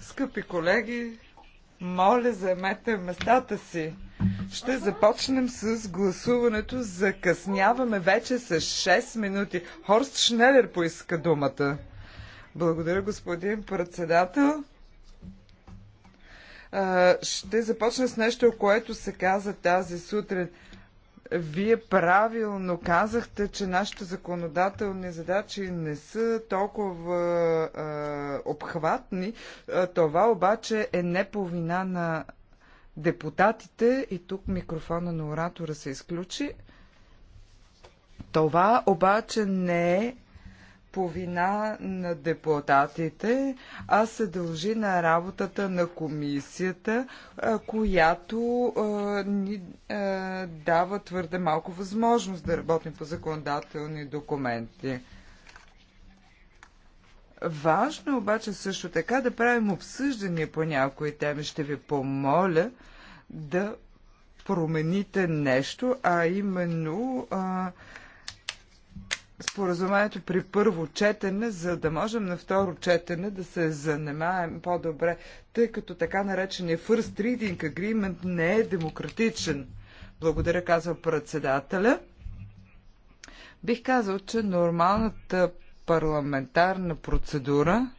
Скъпи колеги, моля заемете местата си. Ще започнем с гласуването. Закъсняваме вече с 6 минути. Хорст Шнелер поиска думата. Благодаря, господин председател. Ще започна с нещо, което се каза тази сутрин. Вие правилно казахте, че нашите законодателни задачи не са толкова е, обхватни. Това обаче е не по вина на депутатите. И тук микрофона на оратора се изключи. Това обаче не е по вина на депутатите, а се дължи на работата на комисията, която ни дава твърде малко възможност да работим по законодателни документи. Важно е обаче също така да правим обсъждания по някои теми. Ще ви помоля да промените нещо, а именно а, споразумението при първо четене, за да можем на второ четене да се занимаем по-добре, тъй като така наречения First Reading Agreement не е демократичен. Благодаря, казва председателя. Бих казал, че нормалната парламентарна процедура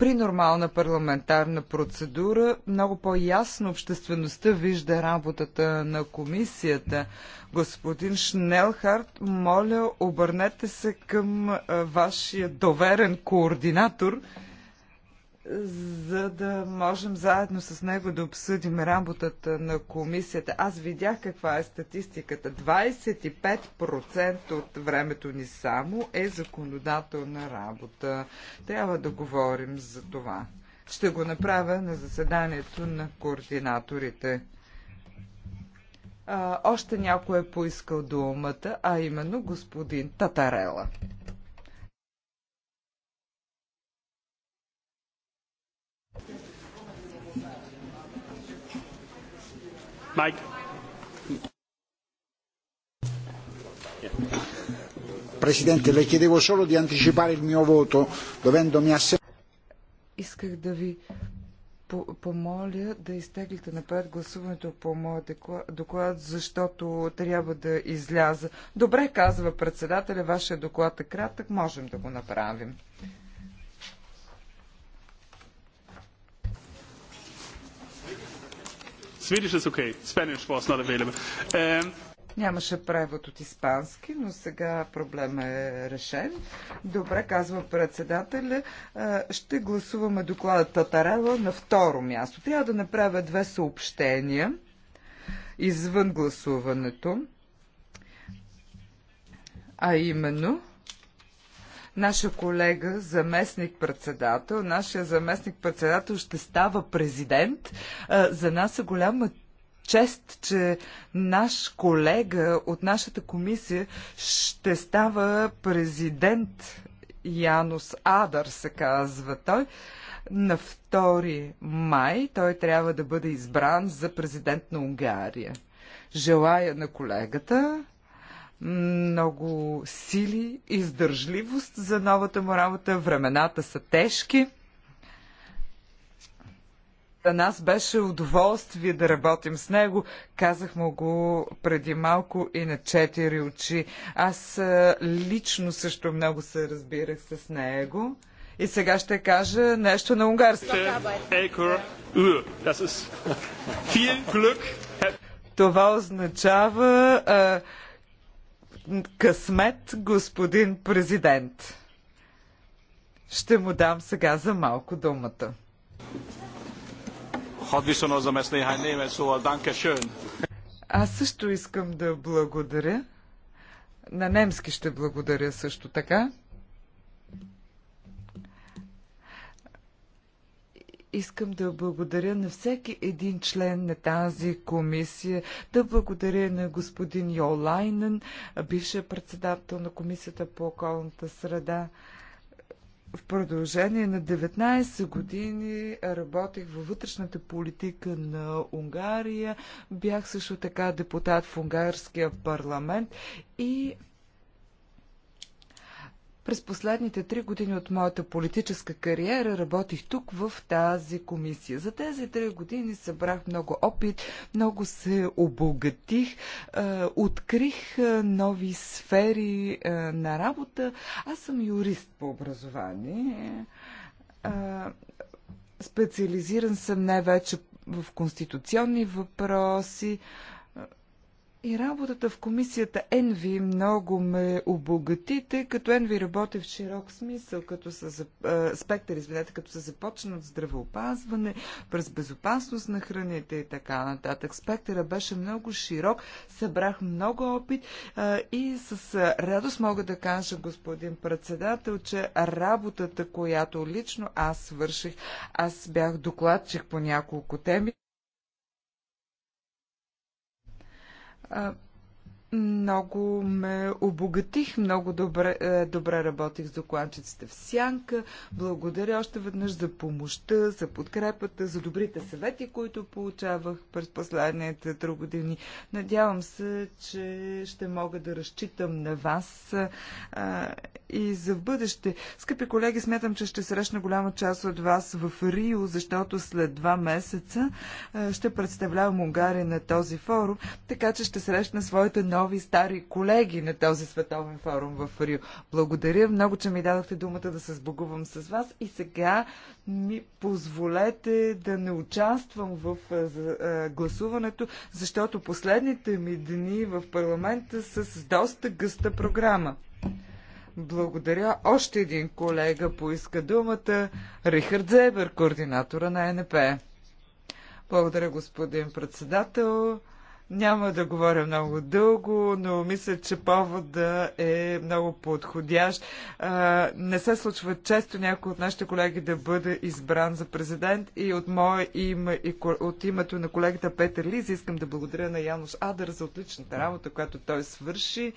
при нормална парламентарна процедура много по-ясно обществеността вижда работата на комисията. Господин Шнелхарт, моля, обърнете се към вашия доверен координатор за да можем заедно с него да обсъдим работата на комисията. Аз видях каква е статистиката. 25% от времето ни само е законодателна работа. Трябва да говорим за това. Ще го направя на заседанието на координаторите. А, още някой е поискал думата, а именно господин Татарела. Mike. Presidente, le chiedevo solo di anticipare il mio voto, dovendomi assegnare. Исках да ви помоля да изтеглите напред гласуването по моя доклад, защото трябва да изляза. Добре, казва председателя, вашия доклад е кратък, можем да го направим. Swedish is okay. Spanish was not available. Um... Нямаше превод от испански, но сега проблема е решен. Добре, казва председателя. Ще гласуваме доклада Татарела на второ място. Трябва да направя две съобщения извън гласуването. А именно, наша колега, заместник-председател. Нашия заместник-председател ще става президент. За нас е голяма чест, че наш колега от нашата комисия ще става президент Янус Адър, се казва той. На 2 май той трябва да бъде избран за президент на Унгария. Желая на колегата много сили, издържливост за новата му работа. Времената са тежки. За нас беше удоволствие да работим с него. Казах му го преди малко и на четири очи. Аз лично също много се разбирах с него. И сега ще кажа нещо на унгарски. Това означава късмет, господин президент. Ще му дам сега за малко думата. Аз също искам да благодаря. На немски ще благодаря също така. Искам да благодаря на всеки един член на тази комисия, да благодаря на господин Йолайнен, бившия председател на Комисията по околната среда. В продължение на 19 години работих във вътрешната политика на Унгария. Бях също така депутат в Унгарския парламент и през последните три години от моята политическа кариера работих тук в тази комисия. За тези три години събрах много опит, много се обогатих, открих нови сфери на работа. Аз съм юрист по образование. специализиран съм най-вече в конституционни въпроси. И работата в комисията Енви много ме обогати, тъй като Енви работи в широк смисъл, като са а, спектър, извинете, като се започна от здравеопазване, през безопасност на храните и така нататък. Спектъра беше много широк, събрах много опит а, и с радост мога да кажа, господин председател, че работата, която лично аз свърших, аз бях докладчик по няколко теми, А, много ме обогатих, много добре, е, добре работих с докладчиците в Сянка. Благодаря още веднъж за помощта, за подкрепата, за добрите съвети, които получавах през последните три години. Надявам се, че ще мога да разчитам на вас а, е, и за в бъдеще. Скъпи колеги, смятам, че ще срещна голяма част от вас в Рио, защото след два месеца а, е, ще представлявам Унгария на този форум, така че ще срещна своите нови нови стари колеги на този световен форум в Рио. Благодаря много, че ми дадохте думата да се сбогувам с вас и сега ми позволете да не участвам в гласуването, защото последните ми дни в парламента са с доста гъста програма. Благодаря. Още един колега поиска думата. Рихард Зебер, координатора на НП. Благодаря, господин председател. Няма да говоря много дълго, но мисля, че повода е много подходящ. Не се случва често някой от нашите колеги да бъде избран за президент и от мое име и от името на колегата Петър Лиз искам да благодаря на Януш Адър за отличната работа, която той свърши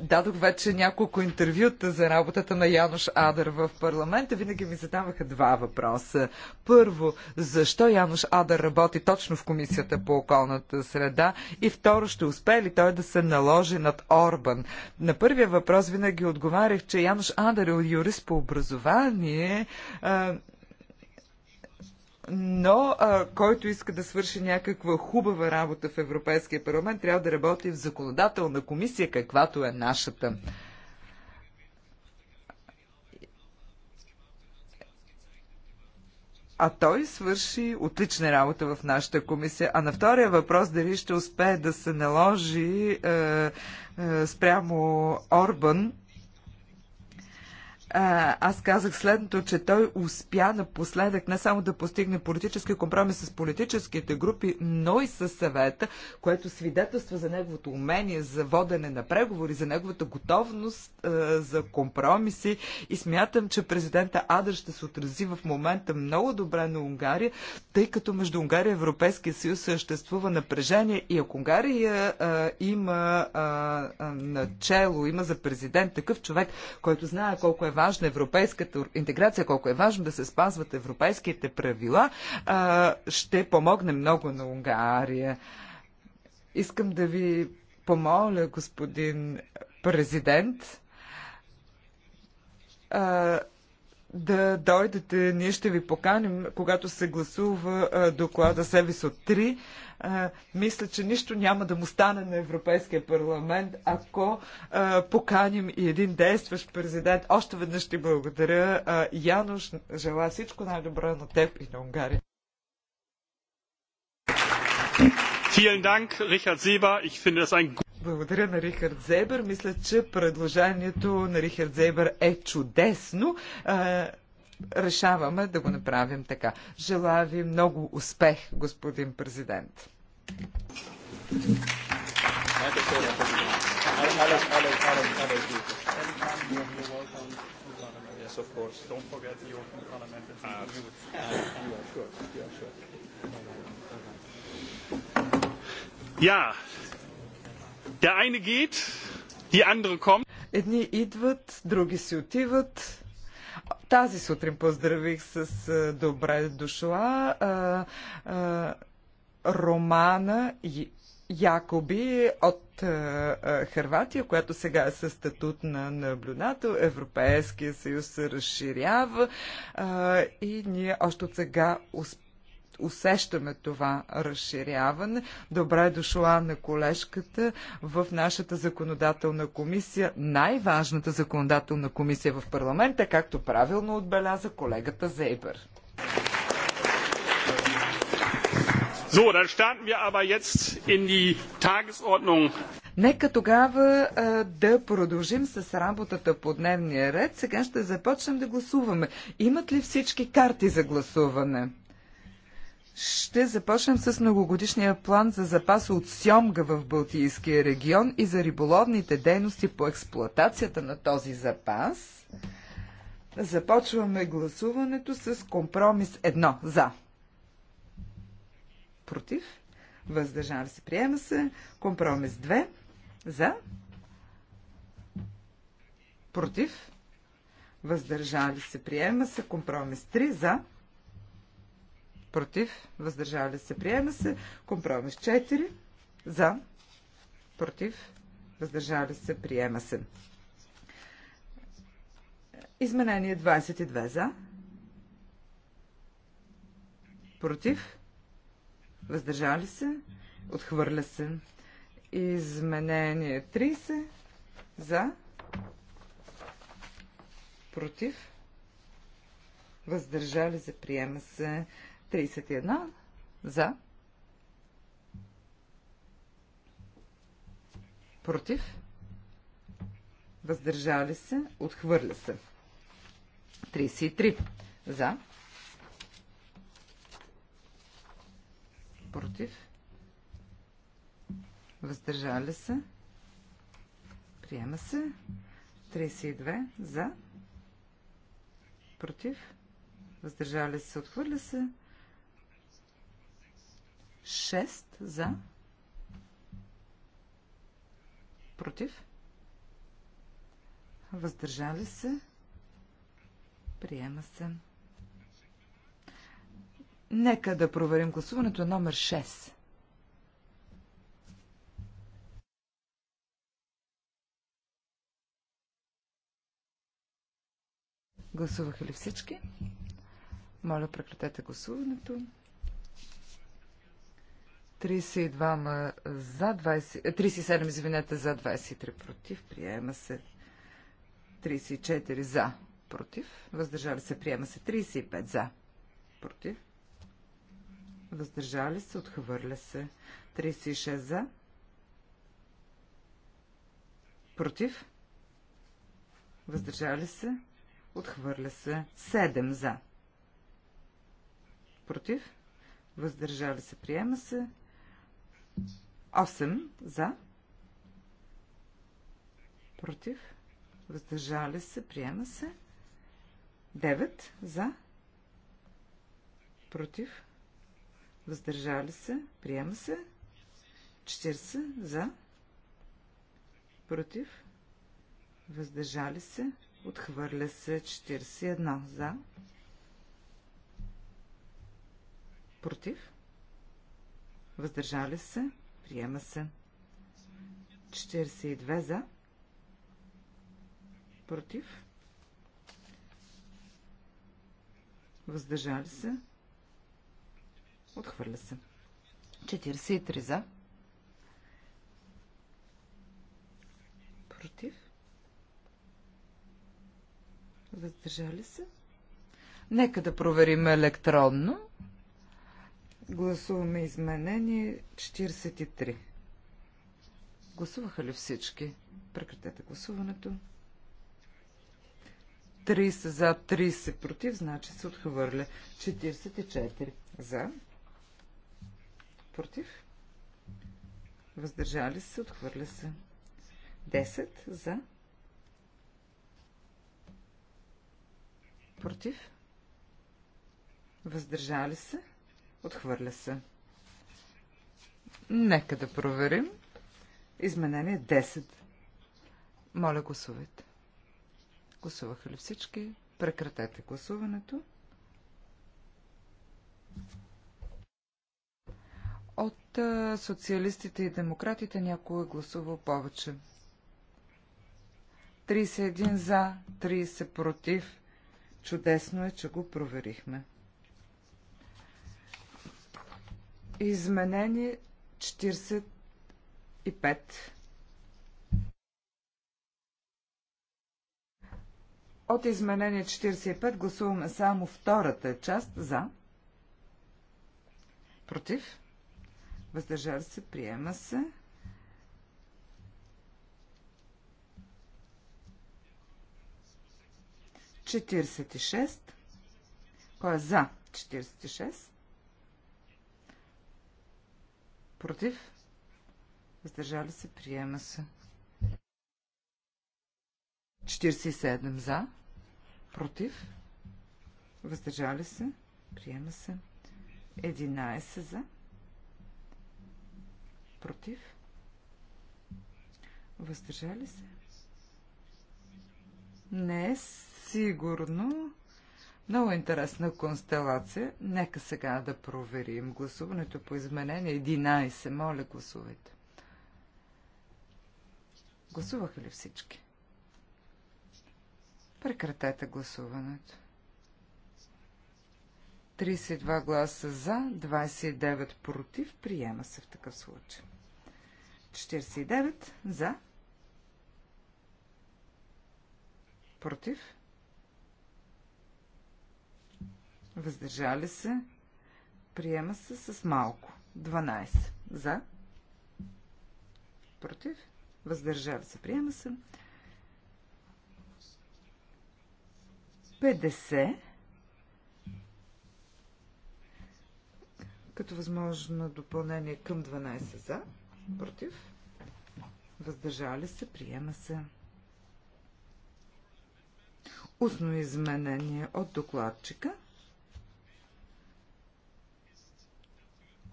дадох вече няколко интервюта за работата на Янош Адър в парламента. Винаги ми задаваха два въпроса. Първо, защо Янош Адър работи точно в Комисията по околната среда? И второ, ще успее ли той да се наложи над Орбан? На първия въпрос винаги отговарях, че Янош Адър е юрист по образование но а, който иска да свърши някаква хубава работа в Европейския парламент, трябва да работи в законодателна комисия, каквато е нашата. А той свърши отлична работа в нашата комисия. А на втория въпрос, дали ще успее да се наложи е, е, спрямо Орбан, аз казах следното, че той успя напоследък не само да постигне политически компромис с политическите групи, но и с съвета, което свидетелства за неговото умение за водене на преговори, за неговата готовност а, за компромиси и смятам, че президента Адър ще се отрази в момента много добре на Унгария, тъй като между Унгария и Европейския съюз съществува напрежение и ако Унгария а, има а, начало, има за президент такъв човек, който знае колко е важна европейската интеграция, колко е важно да се спазват европейските правила, ще помогне много на Унгария. Искам да ви помоля, господин президент, да дойдете. Ние ще ви поканим, когато се гласува доклада Севис от 3. Мисля, че нищо няма да му стане на Европейския парламент, ако поканим и един действащ президент. Още веднъж ти благодаря. Януш, желая всичко най-добро на теб и на Унгария. Vielen Dank, Richard Seber. Ich finde das ein благодаря на Рихард Зебер. Мисля, че предложението на Рихард Зебер е чудесно. Решаваме да го направим така. Желая ви много успех, господин президент. Ja, Едни идват, други си отиват. Тази сутрин поздравих с добре дошла а, а, Романа Якоби от а, Харватия, която сега е със статут на наблюдател. Европейския съюз се разширява а, и ние още от сега успяваме усещаме това разширяване. Добре е дошла на колежката в нашата законодателна комисия, най-важната законодателна комисия в парламента, както правилно отбеляза колегата Зейбър. So, dann starten wir aber jetzt in die Tagesordnung. Нека тогава а, да продължим с работата по дневния ред. Сега ще започнем да гласуваме. Имат ли всички карти за гласуване? Ще започнем с многогодишния план за запаса от сьомга в Балтийския регион и за риболовните дейности по експлоатацията на този запас. Започваме гласуването с компромис 1 за. Против. Въздържава се. Приема се. Компромис 2 за. Против. Въздържали се. Приема се. Компромис 3 за против, въздържали се, приема се. Компромис 4 за, против, въздържали се, приема се. Изменение 22 за, против, въздържали се, отхвърля се. Изменение 30 за, против, въздържали се, приема се. 31 за, против, въздържали се, отхвърля се. 33 за, против, въздържали се, приема се. 32 за, против, въздържали се, отхвърля се. 6 за. Против. Въздържали се. Приема се. Нека да проверим гласуването номер 6. Гласуваха ли всички? Моля, прекратете гласуването. 32 за 20, 37 е, извинете, за 23 против. Приема се 34 за против. Въздържали се. Приема се 35 за против. Въздържали се. Отхвърля се. 36 за против. Въздържали се. Отхвърля се. 7 за против. Въздържали се. Приема се. 8 за. Против. Въздържали се. Приема се. 9 за. Против. Въздържали се. Приема се. 40 за. Против. Въздържали се. Отхвърля се 41 за. Против. Въздържали се. Приема се. 42 за. Против. Въздържали се. Отхвърля се. 43 за. Против. Въздържали се. Нека да проверим електронно. Гласуваме изменение 43. Гласуваха ли всички? Прекратете гласуването. 30 за, 30 против, значи се отхвърля. 44 за, против, въздържали се, отхвърля се. 10 за, против, въздържали се, Отхвърля се. Нека да проверим. Изменение 10. Моля, гласувайте. Гласуваха ли всички? Прекратете гласуването. От социалистите и демократите някой е гласувал повече. 31 за, 30 против. Чудесно е, че го проверихме. Изменение 45. От изменение 45 гласуваме само втората част за. Против. Въздържали се. Приема се. Четиридесет и шест. Кой е за? 46. Против? Въздържали се, приема се. 47 за. Против? Въздържали се, приема се. 11 за. Против? Въздържали се? Не е сигурно. Много интересна констелация. Нека сега да проверим гласуването по изменение 11. Моля, гласувайте. Гласуваха ли всички? Прекратете гласуването. 32 гласа за, 29 против. Приема се в такъв случай. 49 за. Против. 1 въздържали се, приема се с малко. 12 за, против, въздържали се, приема се. 50 като възможно допълнение към 12 за, против, въздържали се, приема се. Устно изменение от докладчика –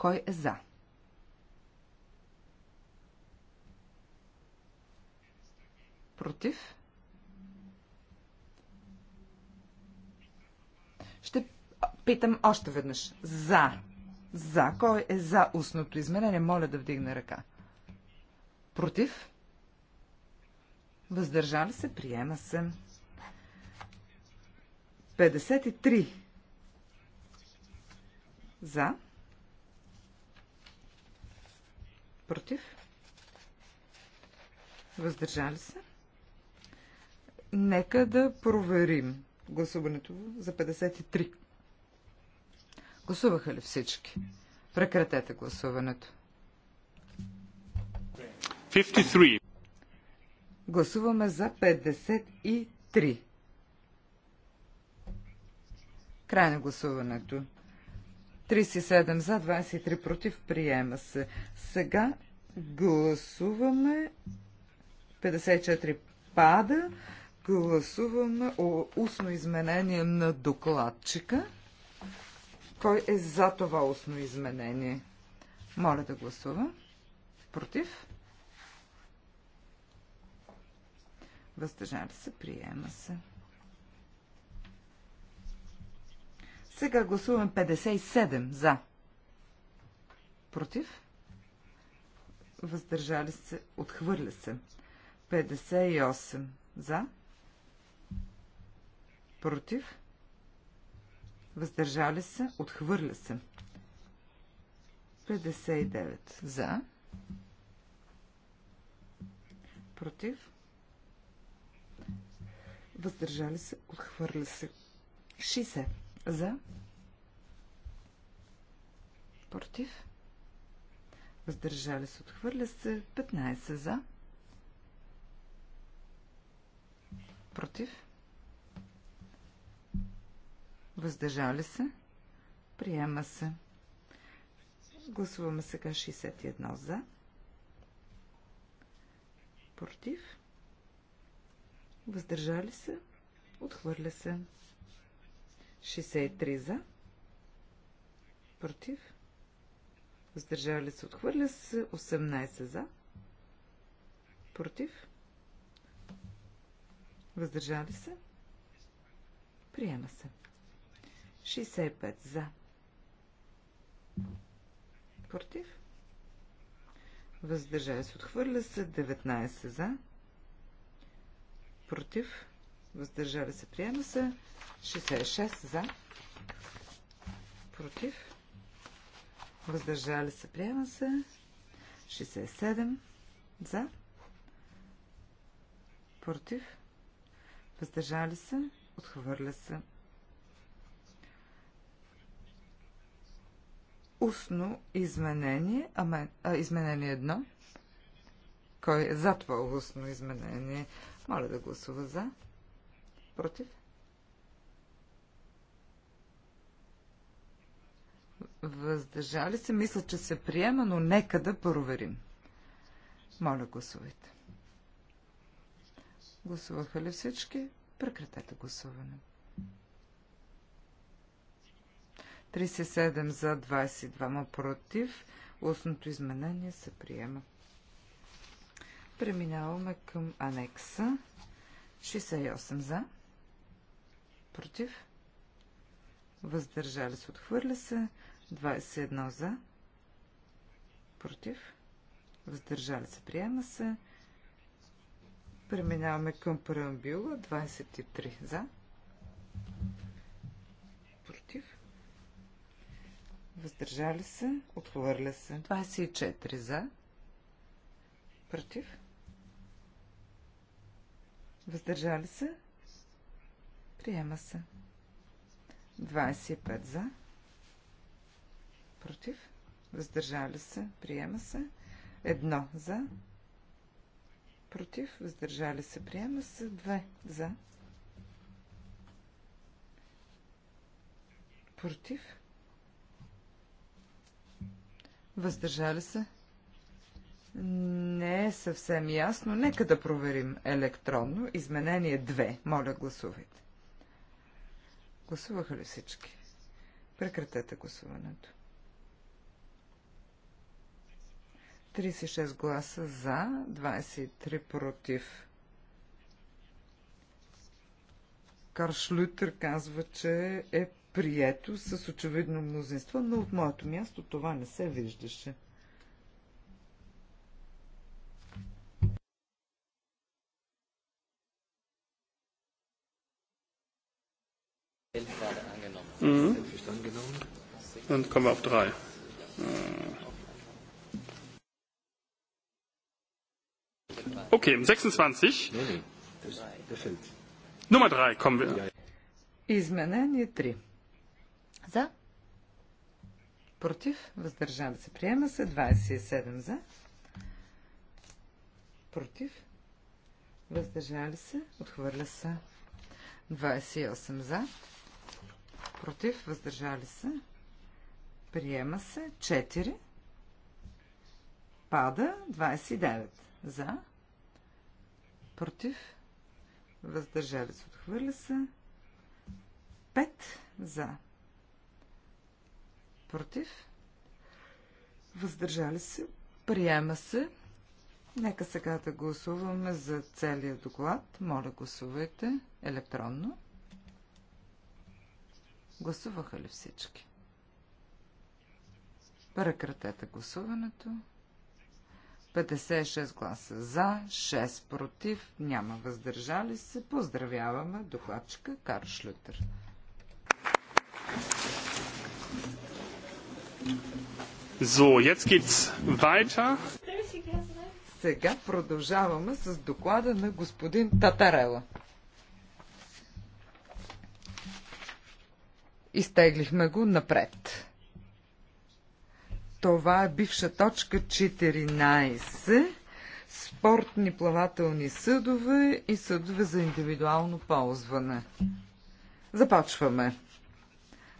Кой е за? Против? Ще питам още веднъж. За. За. Кой е за устното изменение? Моля да вдигне ръка. Против? Въздържали се? Приема се. 53. За. против, въздържали се. Нека да проверим гласуването за 53. Гласуваха ли всички? Прекратете гласуването. 53. Гласуваме за 53. Край на гласуването. 37 за, 23 против, приема се. Сега Гласуваме. 54 пада. Гласуваме о устно изменение на докладчика. Кой е за това устно изменение? Моля да гласува. Против? Въздържали се, приема се. Сега гласуваме 57 за. Против? въздържали се, отхвърля се. 58 за, против, въздържали се, отхвърля се. 59 за, против, въздържали се, отхвърля се. 60 за, против, въздържали се, отхвърля се, 15 за, против, въздържали се, приема се. Гласуваме сега 61 за, против, въздържали се, отхвърля се, 63 за, против, въздържали се, отхвърля се, 18 за, против, въздържали се, приема се, 65 за, против, въздържали се, отхвърля се, 19 за, против, въздържали се, приема се, 66 за, против, Въздържали се. Приема се. 67. За. Против. Въздържали се. Отхвърля се. Устно изменение. Ама, а, изменение едно. Кой е за това устно изменение? Моля да гласува за. Против. въздържали се, мисля, че се приема, но нека да проверим. Моля, гласувайте. Гласуваха ли всички? Прекратете гласуване. 37 за 22 против. Устното изменение се приема. Преминаваме към анекса. 68 за. Против. Въздържали се. Отхвърля се. 21 за. Против. Въздържали се. Приема се. Преминаваме към преамбюла. 23 за. Против. Въздържали се. Отхвърля се. 24 за. Против. Въздържали се. Приема се. 25 за против, въздържали се, приема се. Едно за, против, въздържали се, приема се. Две за, против, въздържали се. Не е съвсем ясно. Нека да проверим електронно. Изменение 2. Моля, гласувайте. Гласуваха ли всички? Прекратете гласуването. 36 гласа за, 23 против. Каршлютер казва, че е прието с очевидно мнозинство, но от моето място това не се виждаше. -hmm. Dann kommen wir auf drei. Äh, Okay, 26. Nummer 3 kommen wir. Изменение 3. За. Против. Въздържали се. Приема се. 27 за. Против. Въздържали се. Отхвърля се. 28 за. Против. Въздържали се. Приема се. 4. Пада. 29 за против, въздържали се, отхвърля се. 5 за, против, въздържали се, приема се. Нека сега да гласуваме за целият доклад. Моля, гласувайте електронно. Гласуваха ли всички? Прекратете гласуването. 56 гласа за, 6 против, няма въздържали се. Поздравяваме докладчика Карл Шлютер. So, jetzt geht's weiter. Сега продължаваме с доклада на господин Татарела. Изтеглихме го напред. Това е бивша точка 14. Спортни плавателни съдове и съдове за индивидуално ползване. Започваме.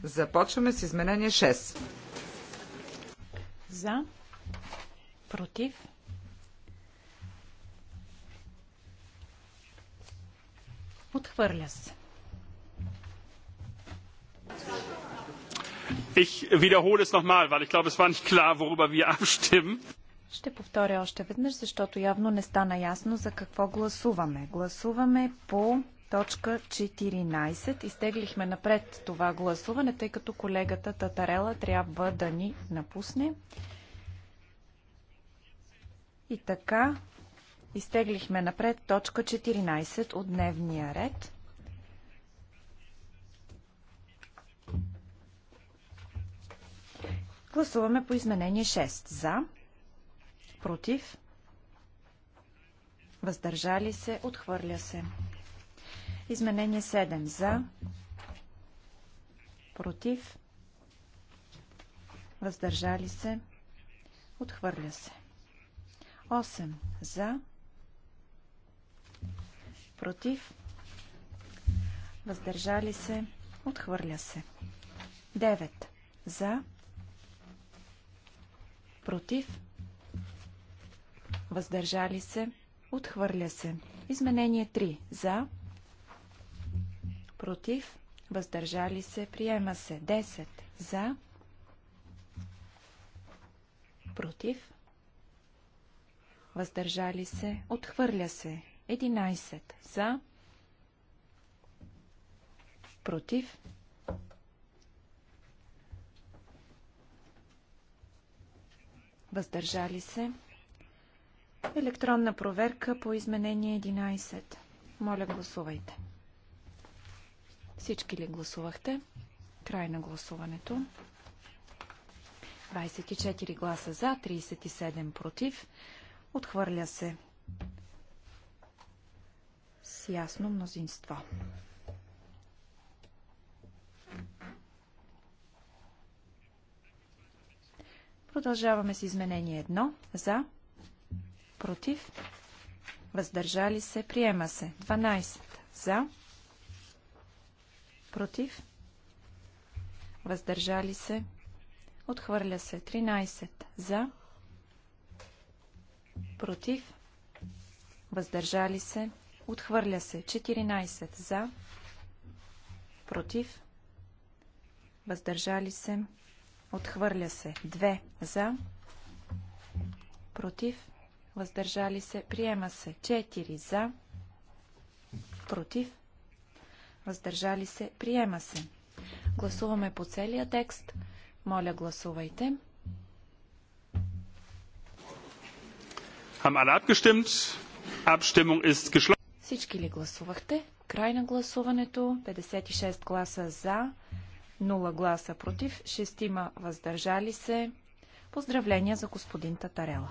Започваме с изменение 6. За. Против. Отхвърля се. Ich wiederhole es nochmal, weil ich glaube, es war nicht klar, worüber wir abstimmen. Ще повторя още веднъж, защото явно не стана ясно за какво гласуваме. Гласуваме по точка 14. Изтеглихме напред това гласуване, тъй като колегата Татарела трябва да ни напусне. И така, изтеглихме напред точка 14 от дневния ред. Гласуваме по изменение 6. За, против, въздържали се, отхвърля се. Изменение 7. За, против, въздържали се, отхвърля се. 8. За, против, въздържали се, отхвърля се. 9. За, Против. Въздържали се. Отхвърля се. Изменение 3. За. Против. Въздържали се. Приема се. 10. За. Против. Въздържали се. Отхвърля се. 11. За. Против. въздържали се. Електронна проверка по изменение 11. Моля, гласувайте. Всички ли гласувахте? Край на гласуването. 24 гласа за, 37 против. Отхвърля се с ясно мнозинство. Продължаваме с изменение 1. За. Против. Въздържали се. Приема се. 12. За. Против. Въздържали се. Отхвърля се. 13. За. Против. Въздържали се. Отхвърля се. 14. За. Против. Въздържали се. Отхвърля се. 2 за. Против. Въздържали се. Приема се. 4 за. Против. Въздържали се. Приема се. Гласуваме по целия текст. Моля, гласувайте. Haben alle abgestimmt? Abstimmung ist geschlossen. Всички ли гласувахте? Край на гласуването. 56 гласа за, 0 гласа против, 6 въздържали се. Поздравления за господин Татарела.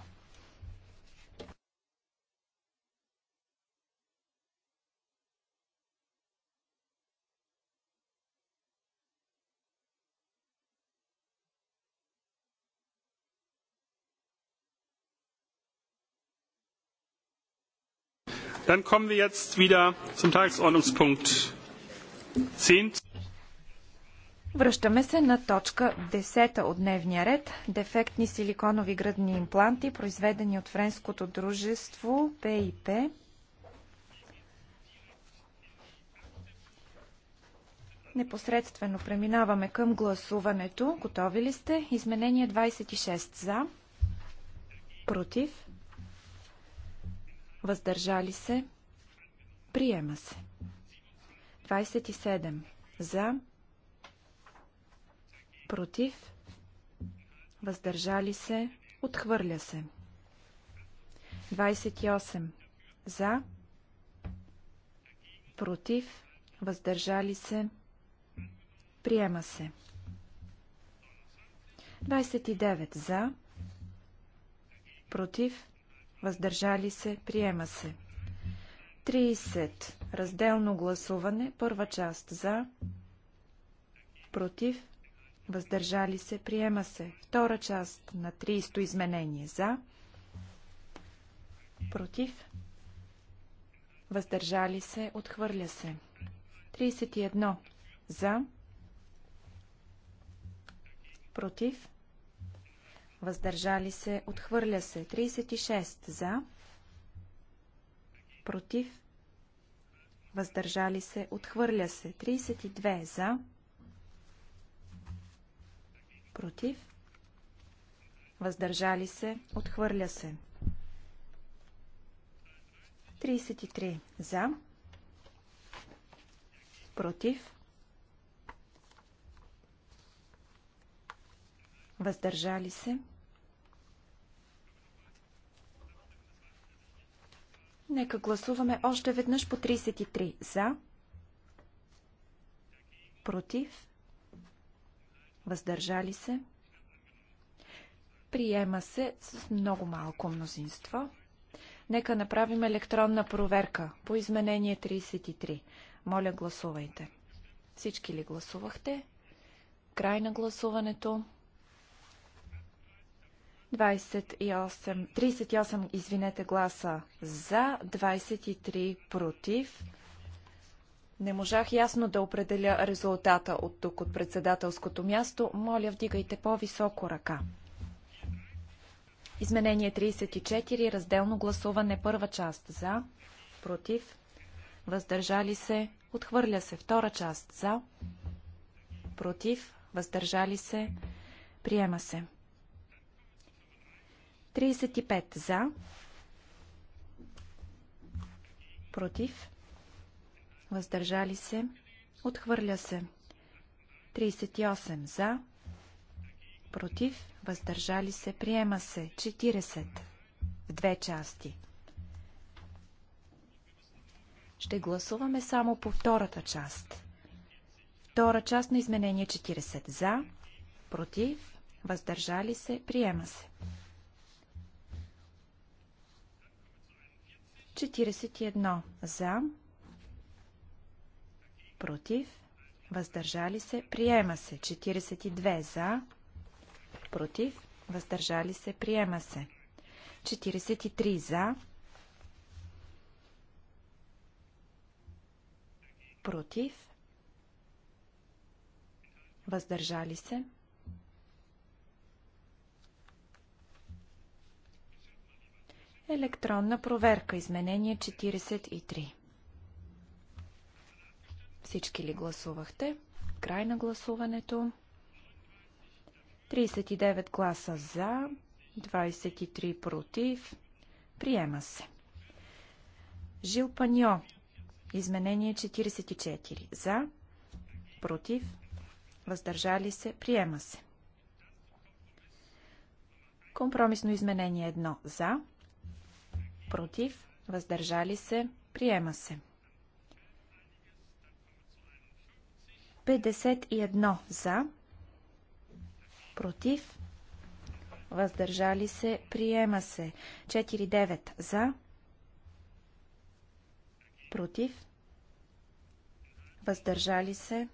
Dann kommen wir jetzt wieder zum Tagesordnungspunkt 10. Връщаме се на точка 10 от дневния ред. Дефектни силиконови гръдни импланти, произведени от френското дружество ПИП. Непосредствено преминаваме към гласуването. Готови ли сте? Изменение 26 за. Против. Въздържали се. Приема се. 27 за против, въздържали се, отхвърля се. 28. За, против, въздържали се, приема се. 29. За, против, въздържали се, приема се. 30. Разделно гласуване, първа част за, против, въздържали се, приема се. Втора част на 30-то изменение за, против, въздържали се, отхвърля се. 31 за, против, въздържали се, отхвърля се. 36 за, против, въздържали се, отхвърля се. 32 за, против, Против. Въздържали се. Отхвърля се. 33 за. Против. Въздържали се. Нека гласуваме още веднъж по 33 за. Против въздържали се, приема се с много малко мнозинство. Нека направим електронна проверка по изменение 33. Моля, гласувайте. Всички ли гласувахте? Край на гласуването. 28, 38, извинете, гласа за, 23 против. Не можах ясно да определя резултата от тук, от председателското място. Моля, вдигайте по-високо ръка. Изменение 34, разделно гласуване, първа част за, против, въздържали се, отхвърля се, втора част за, против, въздържали се, приема се. 35 за, против, въздържали се, отхвърля се. 38 за, против, въздържали се, приема се. 40 в две части. Ще гласуваме само по втората част. Втора част на изменение 40 за, против, въздържали се, приема се. 41 за, против, въздържали се, приема се. 42 за, против, въздържали се, приема се. 43 за, против, въздържали се. Електронна проверка, изменение 43. Всички ли гласувахте? Край на гласуването. 39 гласа за, 23 против. Приема се. Жил Паньо. Изменение 44. За, против, въздържали се, приема се. Компромисно изменение 1. За, против, въздържали се, приема се. 51 за, против, въздържали се, приема се. 49 за, против, въздържали се,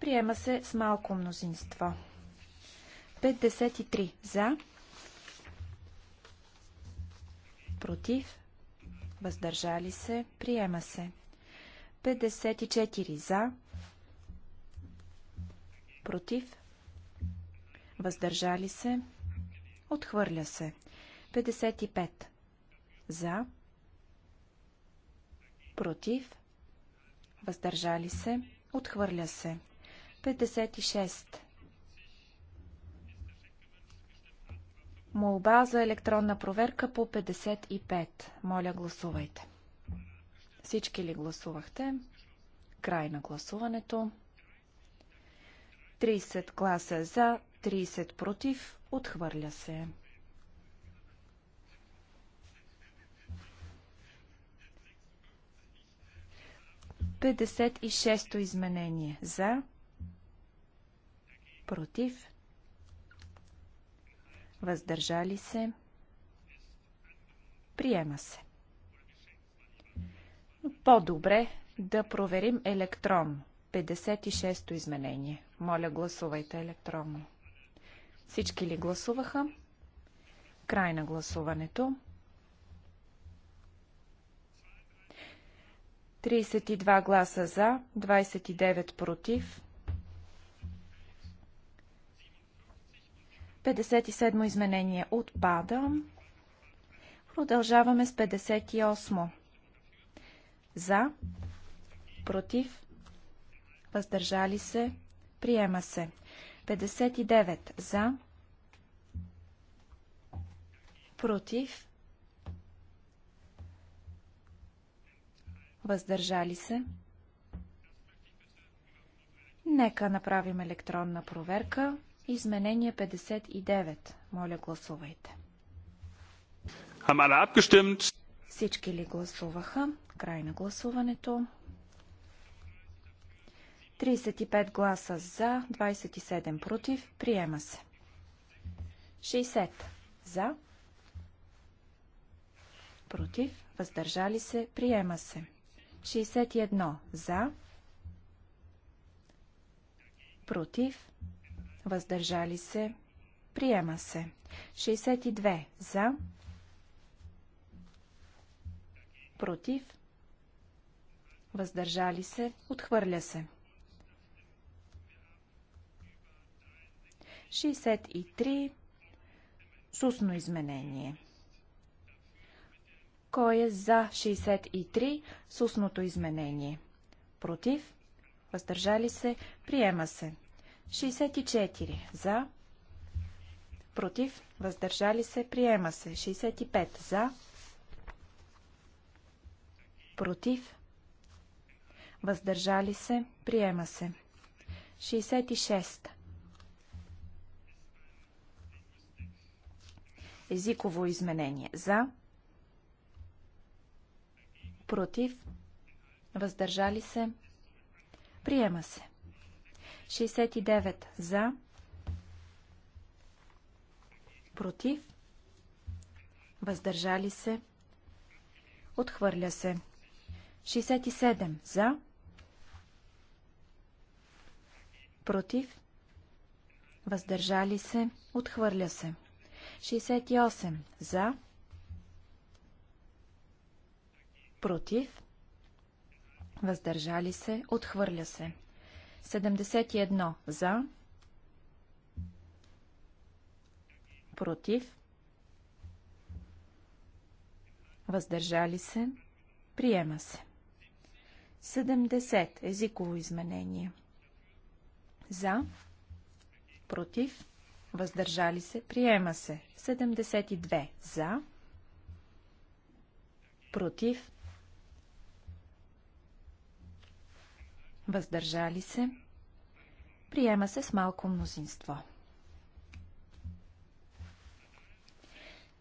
приема се с малко мнозинство. 53 за, против, въздържали се, приема се. 54 за, против, въздържали се, отхвърля се. 55 за, против, въздържали се, отхвърля се. 56 Молба за електронна проверка по 55. Моля, гласувайте. Всички ли гласувахте? Край на гласуването. 30 гласа за, 30 против, отхвърля се. Петдесет и шесто изменение за, против, въздържали се, приема се. По-добре да проверим Петдесет 56 шесто изменение. Моля, гласувайте електронно. Всички ли гласуваха? Край на гласуването. 32 гласа за, 29 против. 57 изменение отпада. Продължаваме с 58. За, против, въздържали се, Приема се. 59 за. Против. Въздържали се. Нека направим електронна проверка. Изменение 59. Моля, гласувайте. Всички ли гласуваха? Край на гласуването. 35 гласа за, 27 против. Приема се. 60 за, против, въздържали се, приема се. 61 за, против, въздържали се, приема се. 62 за, против, въздържали се, отхвърля се. 63 с устно изменение. Кой е за 63 с устното изменение? Против? Въздържали се? Приема се. 64 за. Против? Въздържали се? Приема се. 65 за. Против? Въздържали се? Приема се. 66 Езиково изменение. За. Против. Въздържали се. Приема се. 69 за. Против. Въздържали се. Отхвърля се. 67 за. Против. Въздържали се. Отхвърля се. 68 за, против, въздържали се, отхвърля се. 71 за, против, въздържали се, приема се. 70 езиково изменение. За, против, въздържали се, приема се. 72 за, против, въздържали се, приема се с малко мнозинство.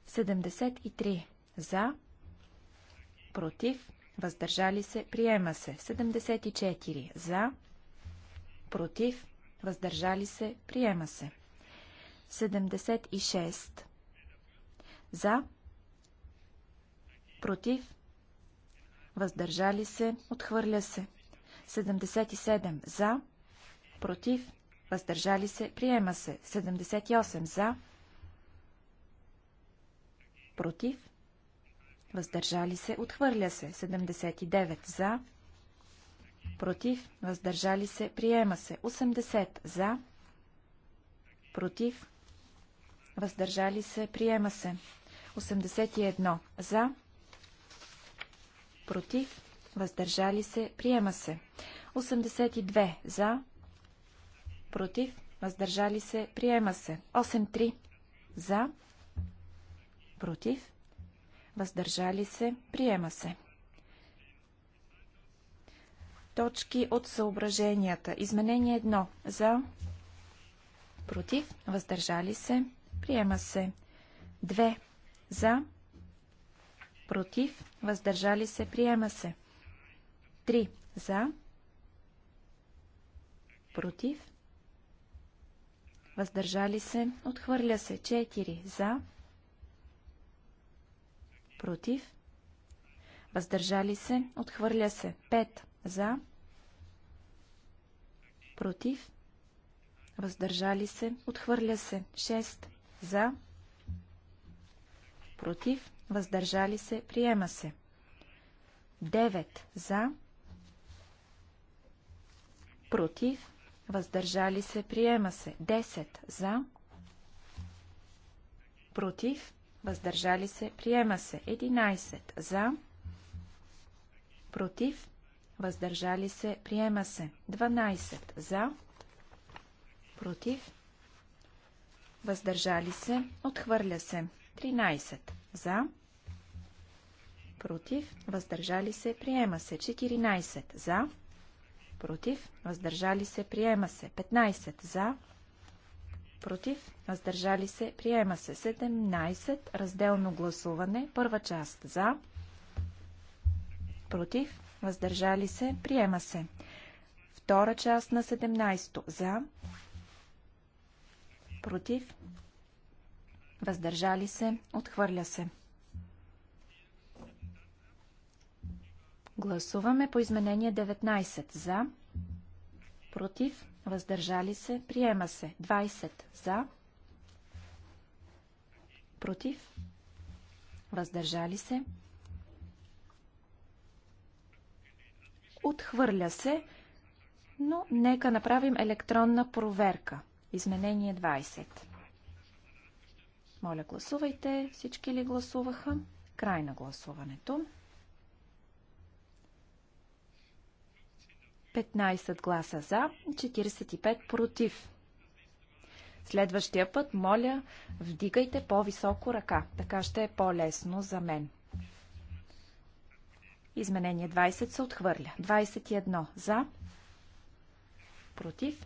73 за, против, въздържали се, приема се. 74 за, против, въздържали се, приема се. 76. За. Против. Въздържали се. Отхвърля се. 77. За. Против. Въздържали се. Приема се. 78. За. Против. Въздържали се. Отхвърля се. 79. За. Против. Въздържали се. Приема се. 80. За. Против въздържали се, приема се. 81 за, против, въздържали се, приема се. 82 за, против, въздържали се, приема се. 83 за, против, въздържали се, приема се. Точки от съображенията. Изменение 1 за, против, въздържали се, Приема се. 2. За. Против. Въздържали се. Приема се. 3. За. Против. Въздържали се. Отхвърля се. 4. За. Против. Въздържали се. Отхвърля се. 5. За. Против. Въздържали се. Отхвърля се. 6. За. Против. Въздържали се. Приема се. 9. За. Против. Въздържали се. Приема се. 10. За. Против. Въздържали се. Приема се. 11. За. Против. Въздържали се. Приема се. 12. За. Против въздържали се, отхвърля се. 13. За, против, въздържали се, приема се. 14. За, против, въздържали се, приема се. 15. За, против, въздържали се, приема се. 17. Разделно гласуване, първа част. За, против, въздържали се, приема се. Втора част на 17. За, Против. Въздържали се. Отхвърля се. Гласуваме по изменение 19 за. Против. Въздържали се. Приема се. 20 за. Против. Въздържали се. Отхвърля се, но нека направим електронна проверка. Изменение 20. Моля, гласувайте. Всички ли гласуваха? Край на гласуването. 15 гласа за, 45 против. Следващия път, моля, вдигайте по-високо ръка. Така ще е по-лесно за мен. Изменение 20 се отхвърля. 21 за, против,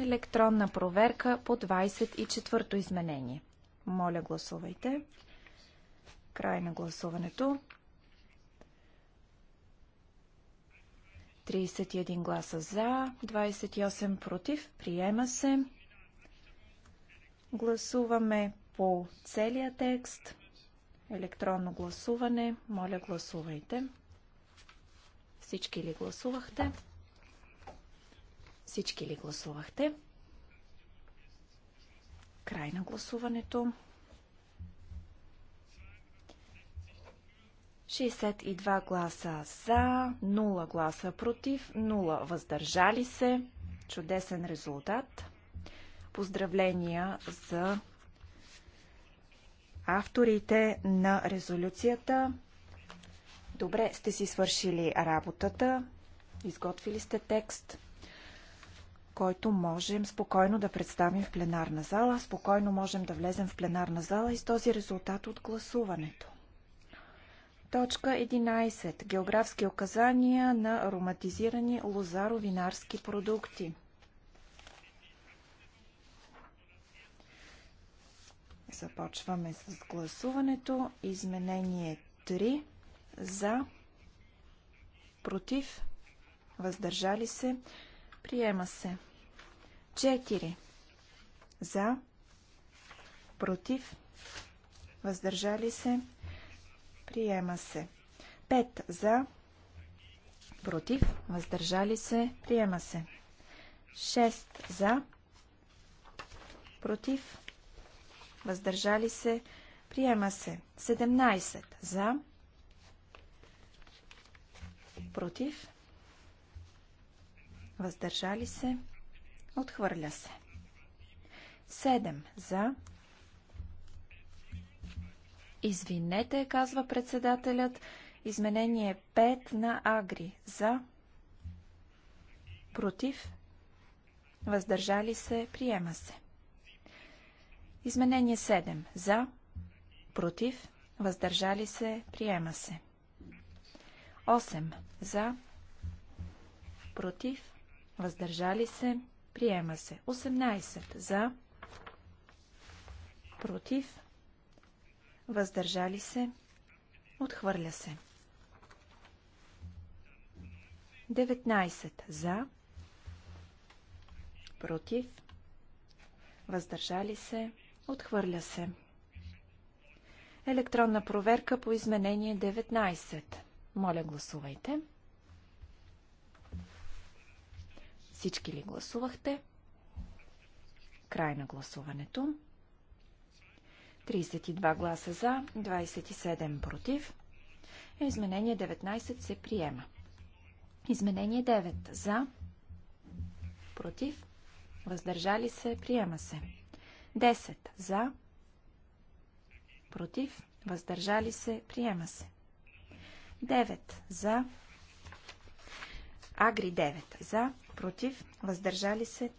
Електронна проверка по 24-то изменение. Моля, гласувайте. Край на гласуването. 31 гласа за, 28 против. Приема се. Гласуваме по целия текст. Електронно гласуване. Моля, гласувайте. Всички ли гласувахте? Всички ли гласувахте? Край на гласуването. 62 гласа за, 0 гласа против, 0 въздържали се. Чудесен резултат. Поздравления за авторите на резолюцията. Добре сте си свършили работата. Изготвили сте текст който можем спокойно да представим в пленарна зала, спокойно можем да влезем в пленарна зала и с този резултат от гласуването. Точка 11. Географски указания на ароматизирани лозаровинарски продукти. Започваме с гласуването. Изменение 3. За. Против. Въздържали се. Приема се. 4. За. Против. Въздържали се. Приема се. 5. За. Против. Въздържали се. Приема се. 6. За. Против. Въздържали се. Приема се. 17. За. Против. Въздържали се. Отхвърля се. 7 за. Извинете, казва председателят. Изменение 5 на Агри. За. Против. Въздържали се. Приема се. Изменение 7. За. Против. Въздържали се. Приема се. 8. За. Против. Въздържали се. Приема се. 18 за. Против. Въздържали се. Отхвърля се. 19 за. Против. Въздържали се. Отхвърля се. Електронна проверка по изменение 19. Моля, гласувайте. Всички ли гласувахте? Край на гласуването. 32 гласа за, 27 против. Изменение 19 се приема. Изменение 9 за, против, въздържали се, приема се. 10 за, против, въздържали се, приема се. 9 за, агри 9 за, против, въздържали се,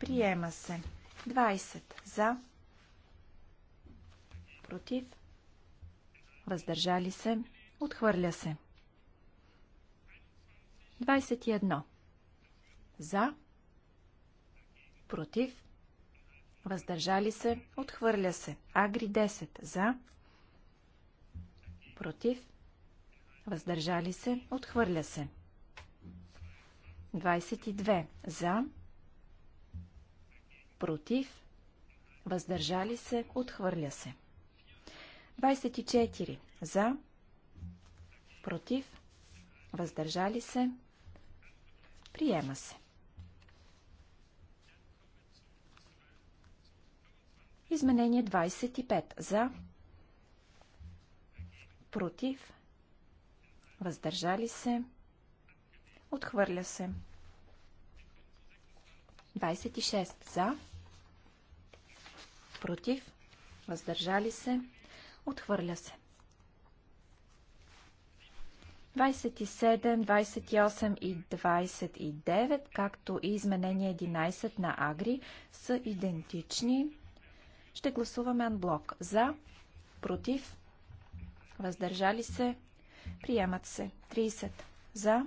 приема се. 20 за, против, въздържали се, отхвърля се. 21 за, против, въздържали се, отхвърля се. Агри 10 за, против, въздържали се, отхвърля се. 22 за, против, въздържали се, отхвърля се. 24 за, против, въздържали се, приема се. Изменение 25 за, против, въздържали се, се. Отхвърля се. 26 за. Против. Въздържали се. Отхвърля се. 27, 28 и 29, както и изменение 11 на Агри, са идентични. Ще гласуваме анблок. За, против, въздържали се, приемат се. 30 за,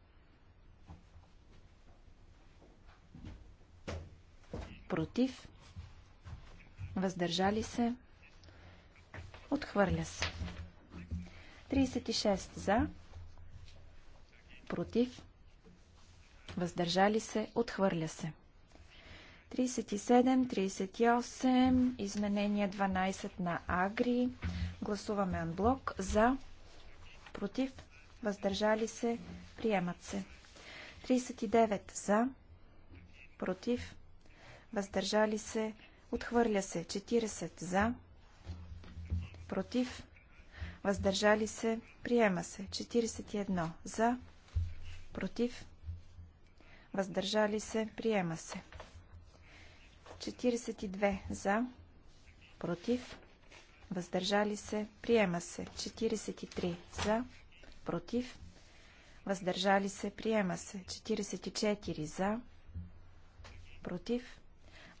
против, въздържали се, отхвърля се. 36 за, против, въздържали се, отхвърля се. 37, 38, изменение 12 на Агри. Гласуваме анблок за, против, въздържали се, приемат се. 39 за, против, въздържали се, отхвърля се 40 за, против, въздържали се, приема се 41 за, против, въздържали се, приема се 42 за, против, въздържали се, приема се 43 за, против, въздържали се, приема се 44 за, против,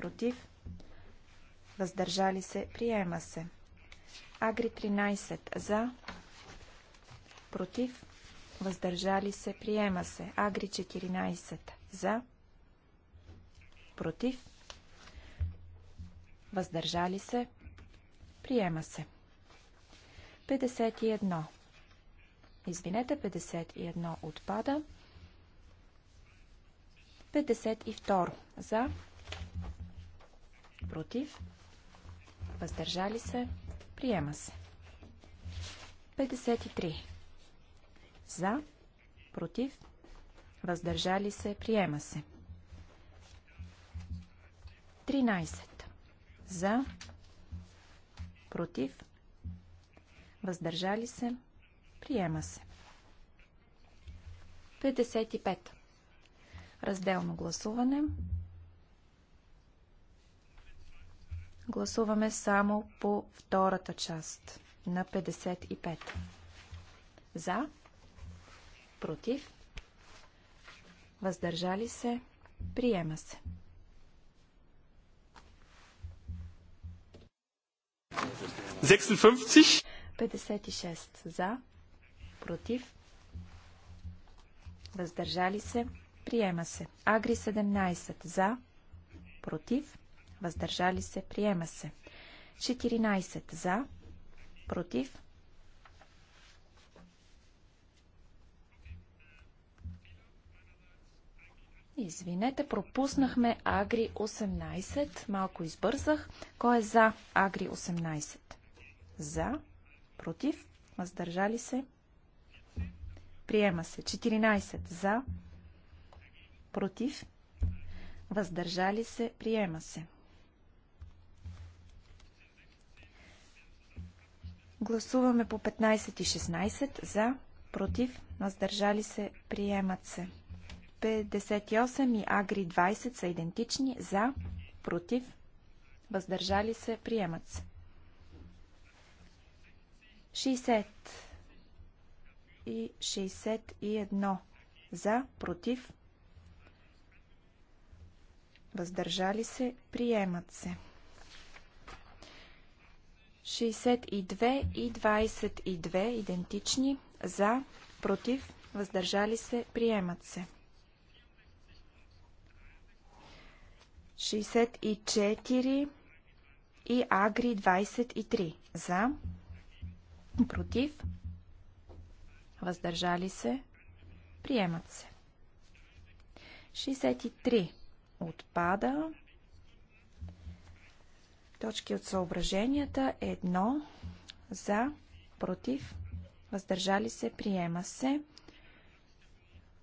против, въздържали се, приема се. Агри 13 за, против, въздържали се, приема се. Агри 14 за, против, въздържали се, приема се. 51. Извинете, 51 отпада. 52 за, Против? Въздържали се? Приема се. 53. За? Против? Въздържали се? Приема се. 13. За? Против? Въздържали се? Приема се. 55. Разделно гласуване. Гласуваме само по втората част на 55. За, против, въздържали се, приема се. и 56 за, против, въздържали се, приема се. Агри 17 за, против, въздържали се, приема се. 14 за, против. Извинете, пропуснахме Агри 18. Малко избързах. Кой е за Агри 18? За, против, въздържали се. Приема се. 14 за, против, въздържали се, приема се. Гласуваме по 15 и 16 за, против, въздържали се, приемат се. 58 и Агри 20 са идентични за, против, въздържали се, приемат се. 60 и 61 за, против, въздържали се, приемат се. 62 и 22 идентични за, против, въздържали се, приемат се. 64 и Агри 23 за, против, въздържали се, приемат се. 63 отпада. Точки от съображенията. Едно. За. Против. Въздържали се. Приема се.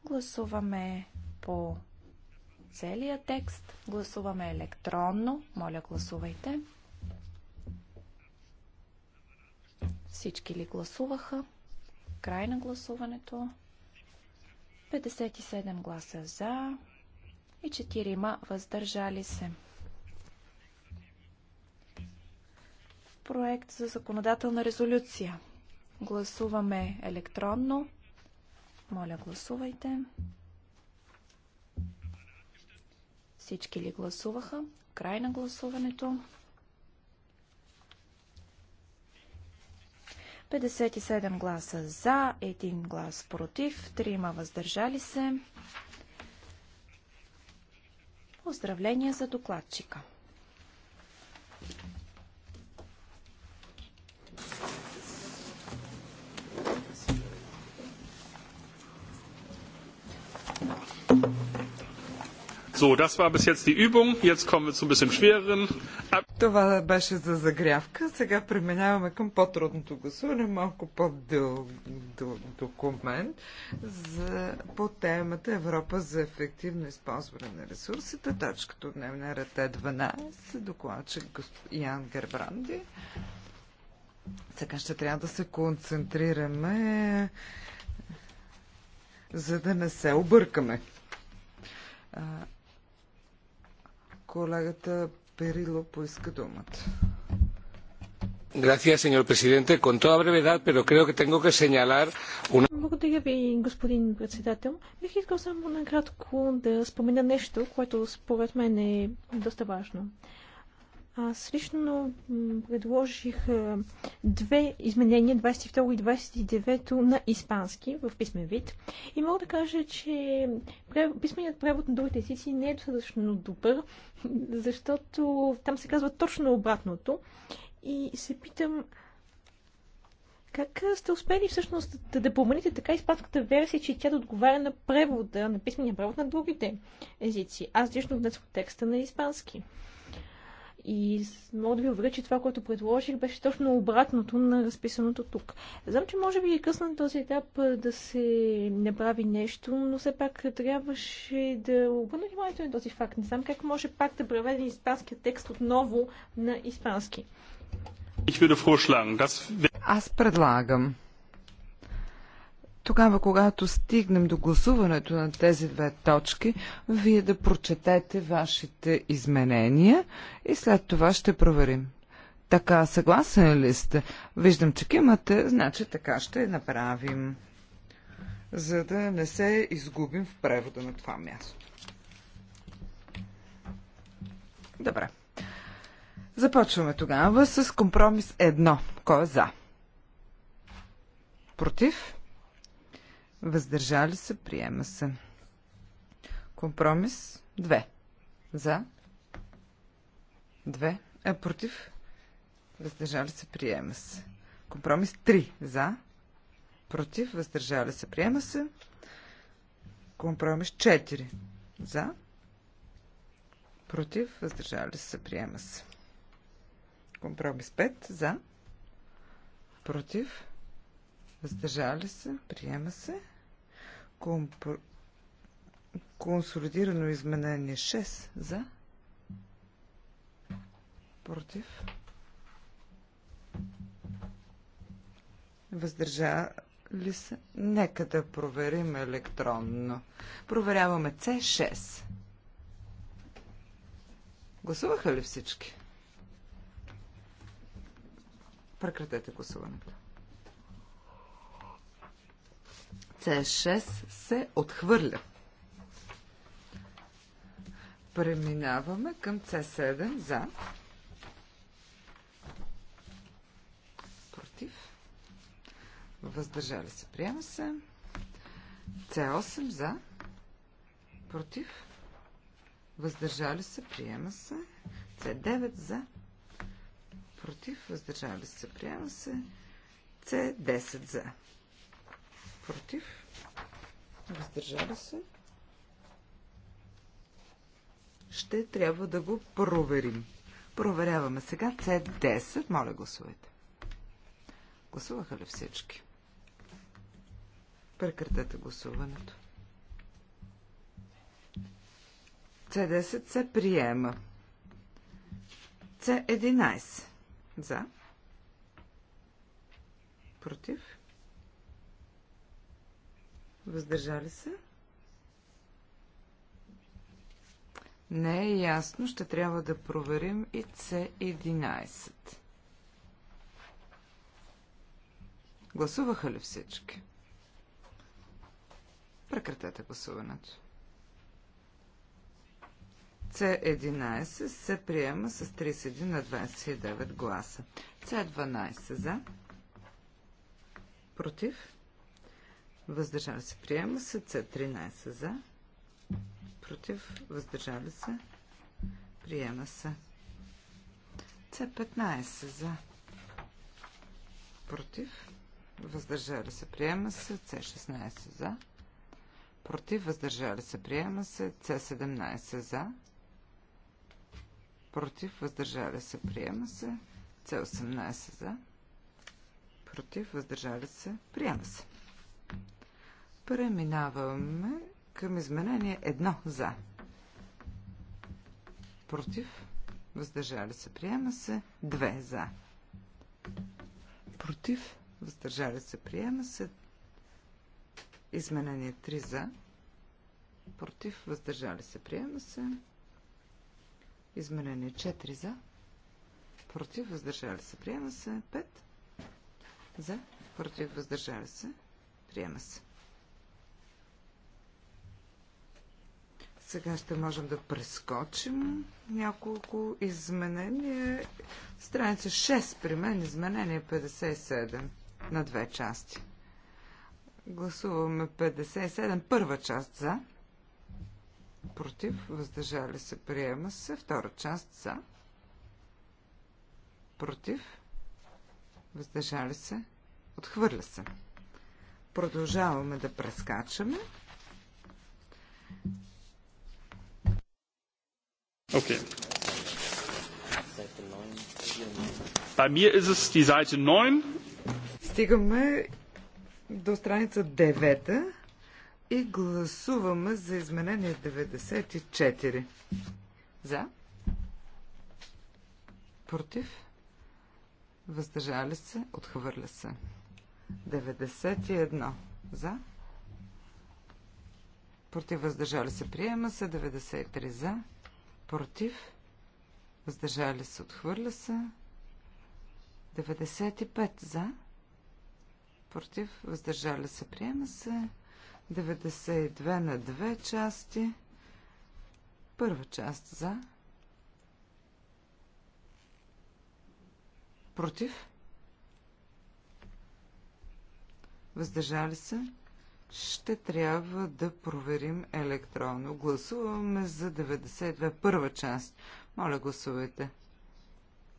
Гласуваме по целия текст. Гласуваме електронно. Моля, гласувайте. Всички ли гласуваха? Край на гласуването. 57 гласа за и 4 въздържали се. Проект за законодателна резолюция. Гласуваме електронно. Моля, гласувайте. Всички ли гласуваха? Край на гласуването. 57 гласа за, 1 глас против, 3 въздържали се. Поздравления за докладчика. So, das war bis jetzt die Übung. Jetzt kommen wir zu ein bisschen schwereren. Това беше за загрявка. Сега преминаваме към по-трудното гласуване, малко по-дълг документ за, по темата Европа за ефективно използване на ресурсите. Точката от дневния ред е 12. Докладчик Ян Гербранди. Сега ще трябва да се концентрираме, за да не се объркаме. Колегата Перило поиска думата. Gracias, señor presidente. Con toda brevedad, pero creo que tengo que señalar una... Благодаря ви, господин председател. Бих искал само накратко да спомена нещо, което според мен е доста важно. Аз лично предложих две изменения, 22 и 29 на испански в писмен вид. И мога да кажа, че писменият превод на другите езици не е достатъчно добър, защото там се казва точно обратното. И се питам, как сте успели всъщност да, да промените така испанската версия, че тя да отговаря на превода, на писмения превод на другите езици? Аз лично внесох текста на испански. И мога да ви уверя, че това, което предложих, беше точно обратното на разписаното тук. Знам, че може би е късно този етап да се направи нещо, но все пак трябваше да обърна вниманието на този факт. Не знам как може пак да преведе испанския текст отново на испански. Аз предлагам тогава, когато стигнем до гласуването на тези две точки, вие да прочетете вашите изменения и след това ще проверим. Така, съгласен ли сте? Виждам, че кимате, значи така ще направим, за да не се изгубим в превода на това място. Добре. Започваме тогава с компромис 1. Кой е за? Против? Въздържали се, приема се. Компромис 2. За. 2. А е, против. Въздържали се, приема се. Компромис 3. За. Против. Въздържали се, приема се. Компромис 4. За. Против. Въздържали се, приема се. Компромис 5. За. Против. Въздържали се. Приема се. Компр... Консолидирано изменение 6 за. Против. Въздържали се. Нека да проверим електронно. Проверяваме C6. Гласуваха ли всички? Прекратете гласуването. 6 се отхвърля. Преминаваме към C7 за. Против. Въздържали се. Приема се. C8 за. Против. Въздържали се. Приема се. C9 за. Против. Въздържали се. Приема се. C10 за против, въздържали се. Ще трябва да го проверим. Проверяваме сега C10. Моля, гласувайте. Гласуваха ли всички? Прекратете гласуването. C10 се приема. C11. За. Против. Въздържали се? Не е ясно. Ще трябва да проверим и C11. Гласуваха ли всички? Прекратете гласуването. C11 се приема с 31 на 29 гласа. C12 за. Против въздържали се, приема се. С13 за, против, въздържали се, приема се. С15 за, против, въздържали се, приема се. С16 за, против, въздържали се, приема се. С17 за, против, въздържали се, приема се. С18 за, против, въздържали се, приема се. Преминаваме към изменение едно за. Против. Въздържали се. Приема се. Две за. Против. Въздържали се. Приема се. Изменение 3 за. Против. Въздържали се. Приема се. Изменение 4 за. Против. Въздържали се. Приема се. 5 за. Против. Въздържали се. Приема се. Сега ще можем да прескочим няколко изменения. Страница 6 при мен, изменение 57 на две части. Гласуваме 57, първа част за. Против, въздържали се, приема се. Втора част за. Против, въздържали се, отхвърля се. Продължаваме да прескачаме. Okay. Bei mir ist es die Seite 9. Стигаме до страница 9 и гласуваме за изменение 94. За? Против? Въздържали се? Отхвърля се. 91. За? Против въздържали се? Приема се. 93 за против, въздържали се, отхвърля се. 95 за, против, въздържали се, приема се. 92 на две части. Първа част за, против, въздържали се, ще трябва да проверим електронно. Гласуваме за 92 първа част. Моля, гласувайте.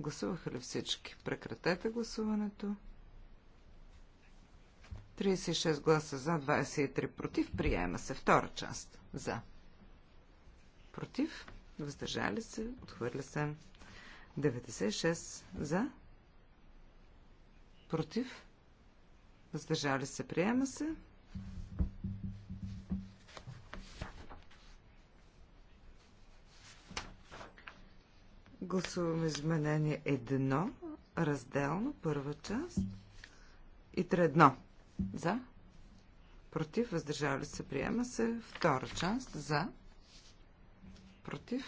Гласуваха ли всички? Прекратете гласуването. 36 гласа за, 23 против. Приема се втора част. За. Против. Въздържали се. Отхвърля се. 96 за. Против. Въздържали се. Приема се. Гласуваме изменение едно, разделно, първа част. И тредно. За. Против. Въздържали се. Приема се. Втора част. За. Против.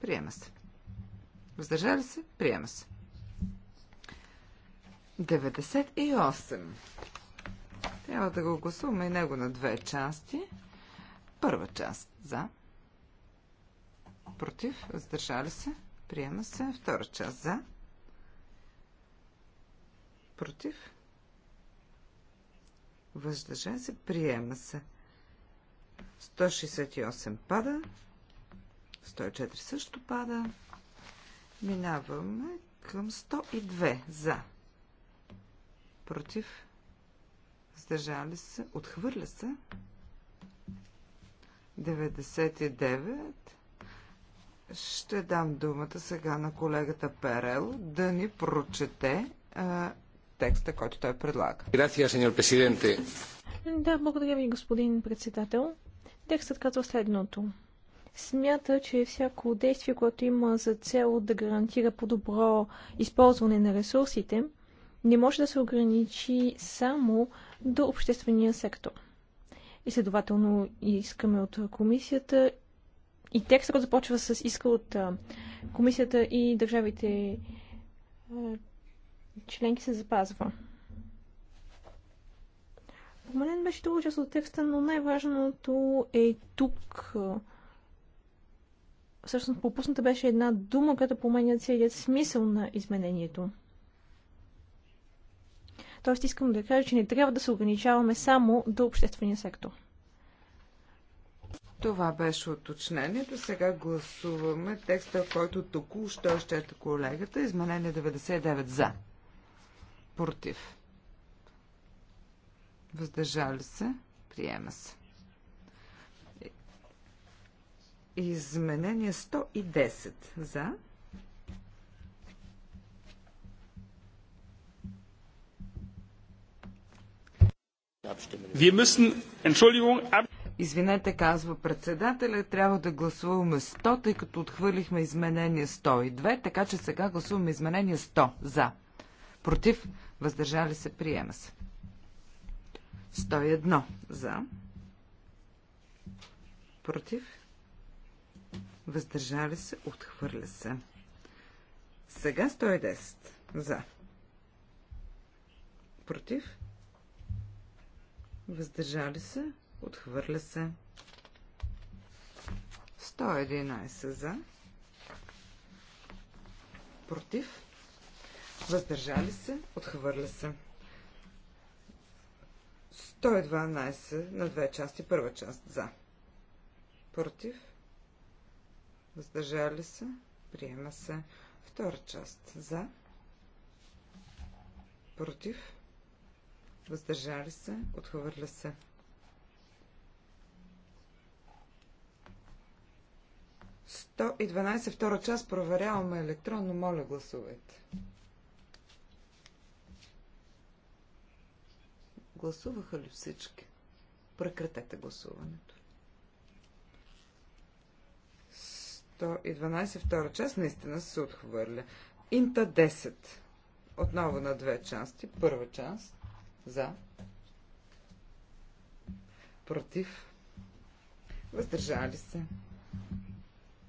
Приема се. Въздържали се? Приема се. 98. Трябва да го гласуваме и него на две части. Първа част за против, въздържали се, приема се. Втора част за, против, въздържали се, приема се. 168 пада, 104 също пада. Минаваме към 102 за, против, въздържали се, отхвърля се. 99 ще дам думата сега на колегата Перел да ни прочете а, текста, който той предлага. Грация, сеньор президенте. Да, благодаря ви, господин председател. Текстът казва следното. Смята, че всяко действие, което има за цел да гарантира по-добро използване на ресурсите, не може да се ограничи само до обществения сектор. И следователно искаме от комисията и текстът, който започва с иска от комисията и държавите членки се запазва. Променен беше друга част от текста, но най-важното е тук. Всъщност пропусната беше една дума, която поменя целият смисъл на изменението. Тоест искам да кажа, че не трябва да се ограничаваме само до обществения сектор. Това беше уточнението. Сега гласуваме текста, който току-що изчета колегата. Изменение 99 за. Против. Въздържали се. Приема се. Изменение 110 за. Wir müssen, Entschuldigung, ab Извинете, казва председателя, трябва да гласуваме 100, тъй като отхвърлихме изменение 102, така че сега гласуваме изменение 100 за. Против, въздържали се, приема се. 101 за. Против, въздържали се, отхвърля се. Сега 110 за. Против, въздържали се, Отхвърля се. 111 за. Против. Въздържали се. Отхвърля се. 112 на две части. Първа част за. Против. Въздържали се. Приема се. Втора част за. Против. Въздържали се. Отхвърля се. 112 втора част проверяваме електронно. Моля, гласувайте. Гласуваха ли всички? Прекратете гласуването. 112 втора част наистина се отхвърля. Инта 10. Отново на две части. Първа част. За. Против. Въздържали се.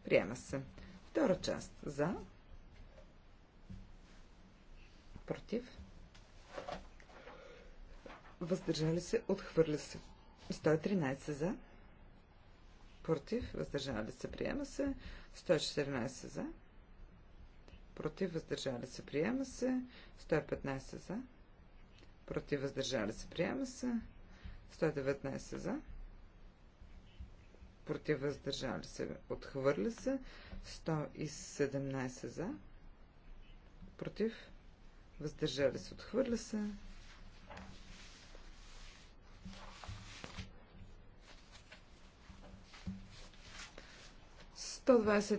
Приема се. Втора част. За. Против. Въздържали се. Отхвърля се. 113 за. Против. Въздържали се. Приема се. 114 за. Против. Въздържали се. Приема се. 115 за. Против. Въздържали се. Приема се. 119 за против въздържали се, отхвърля се, 117 за, против въздържали се, отхвърля се.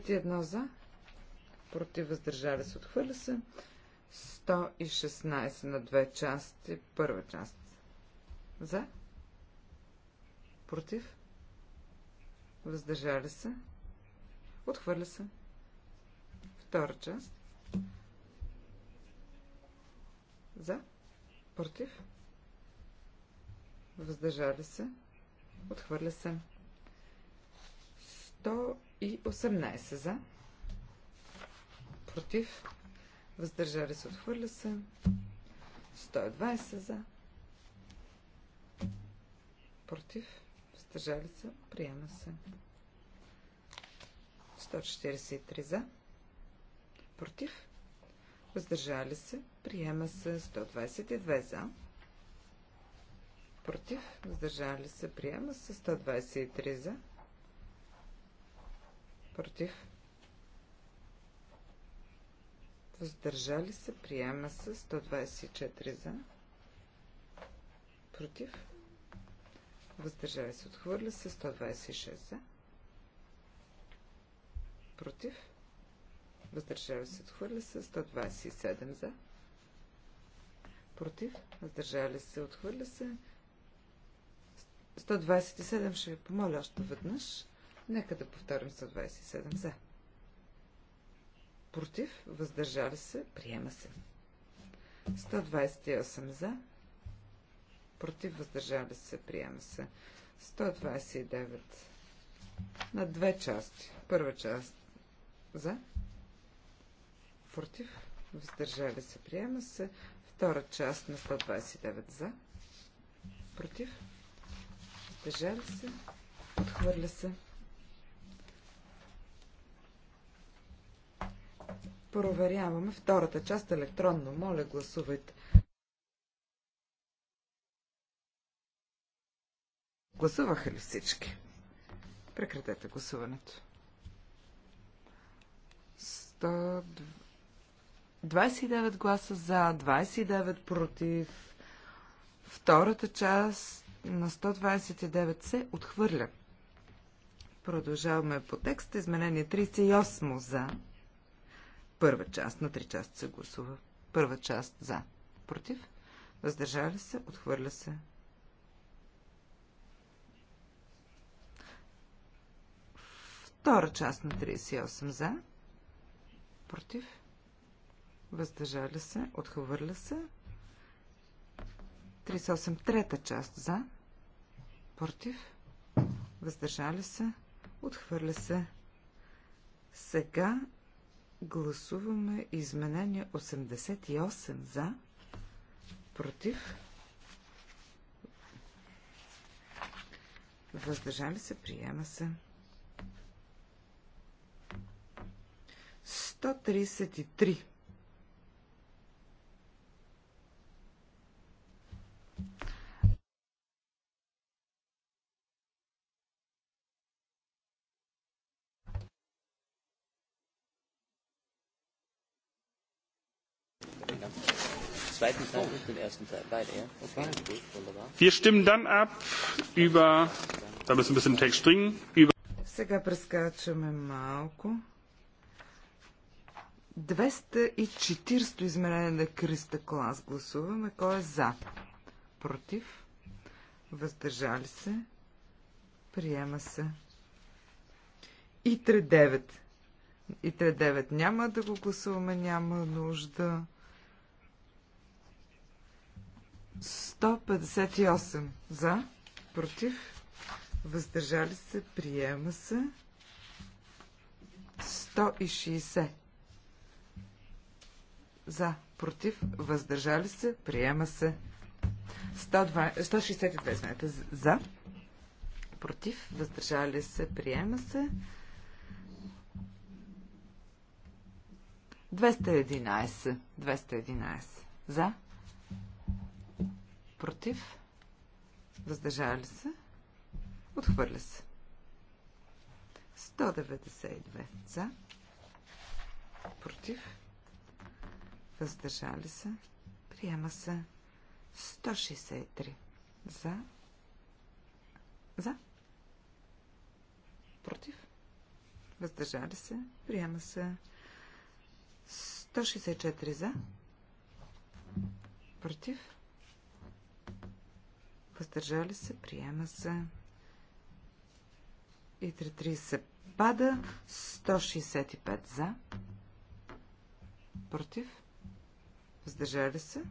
едно за, против въздържали се, отхвърля се. 116 на две части. Първа част. За? Против? Въздържали се. Отхвърля се. Втора част. За. Против. Въздържали се. Отхвърля се. 118 за. Против. Въздържали се. Отхвърля се. 120 за. Против въздържали се, приема се. 143 за, против, въздържали се, приема се. 122 за, против, въздържали се, приема се. 123 за, против, въздържали се, приема се. 124 за, против, въздържали се, отхвърля се 126 за, против, въздържали се, отхвърля се 127 за, против, въздържали се, отхвърля се 127 ще ви помоля още веднъж. Нека да повторим 127 за. Против, въздържали се, приема се. 128 за против, въздържали се, приема се. 129 на две части. Първа част за, против, въздържали се, приема се. Втора част на 129 за, против, въздържали се, отхвърля се. Проверяваме втората част електронно. Моля, гласувайте. Гласуваха ли всички? Прекратете гласуването. 129 29 гласа за, 29 против. Втората част на 129 се отхвърля. Продължаваме по текста. Изменение 38 за. Първа част. На три части се гласува. Първа част за. Против. Въздържали се. Отхвърля се. Втора част на 38 за. Против. Въздържали се. Отхвърля се. 38 трета част за. Против. Въздържали се. Отхвърля се. Сега гласуваме изменение 88 за. Против. Въздържали се. Приема се. 133. zweiten Teil Wir stimmen dann ab über, da müssen wir ein bisschen Text dringen, über... Сега прескачаме малко. 240 измерение на Криста Клас. Гласуваме. Кой е за? Против? Въздържали се? Приема се. И 39. И 39 няма да го гласуваме, няма нужда. 158 за, против, въздържали се, приема се. 160 за, против, въздържали се, приема се. 162, знаете, за, против, въздържали се, приема се. 211, 211, за, против, въздържали се, отхвърля се. 192, за, против, въздържали се, приема се 163 за, за, против, въздържали се, приема се 164 за, против, въздържали се, приема се и се пада, 165 за, против, Въздържали се.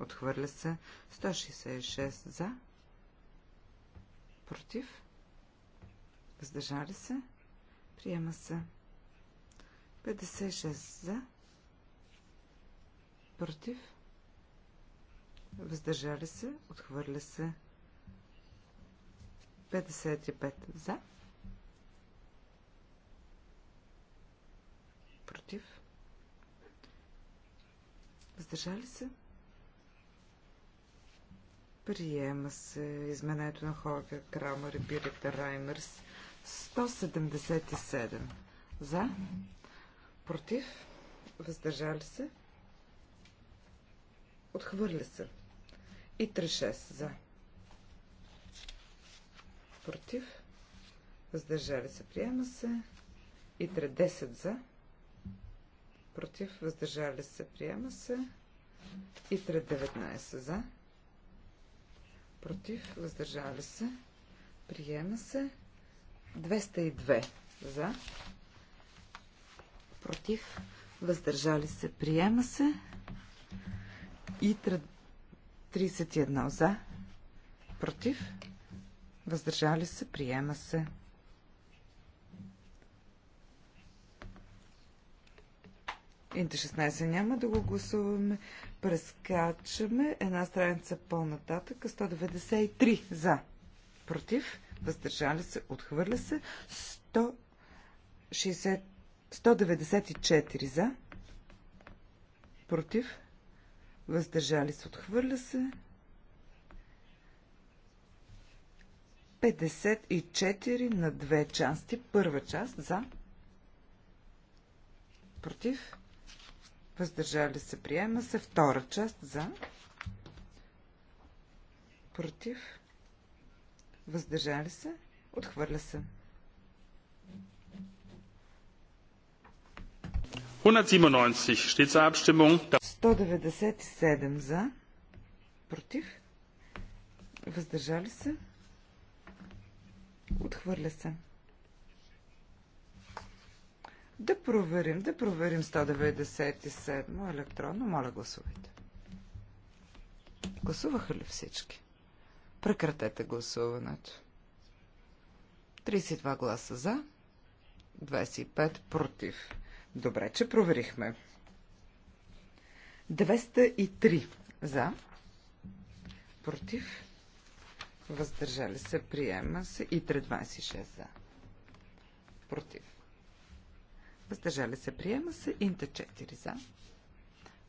Отхвърля се. 166 за. Против. Въздържали се. Приема се. 56 за. Против. Въздържали се. Отхвърля се. 55 за. Против. Въздържали се? Приема се изменението на Хога, Крамър и Бирата Раймърс. 177. За? Против? Въздържали се? Отхвърля се. И 36. За? Против? Въздържали се? Приема се. И 30 за против, въздържали се, приема се. И 319 за, против, въздържали се, приема се. 202 за, против, въздържали се, приема се. И 31 за, против, въздържали се, приема се. Инте 16 няма да го гласуваме. Прескачаме една страница по-нататък. 193 за. Против. Въздържали се. Отхвърля се. 160, 194 за. Против. Въздържали се. Отхвърля се. 54 на две части. Първа част за. Против въздържали се, приема се. Втора част за, против, въздържали се, отхвърля се. 197 steht zur Abstimmung. 197 за, против, въздържали се, отхвърля се. Да проверим, да проверим 197 електронно. Моля, гласувайте. Гласуваха ли всички? Прекратете гласуването. 32 гласа за, 25 против. Добре, че проверихме. 203 за, против, въздържали се, приема се и 326 за, против Въздържали се. Приема се. Инта 4 за.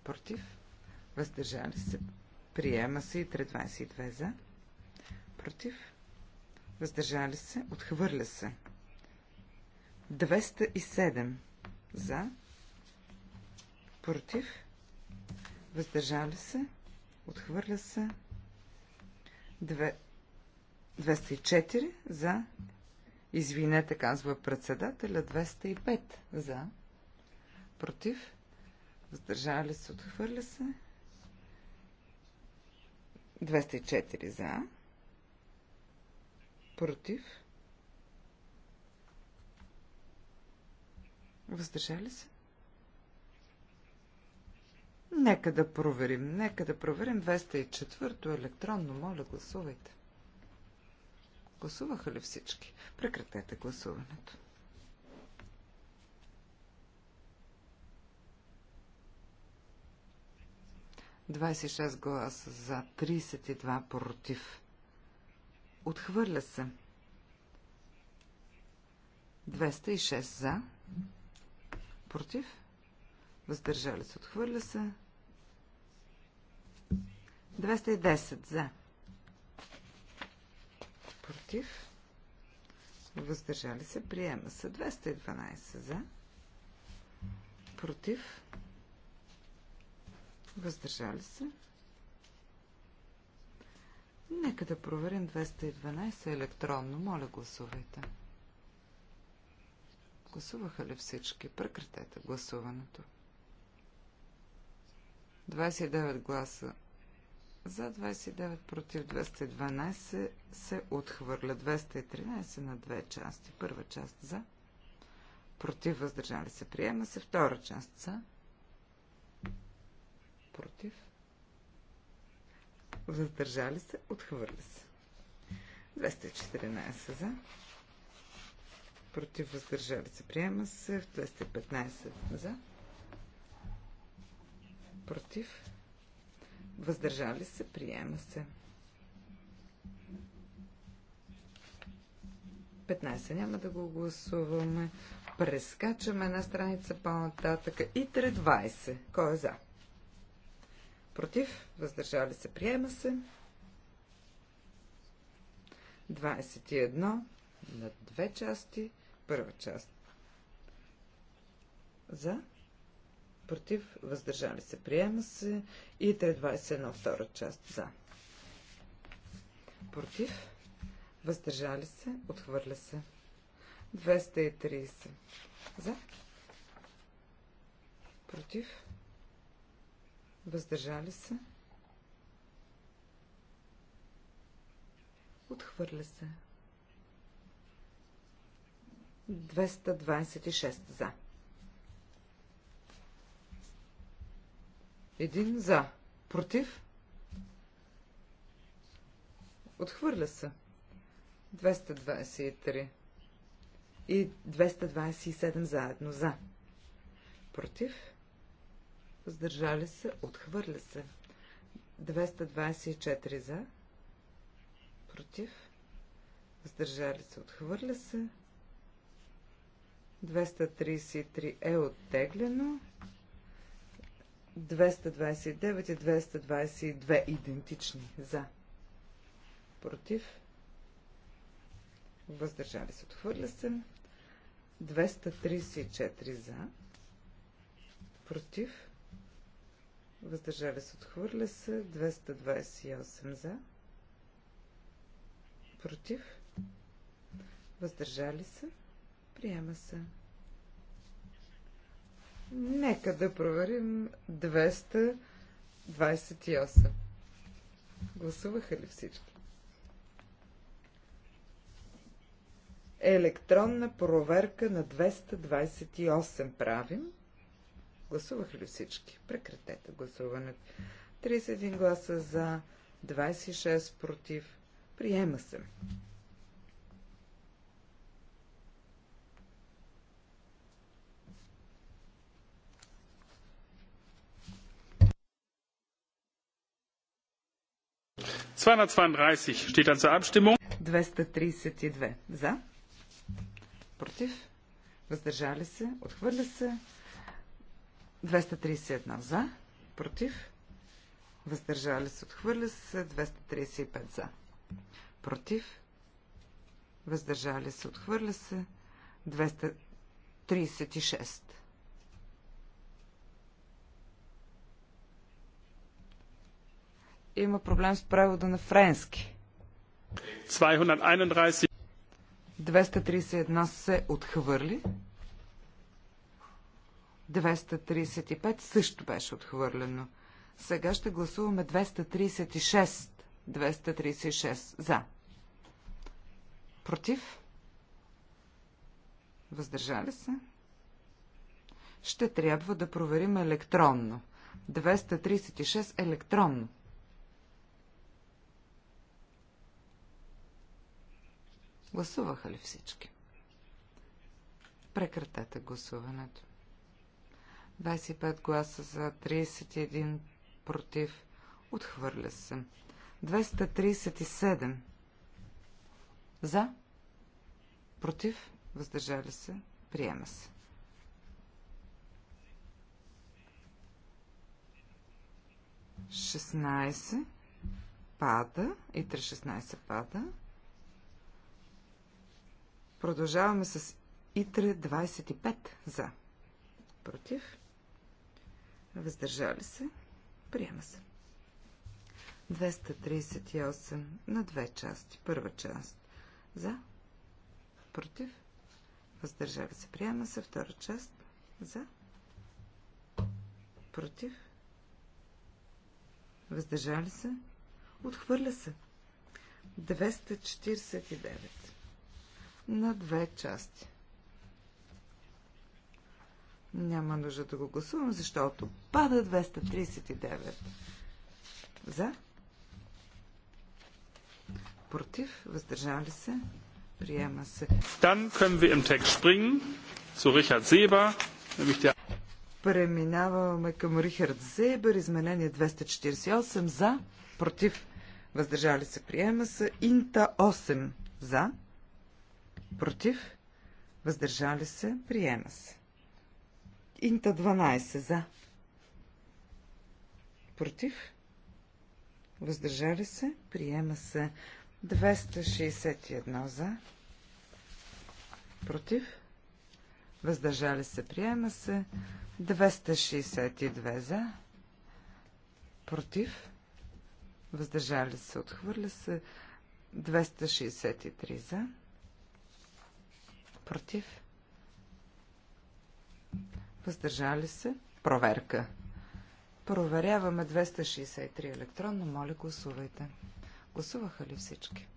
Против. Въздържали се. Приема се. И 322 за. Против. Въздържали се. Отхвърля се. 207 за. Против. Въздържали се. Отхвърля се. 2... 204 за. Извинете, казва председателя, 205 за. Против. Въздържали се, отхвърля се. 204 за. Против. Въздържали се? Нека да проверим. Нека да проверим 204-то електронно. Моля, гласувайте. Гласуваха ли всички? Прекратете гласуването. Двадесет шест гласа за, 32 против. Отхвърля се. 206 за. Против. Въздържали се. Отхвърля се. 210 за против, въздържали се, приема се 212 за, против, въздържали се. Нека да проверим 212 електронно. Моля, гласувайте. Гласуваха ли всички? Прекратете гласуването. 29 гласа за 29 против 212 се отхвърля 213 на две части. Първа част за, против въздържали се приема се, втора част за, против въздържали се, отхвърля се. 214 за, против въздържали се приема се, 215 за, против въздържали се, приема се. 15 няма да го гласуваме. Прескачаме една страница по-нататък. И 3.20. Кой е за? Против? Въздържали се? Приема се. 21 на две части. Първа част. За? против, въздържали се, приема се. И 321 втора част за. Против, въздържали се, отхвърля се. 230 за. Против, въздържали се. Отхвърля се. 226 за. Един за. Против. Отхвърля се. 223 и 227 заедно за. Против. Въздържали се. Отхвърля се. 224 за. Против. Въздържали се. Отхвърля се. 233 е оттеглено. 229 и 222 идентични за. Против. Въздържали се. Отхвърля се. 234 за. Против. Въздържали се. Отхвърля се. 228 за. Против. Въздържали се. Приема се. Нека да проверим 228. Гласуваха ли всички? Електронна проверка на 228 правим. Гласуваха ли всички? Прекратете гласуването. 31 гласа за, 26 против. Приема се. 232 steht dann zur Abstimmung. 232 за. Против. Въздържали се. Отхвърля се. 231 за. Против. Въздържали се. Отхвърля се. 235 за. Против. Въздържали се. Отхвърля се. 236. има проблем с превода на френски. 231. се отхвърли. 235 също беше отхвърлено. Сега ще гласуваме 236. 236 за. Против? Въздържали се? Ще трябва да проверим електронно. 236 електронно. Гласуваха ли всички? Прекратете гласуването. 25 гласа за, 31 против. Отхвърля се. 237 за, против, въздържали се, приема се. Шестнайсе пада и шестнайсе пада. Продължаваме с ИТРЕ 25 за. Против. Въздържали се. Приема се. 238 на две части. Първа част. За. Против. Въздържали се. Приема се. Втора част. За. Против. Въздържали се. Отхвърля се. 249 на две части. Няма нужда да го гласувам, защото пада 239. За? Против? Въздържали се? Приема се. Dann können wir im Text springen zu Richard Seber, nämlich der Преминаваме към Рихард Зейбър, изменение 248 за, против, въздържали се, приема се, Инта 8 за, Против. Въздържали се. Приема се. Инта 12 за. Против. Въздържали се. Приема се. 261 за. Против. Въздържали се. Приема се. 262 за. Против. Въздържали се. Отхвърля се. 263 за Против. Въздържали се. Проверка. Проверяваме 263 електронно. Моля, гласувайте. Гласуваха ли всички?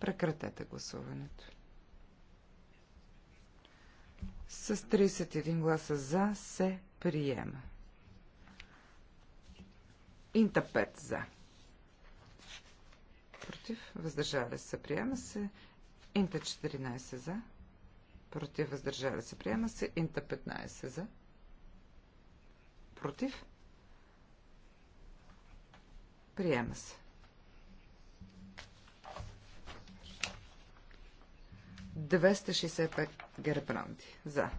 Прекратете гласуването. С 31 гласа за се приема. Инта 5 за. Против. Въздържава се. Приема се. Инта 14 за. Против въздържали се. Приема се. Инта 15 за. Против. Приема се. Двеста гербранди. За.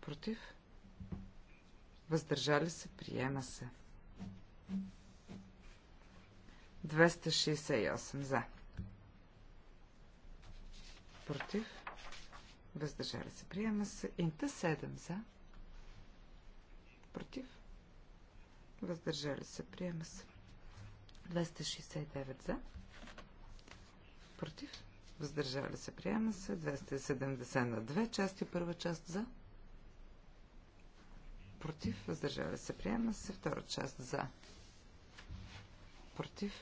Против. Въздържали се. Приема се. 268 за против, въздържали се. Приема се инта 7 за, против, въздържали се. Приема се 269 за, против, въздържали се. Приема се 270 на 2 части, първа част за, против, въздържали се. Приема се втора част за, против,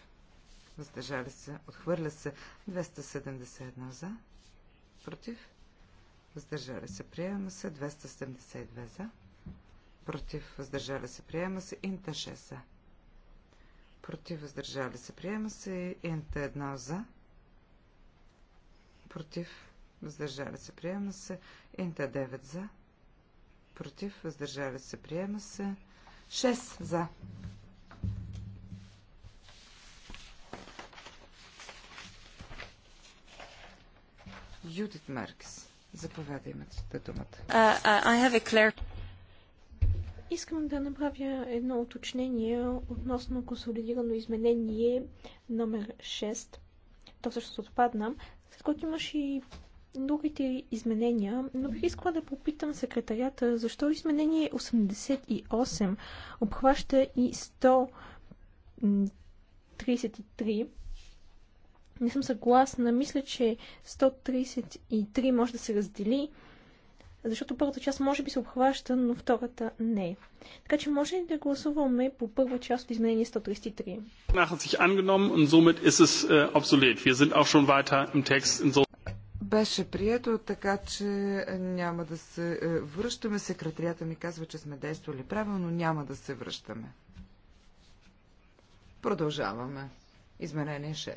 въздържали се. Отхвърля се 271 за, против, въздържали се, приема се. 272 за, против, въздържали се, приема се. Инта 6 за, против, въздържали се, приема се. Инта 1 за, против, въздържали се, приема се. Инта 9 за, против, въздържали се, приема се. 6 за, Юдит Маркс. Заповядай, имате думата. Uh, uh, I have a clear... Искам да направя едно уточнение относно консолидирано изменение номер 6. То всъщност отпадна, след което имаш и другите изменения, но бих искала да попитам секретарята, защо изменение 88 обхваща и 133 не съм съгласна. Мисля, че 133 може да се раздели, защото първата част може би се обхваща, но втората не. Така че може ли да гласуваме по първа част от изменение 133? Äh, Беше прието, така че няма да се е, връщаме. Секретарията ми казва, че сме действали правилно, няма да се връщаме. Продължаваме. Изменение 6.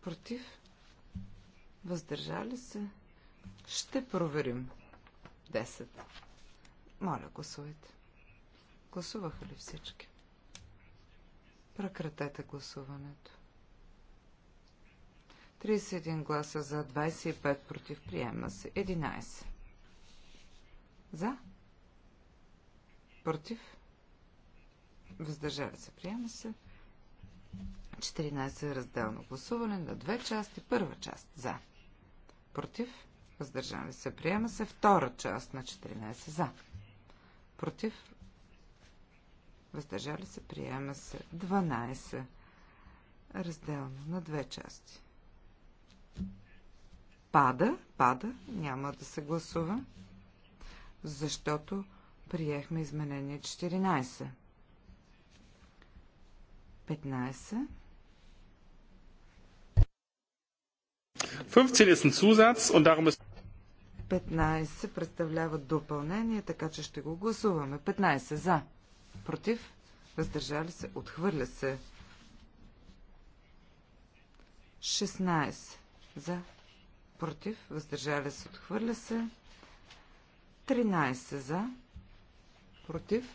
Против? Въздържали се? Ще проверим. 10. Моля, гласувайте. Гласуваха ли всички? Прекратете гласуването. 31 гласа за, 25 против, приема се. 11. За? Против? Въздържали се, приема се. 14 разделно гласуване на две части. Първа част за. Против. Въздържане се. Приема се втора част на 14 за. Против. Въздържали се. Приема се 12 разделно на две части. Пада, пада, няма да се гласува, защото приехме изменение 14. 15 15 ist ein Zusatz und darum ist 15 представлява допълнение, така че ще го гласуваме. 15 за, против, въздържали се, отхвърля се. 16 за, против, въздържали се, отхвърля се. 13 за, против,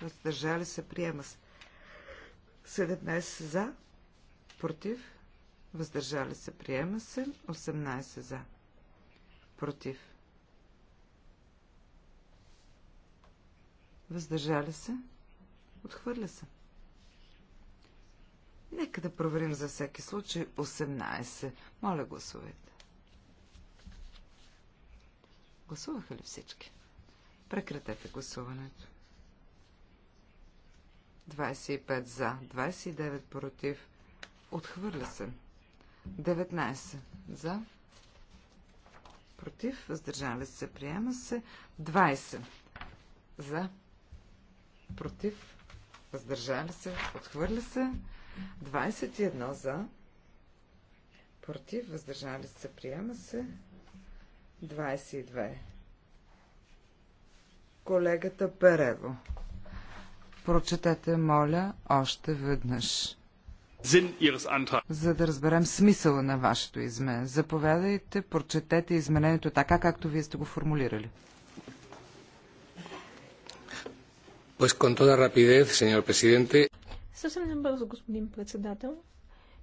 въздържали се, приема се. 17 за, против, въздържали се, приема се, 18 за, против, въздържали се, отхвърля се. Нека да проверим за всеки случай 18. Моля, гласувайте. Гласуваха ли всички? Прекратете гласуването. 25 за, 29 против. Отхвърля се. 19 за, против, въздържали се, приема се. 20 за, против, въздържали се, отхвърля се. 21 за, против, въздържали се, приема се. 22 колегата Перево. Прочетете, моля, още веднъж. За да разберем смисъла на вашето изменение. Заповядайте, прочетете изменението така, както вие сте го формулирали. Pues con toda rapidez, señor presidente. Съвсем набързо, господин председател.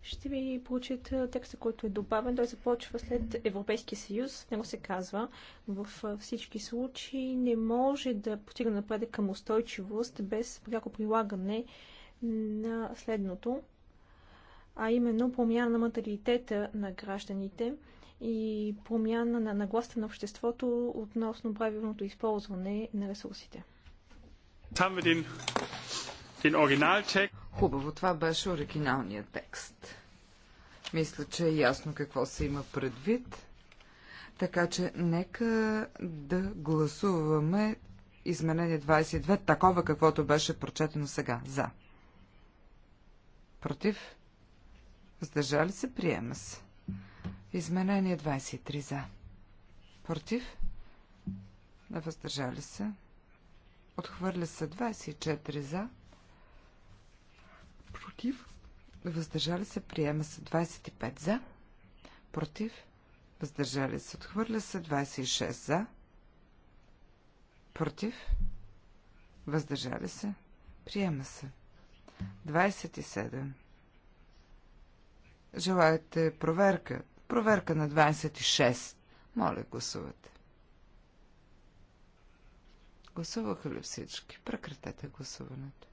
Ще ви получат текста, който е добавен. Той започва след Европейския съюз. В него се казва, в всички случаи не може да постигне напредък към устойчивост без пряко прилагане на следното а именно промяна на менталитета на гражданите и промяна на нагласта на обществото относно правилното използване на ресурсите. Хубаво, това беше оригиналният текст. Мисля, че е ясно какво се има предвид. Така че нека да гласуваме изменение 22, такова каквото беше прочетено сега. За. Против? Въздържали се, приема се. Изменение 23 за. Против? Не въздържали се. Отхвърля се 24 за. Против? Въздържали се, приема се 25 за. Против? Въздържали се, отхвърля се 26 за. Против? Въздържали се, приема се. 27 Желаете проверка? Проверка на 26. Моля, гласувате. Гласуваха ли всички? Прекратете гласуването.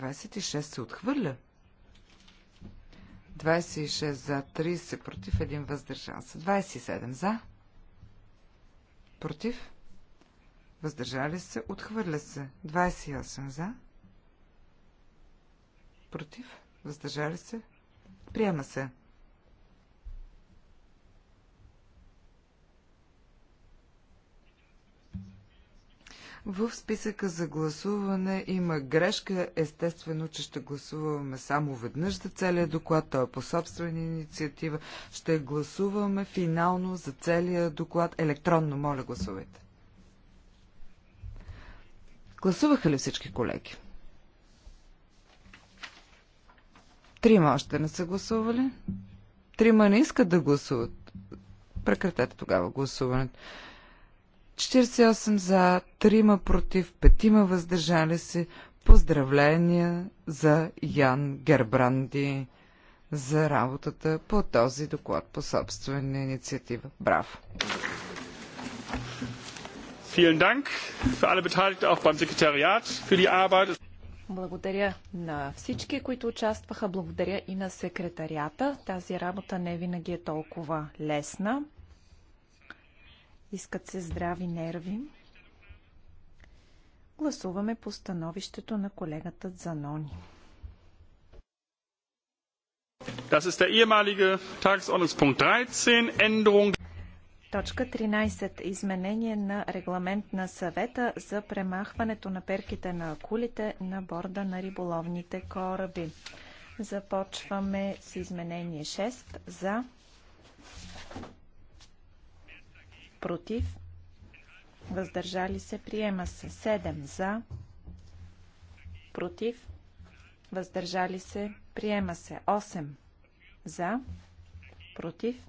26 се отхвърля. 26 за, 30 против, 1 въздържан се. 27 за, против, въздържали се, отхвърля се. 28 за, против, Въздържали се? Приема се. В списъка за гласуване има грешка. Естествено, че ще гласуваме само веднъж за целия доклад. Той е по собствена инициатива. Ще гласуваме финално за целия доклад. Електронно, моля, гласувайте. Гласуваха ли всички колеги? Трима още не са гласували. Трима не искат да гласуват. Прекратете тогава гласуването. 48 за, трима против, петима въздържали се. Поздравления за Ян Гербранди за работата по този доклад по собствена инициатива. Браво! Vielen Dank für alle Beteiligten, auch beim Sekretariat, für die Arbeit. Благодаря на всички, които участваха. Благодаря и на секретарията. Тази работа не винаги е толкова лесна. Искат се здрави нерви. Гласуваме по становището на колегата Занони. Das ist der ehemalige Tagesordnungspunkt 13, Änderung Точка 13. Изменение на регламент на съвета за премахването на перките на акулите на борда на риболовните кораби. Започваме с изменение 6 за против въздържали се приема се 7 за против въздържали се приема се 8 за против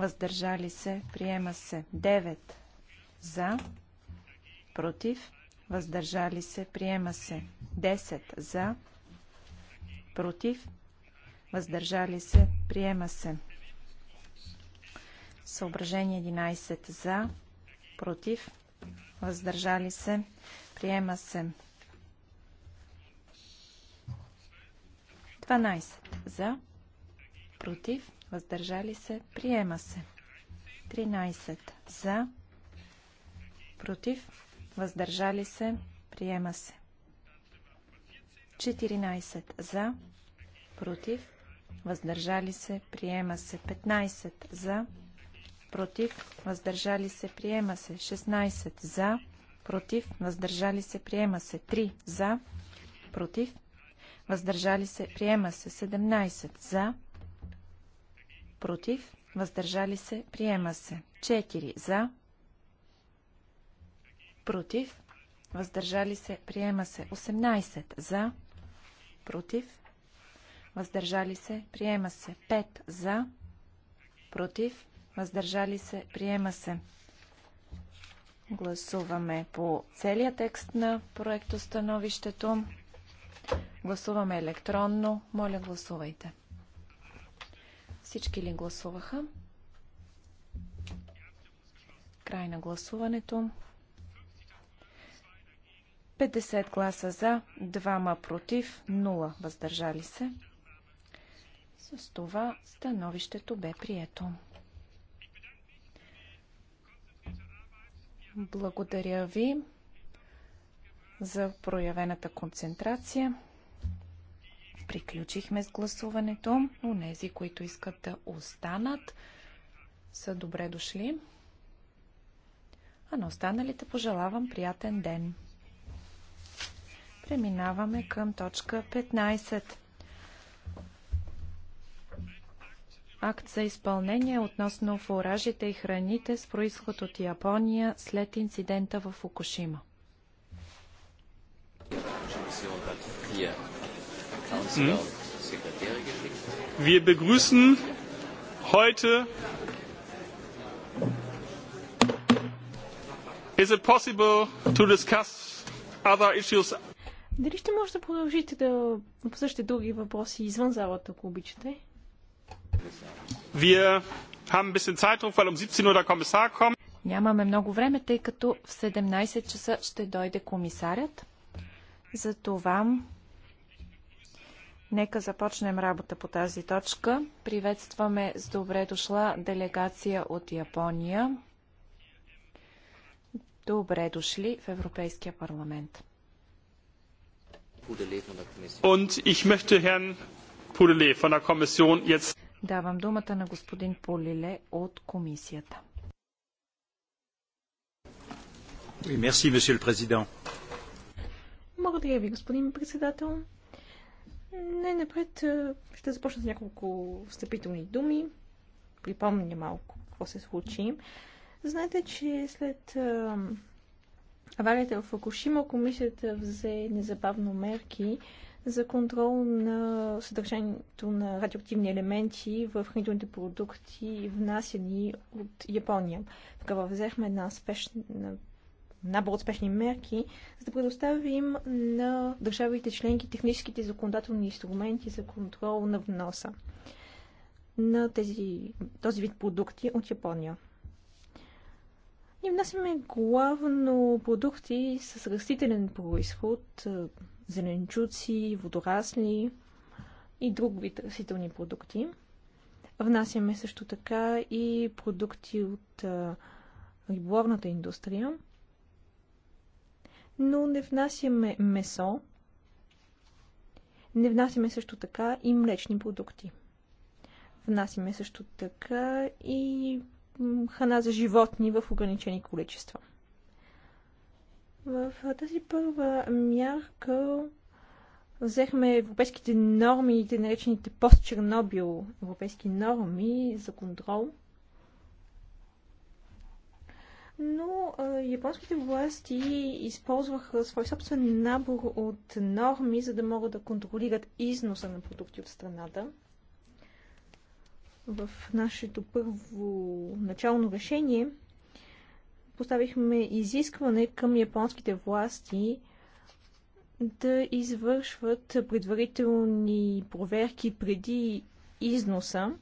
въздържали се, приема се. 9 за, против, въздържали се, приема се. 10 за, против, въздържали се, приема се. Съображение 11 за, против, въздържали се, приема се. 12 за, против, въздържали се, приема се. 13 за, против, въздържали се, приема се. 14 за, против, въздържали се, приема се. 15 за, против, въздържали се, приема се. 16 за, против, въздържали се, приема се. 3 за, против, въздържали се, приема се. 17 за, против, въздържали се, приема се. 4 за, против, въздържали се, приема се. 18 за, против, въздържали се, приема се. 5 за, против, въздържали се, приема се. Гласуваме по целия текст на проектостановището. Гласуваме електронно. Моля, гласувайте. Всички ли гласуваха? Край на гласуването. 50 гласа за, 2 против, 0 въздържали се. С това становището бе прието. Благодаря ви за проявената концентрация. Приключихме с гласуването. Унези, които искат да останат, са добре дошли. А на останалите пожелавам приятен ден. Преминаваме към точка 15. акт за изпълнение относно фуражите и храните с происход от Япония след инцидента в Фукушима. Hm? Wir begrüßen heute. Is it possible to discuss other issues? Дали ще може да продължите да обсъждате други въпроси извън залата, ако обичате? Wir haben ein bisschen weil um 17 Uhr der kommt. Нямаме много време, тъй като в 17 часа ще дойде комисарят. Затова Нека започнем работа по тази точка. Приветстваме с добре дошла делегация от Япония. Добре дошли в Европейския парламент. Und ich möchte Herrn Pudele von der Kommission jetzt Давам думата на господин Полиле от комисията. Merci, Благодаря ви, господин председател. Най-напред ще започна с няколко встъпителни думи. Припомня малко какво се случи. Знаете, че след аварията в Фукушима комисията взе незабавно мерки за контрол на съдържанието на радиоактивни елементи в хранителните продукти, внасяни от Япония. Тогава взехме една спешна набор от спешни мерки, за да предоставим на държавите членки техническите законодателни инструменти за контрол на вноса на тези, този вид продукти от Япония. Ние внасяме главно продукти с растителен происход, е, зеленчуци, водорасли и друг вид растителни продукти. Внасяме също така и продукти от е, риболовната индустрия но не внасяме месо, не внасяме също така и млечни продукти. Внасяме също така и храна за животни в ограничени количества. В тази първа мярка взехме европейските норми, те наречените пост-Чернобил европейски норми за контрол – но а, японските власти използваха свой собствен набор от норми, за да могат да контролират износа на продукти от страната. В нашето първо начално решение поставихме изискване към японските власти да извършват предварителни проверки преди износа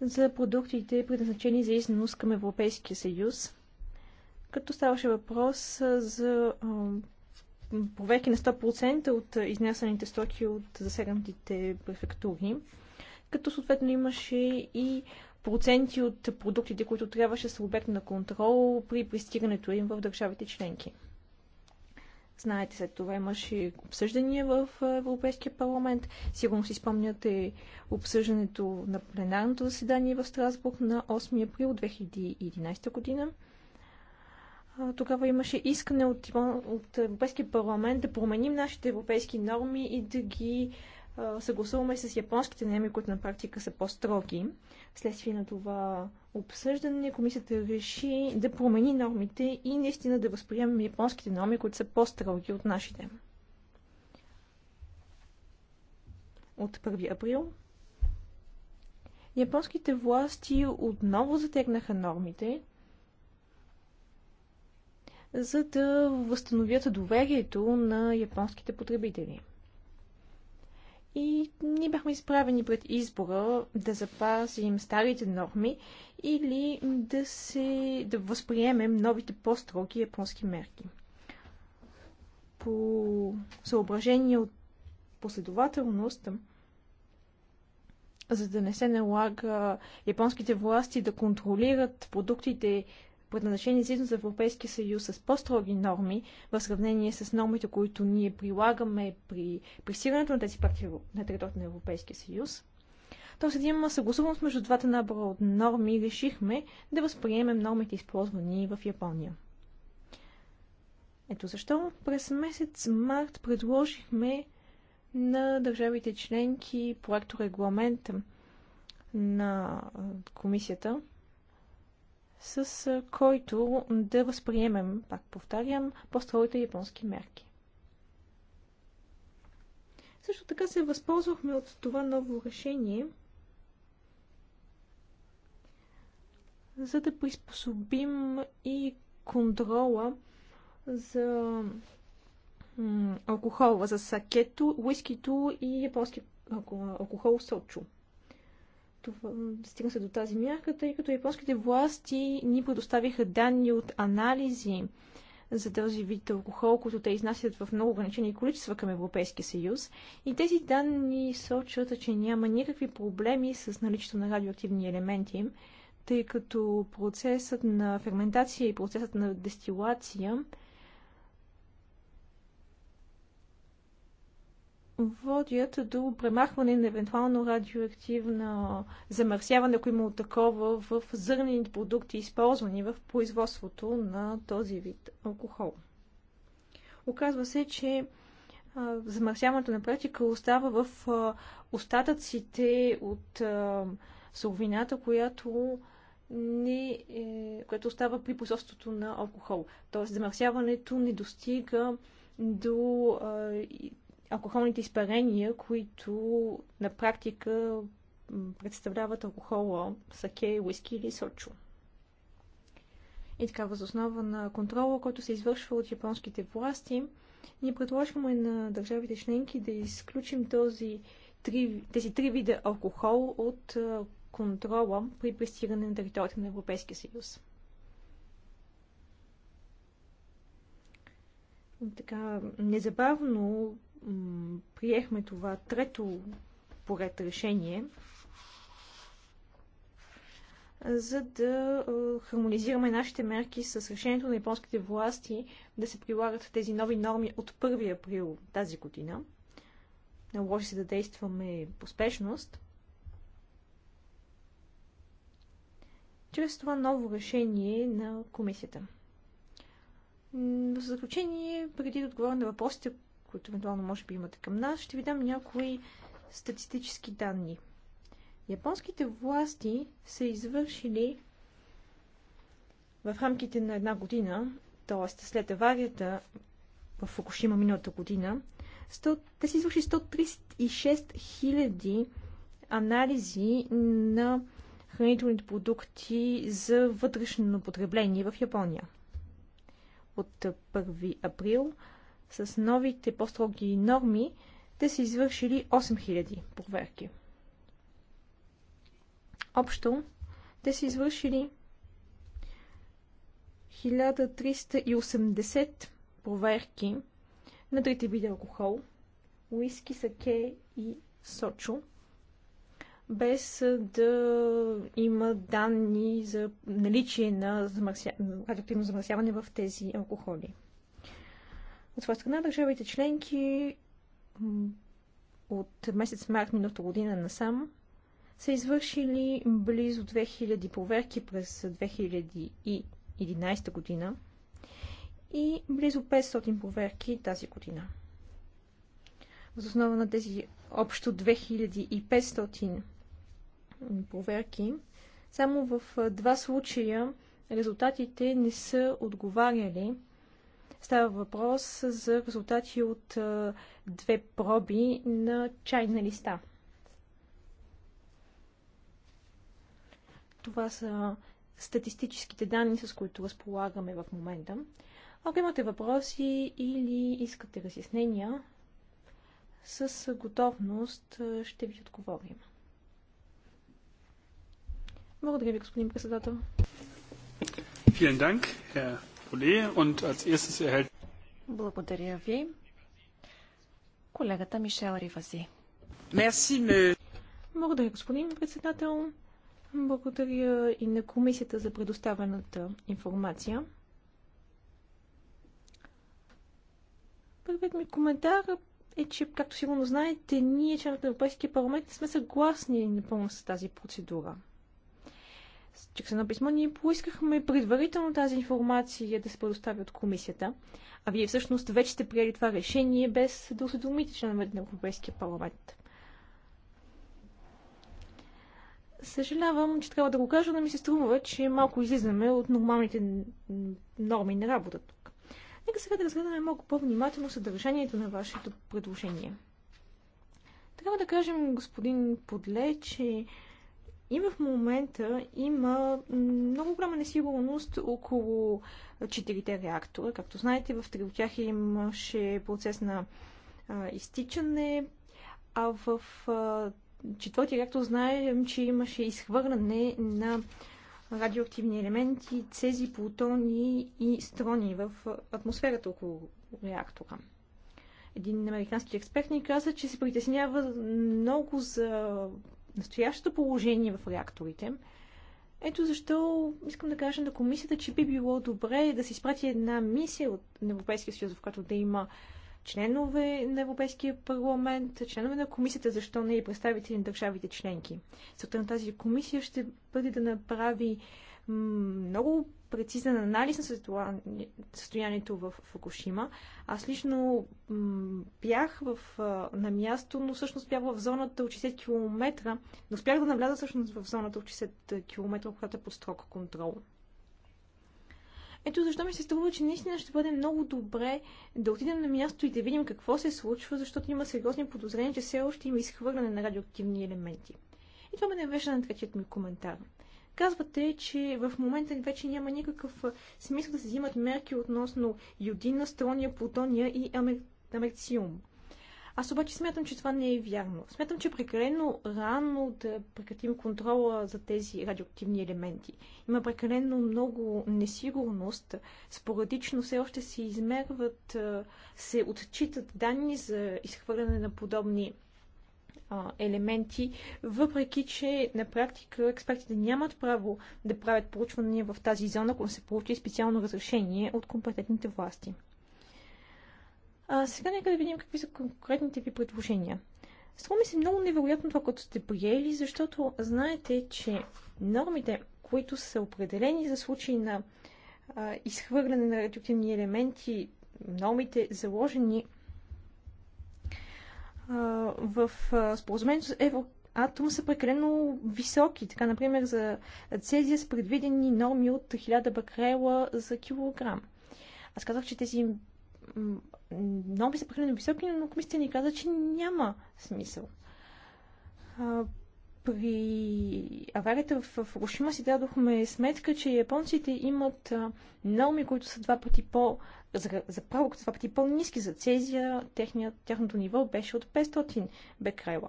за продуктите, предназначени за износ към Европейския съюз – като ставаше въпрос за проверки на 100% от изнесените стоки от засегнатите префектури, като съответно имаше и проценти от продуктите, които трябваше са обект на контрол при пристигането им в държавите членки. Знаете, след това имаше обсъждания в Европейския парламент. Сигурно си спомняте обсъждането на пленарното заседание в Страсбург на 8 април 2011 година тогава имаше искане от, от Европейския парламент да променим нашите европейски норми и да ги съгласуваме с японските норми, които на практика са по-строги. Вследствие на това обсъждане комисията реши да промени нормите и наистина да възприемем японските норми, които са по-строги от нашите. От 1 април японските власти отново затегнаха нормите, за да възстановят доверието на японските потребители. И ние бяхме изправени пред избора да запазим старите норми или да, се, да възприемем новите по-строги японски мерки. По съображение от последователност, за да не се налага японските власти да контролират продуктите, предназначени за за Европейския съюз с по-строги норми в сравнение с нормите, които ние прилагаме при пресирането на тези партии на територията на Европейския съюз. то след има съгласуваност между двата набора от норми и решихме да възприемем нормите, използвани в Япония. Ето защо през месец март предложихме на държавите членки проекто регламента на комисията с който да възприемем, пак повтарям, по строите японски мерки. Също така се възползвахме от това ново решение, за да приспособим и контрола за алкохола, за сакето, уискито и японски алкохол сочо това, стигна се до тази мярка, тъй като японските власти ни предоставиха данни от анализи за този вид алкохол, който те изнасят в много ограничени количества към Европейския съюз. И тези данни сочат, че няма никакви проблеми с наличието на радиоактивни елементи, тъй като процесът на ферментация и процесът на дестилация водят до премахване на евентуално радиоактивно замърсяване, ако има такова в зърнените продукти, използвани в производството на този вид алкохол. Оказва се, че замърсяването на практика остава в остатъците от суровината, която не, е, което остава при производството на алкохол. Тоест замърсяването не достига до алкохолните изпарения, които на практика представляват алкохола, саке, уиски или сочо. И така, възоснова на контрола, който се извършва от японските власти, ние предложихме на държавите членки да изключим този, три, тези три вида алкохол от контрола при пристигане на територията на Европейския съюз. Така, незабавно приехме това трето поред решение, за да хармонизираме нашите мерки с решението на японските власти да се прилагат тези нови норми от 1 април тази година. Наложи се да действаме поспешност. Чрез това ново решение на комисията. В заключение, преди да отговоря на въпросите, които евентуално може би имате към нас, ще ви дам някои статистически данни. Японските власти са извършили в рамките на една година, т.е. след аварията в Фукушима миналата година, 100, те са извършили 136 хиляди анализи на хранителните продукти за вътрешно потребление в Япония. От 1 април с новите по-строги норми, те са извършили 8000 проверки. Общо те са извършили 1380 проверки на трите вида алкохол уиски, саке и сочо, без да има данни за наличие на радиоактивно замърсяване в тези алкохоли. От своя страна държавите членки от месец март миналата година насам са извършили близо 2000 проверки през 2011 година и близо 500 проверки тази година. В основа на тези общо 2500 проверки, само в два случая резултатите не са отговаряли Става въпрос за резултати от две проби на чайна листа. Това са статистическите данни, с които разполагаме в момента. Ако имате въпроси или искате разяснения, с готовност ще ви отговорим. Благодаря ви, господин председател. Vielen Dank, Herr благодаря ви. Колегата Мишел Ривази. Благодаря, господин председател. Благодаря и на комисията за предоставената информация. Първият ми коментар е, че, както сигурно знаете, ние, членовете на Европейския парламент, не сме съгласни напълно с тази процедура. Чрез едно писмо ние поискахме предварително тази информация да се предостави от комисията, а вие всъщност вече сте приели това решение без да осведомите членовете на Европейския парламент. Съжалявам, че трябва да го кажа, но ми се струва, че малко излизаме от нормалните норми на работа тук. Нека сега да разгледаме малко по-внимателно съдържанието на вашето предложение. Трябва да кажем, господин Подле, че и в момента има много голяма несигурност около четирите реактора. Както знаете, в три от тях имаше процес на а, изтичане, а в а, четвъртия реактор знаем, че имаше изхвърляне на радиоактивни елементи, цези, плутони и строни в атмосферата около реактора. Един американски експерт ни каза, че се притеснява много за настоящото положение в реакторите. Ето защо искам да кажа на комисията, че би било добре да се изпрати една мисия от Европейския съюз, в която да има членове на Европейския парламент, членове на комисията, защо не и представители на държавите членки. Целта на тази комисия ще бъде да направи много прецизен анализ на състоянието в Фукушима. Аз лично бях в, на място, но всъщност бях в зоната от 60 км. Не успях да навляза всъщност в зоната от 60 км, която е под строг контрол. Ето защо ми се струва, че наистина ще бъде много добре да отидем на място и да видим какво се случва, защото има сериозни подозрения, че все още има изхвърляне на радиоактивни елементи. И това ме навежда на третият ми коментар. Казвате, че в момента вече няма никакъв смисъл да се взимат мерки относно йодина, строния, плутония и амер... амерциум. Аз обаче смятам, че това не е вярно. Смятам, че е прекалено рано да прекратим контрола за тези радиоактивни елементи. Има прекалено много несигурност. Спорадично все още се измерват, се отчитат данни за изхвърляне на подобни елементи, въпреки че на практика експертите нямат право да правят проучвания в тази зона, ако се получи специално разрешение от компетентните власти. А, сега нека да видим какви са конкретните ви предложения. Струва ми се много невероятно това, което сте приели, защото знаете, че нормите, които са определени за случаи на а, изхвърляне на радиоактивни елементи, нормите заложени в споразумението с Евроатом са прекалено високи. Така, например, за цезия са предвидени норми от 1000 бакрела за килограм. Аз казах, че тези норми са прекалено високи, но комисията ни каза, че няма смисъл при аварията в Фукушима си дадохме сметка, че японците имат норми, които са два пъти по за, право, два пъти по-низки за цезия, техния, тяхното ниво беше от 500 бекрела.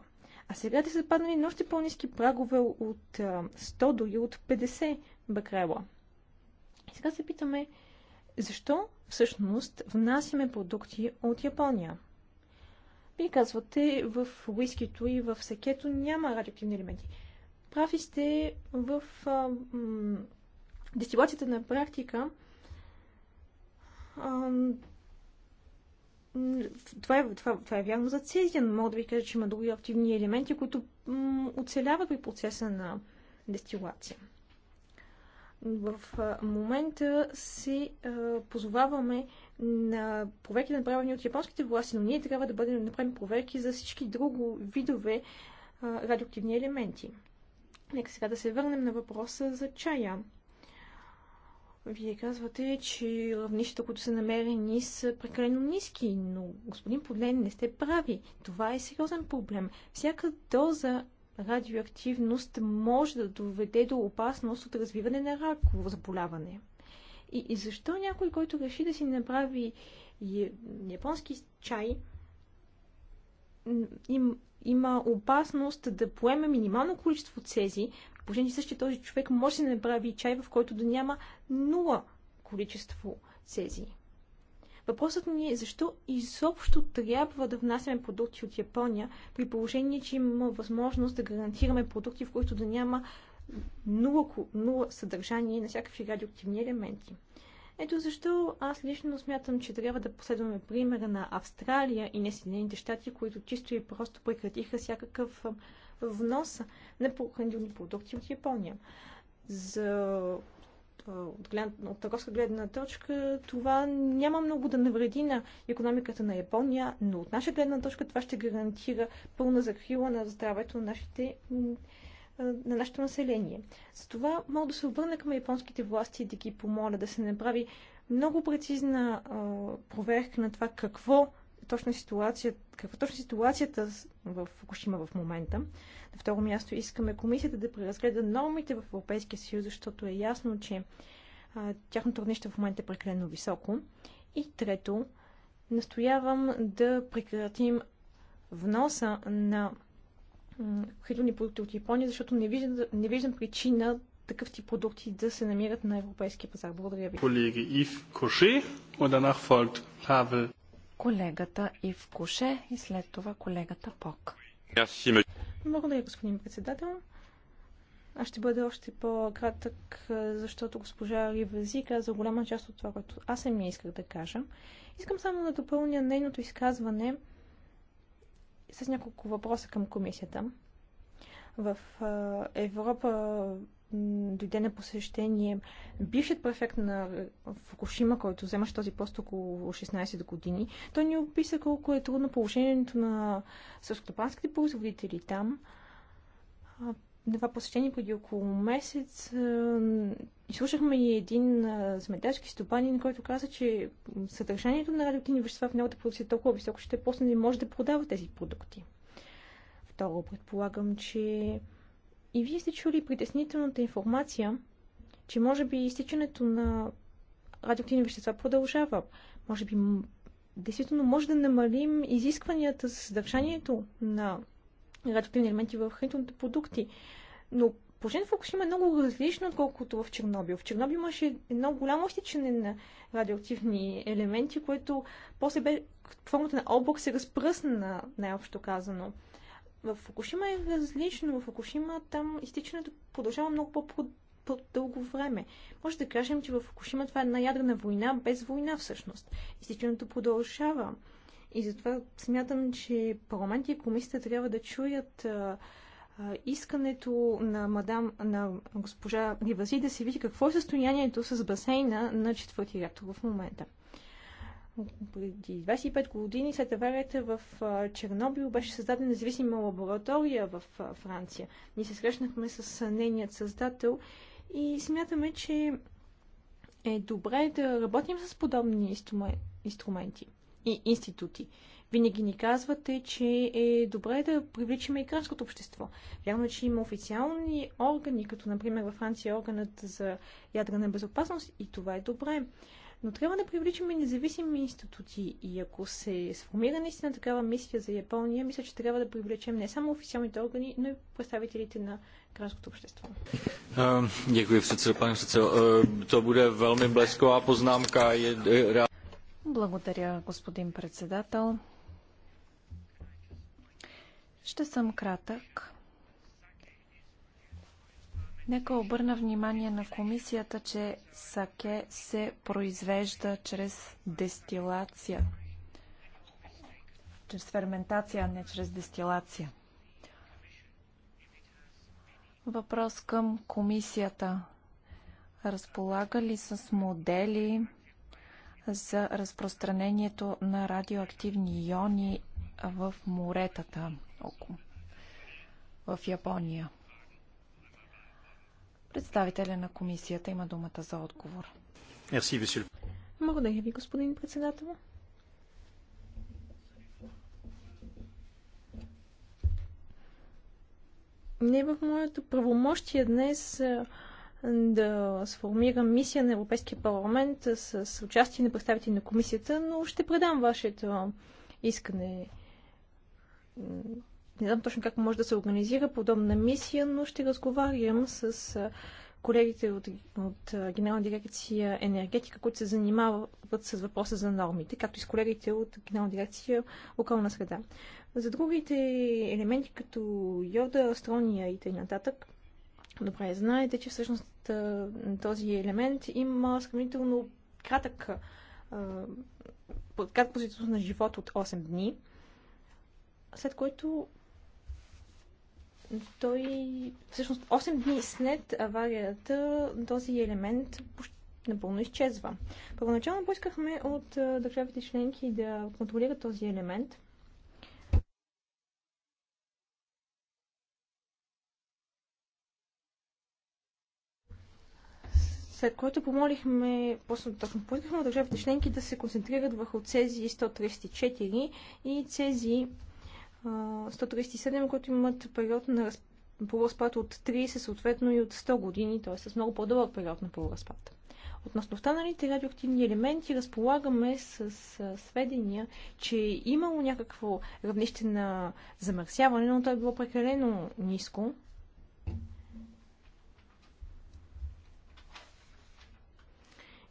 А сега те са паднали на още по-низки прагове от 100 дори от 50 бекрела. И сега се питаме, защо всъщност внасяме продукти от Япония? Вие казвате, в уискито и в секето няма радиоактивни елементи. Прави сте в а, м- дестилацията на практика. А, това е, това, това е вярно за цезия, но мога да ви кажа, че има други активни елементи, които оцеляват при процеса на дестилация. В момента се позоваваме на проверки, направени от японските власти, но ние трябва да бъдем да направим проверки за всички друго видове радиоактивни елементи. Нека сега да се върнем на въпроса за чая. Вие казвате, че равнищата, които са намерени, са прекалено ниски, но господин Подлен не сте прави. Това е сериозен проблем. Всяка доза радиоактивност може да доведе до опасност от развиване на раково заболяване. И, и защо някой, който реши да си направи японски чай, им, има опасност да поеме минимално количество цези, положение, че този човек може да направи чай, в който да няма нула количество цези. Въпросът ни е защо изобщо трябва да внасяме продукти от Япония, при положение, че има възможност да гарантираме продукти, в които да няма нула, нула съдържание на всякакви радиоактивни елементи. Ето защо аз лично смятам, че трябва да последваме примера на Австралия и не Съединените щати, които чисто и просто прекратиха всякакъв внос на хранителни продукти от Япония. За от, глед... от търговска гледна точка, това няма много да навреди на економиката на Япония, но от наша гледна точка това ще гарантира пълна закрила на здравето на нашите на нашето население. Затова мога да се обърна към японските власти и да ги помоля да се направи много прецизна а, проверка на това какво точно ситуацията, каква точно ситуацията в Фукушима в момента. На второ място искаме комисията да преразгледа нормите в Европейския съюз, защото е ясно, че а, тяхното равнище в момента е прекалено високо. И трето, настоявам да прекратим вноса на хранителни продукти от Япония, защото не виждам, не виждам причина такъв тип продукти да се намират на европейския пазар. Благодаря ви. Колеги Ив Коше, и Павел колегата Ив Куше и след това колегата Пок. Благодаря, господин председател. Аз ще бъда още по-кратък, защото госпожа Ривази каза голяма част от това, което аз съм я исках да кажа. Искам само да допълня нейното изказване с няколко въпроса към комисията. В Европа дойде на посещение бившият префект на Фукушима, който вземаше този пост около 16 години. Той ни описа колко е трудно положението на съскотопанските производители там. Два това посещение преди около месец изслушахме и един земеделски стопанин, който каза, че съдържанието на радиоактивни вещества в неговата продукция е толкова високо, че те после не може да продава тези продукти. Второ, предполагам, че и вие сте чули притеснителната информация, че може би изтичането на радиоактивни вещества продължава. Може би действително може да намалим изискванията за съдържанието на радиоактивни елементи в хранителните продукти. Но положението фокус има е много различно, отколкото в Чернобил. В Чернобил имаше едно голямо изтичане на радиоактивни елементи, което после бе формата на облак се разпръсна, най-общо казано. В Фукушима е различно. В Фукушима там изтичането продължава много по дълго време. Може да кажем, че в Фукушима това е една ядрена война без война всъщност. Изтичането продължава. И затова смятам, че парламент и комисията трябва да чуят а, а, искането на мадам, на госпожа Ривази да се види какво е състоянието с басейна на четвърти реактор в момента преди 25 години след аварията в Чернобил беше създадена независима лаборатория в Франция. Ние се срещнахме с нейният създател и смятаме, че е добре да работим с подобни инструменти и институти. Винаги ни казвате, че е добре да привличаме и гражданското общество. Вярно, е, че има официални органи, като например във Франция е органът за ядрена безопасност и това е добре но трябва да привличаме независими институции и ако се сформира наистина такава мисия за Япония, мисля, че трябва да привлечем не само официалните органи, но и представителите на гражданското общество. Děkuji, předsedo, pane předsedo. To bude velmi blesková poznámka. Благодаря, господин председател. Ще съм кратък. Нека обърна внимание на комисията, че саке се произвежда чрез дестилация. Чрез ферментация, а не чрез дестилация. Въпрос към комисията. Разполага ли с модели за разпространението на радиоактивни иони в моретата в Япония? Представителя на комисията има думата за отговор. Мерси, Благодаря ви, господин председател. не е в моето правомощие днес да сформирам мисия на Европейския парламент с участие на представители на комисията, но ще предам вашето искане не знам точно как може да се организира подобна мисия, но ще разговарям с колегите от, от Генерална дирекция енергетика, които се занимават с въпроса за нормите, както и с колегите от Генерална дирекция околна среда. За другите елементи, като йода, астрония и т.н. Добре, знаете, че всъщност този елемент има сравнително кратък кратко на живот от 8 дни, след което той всъщност 8 дни след аварията този елемент напълно изчезва. Първоначално поискахме от държавите членки да контролират този елемент. След което помолихме, после точно поискахме от държавите членки да се концентрират върху цези 134 и цези 137, които имат период на полуразпад от 30, съответно и от 100 години, т.е. с много по-дълъг период на полуразпад. Относно останалите радиоактивни елементи, разполагаме с, с сведения, че е имало някакво равнище на замърсяване, но то е било прекалено ниско.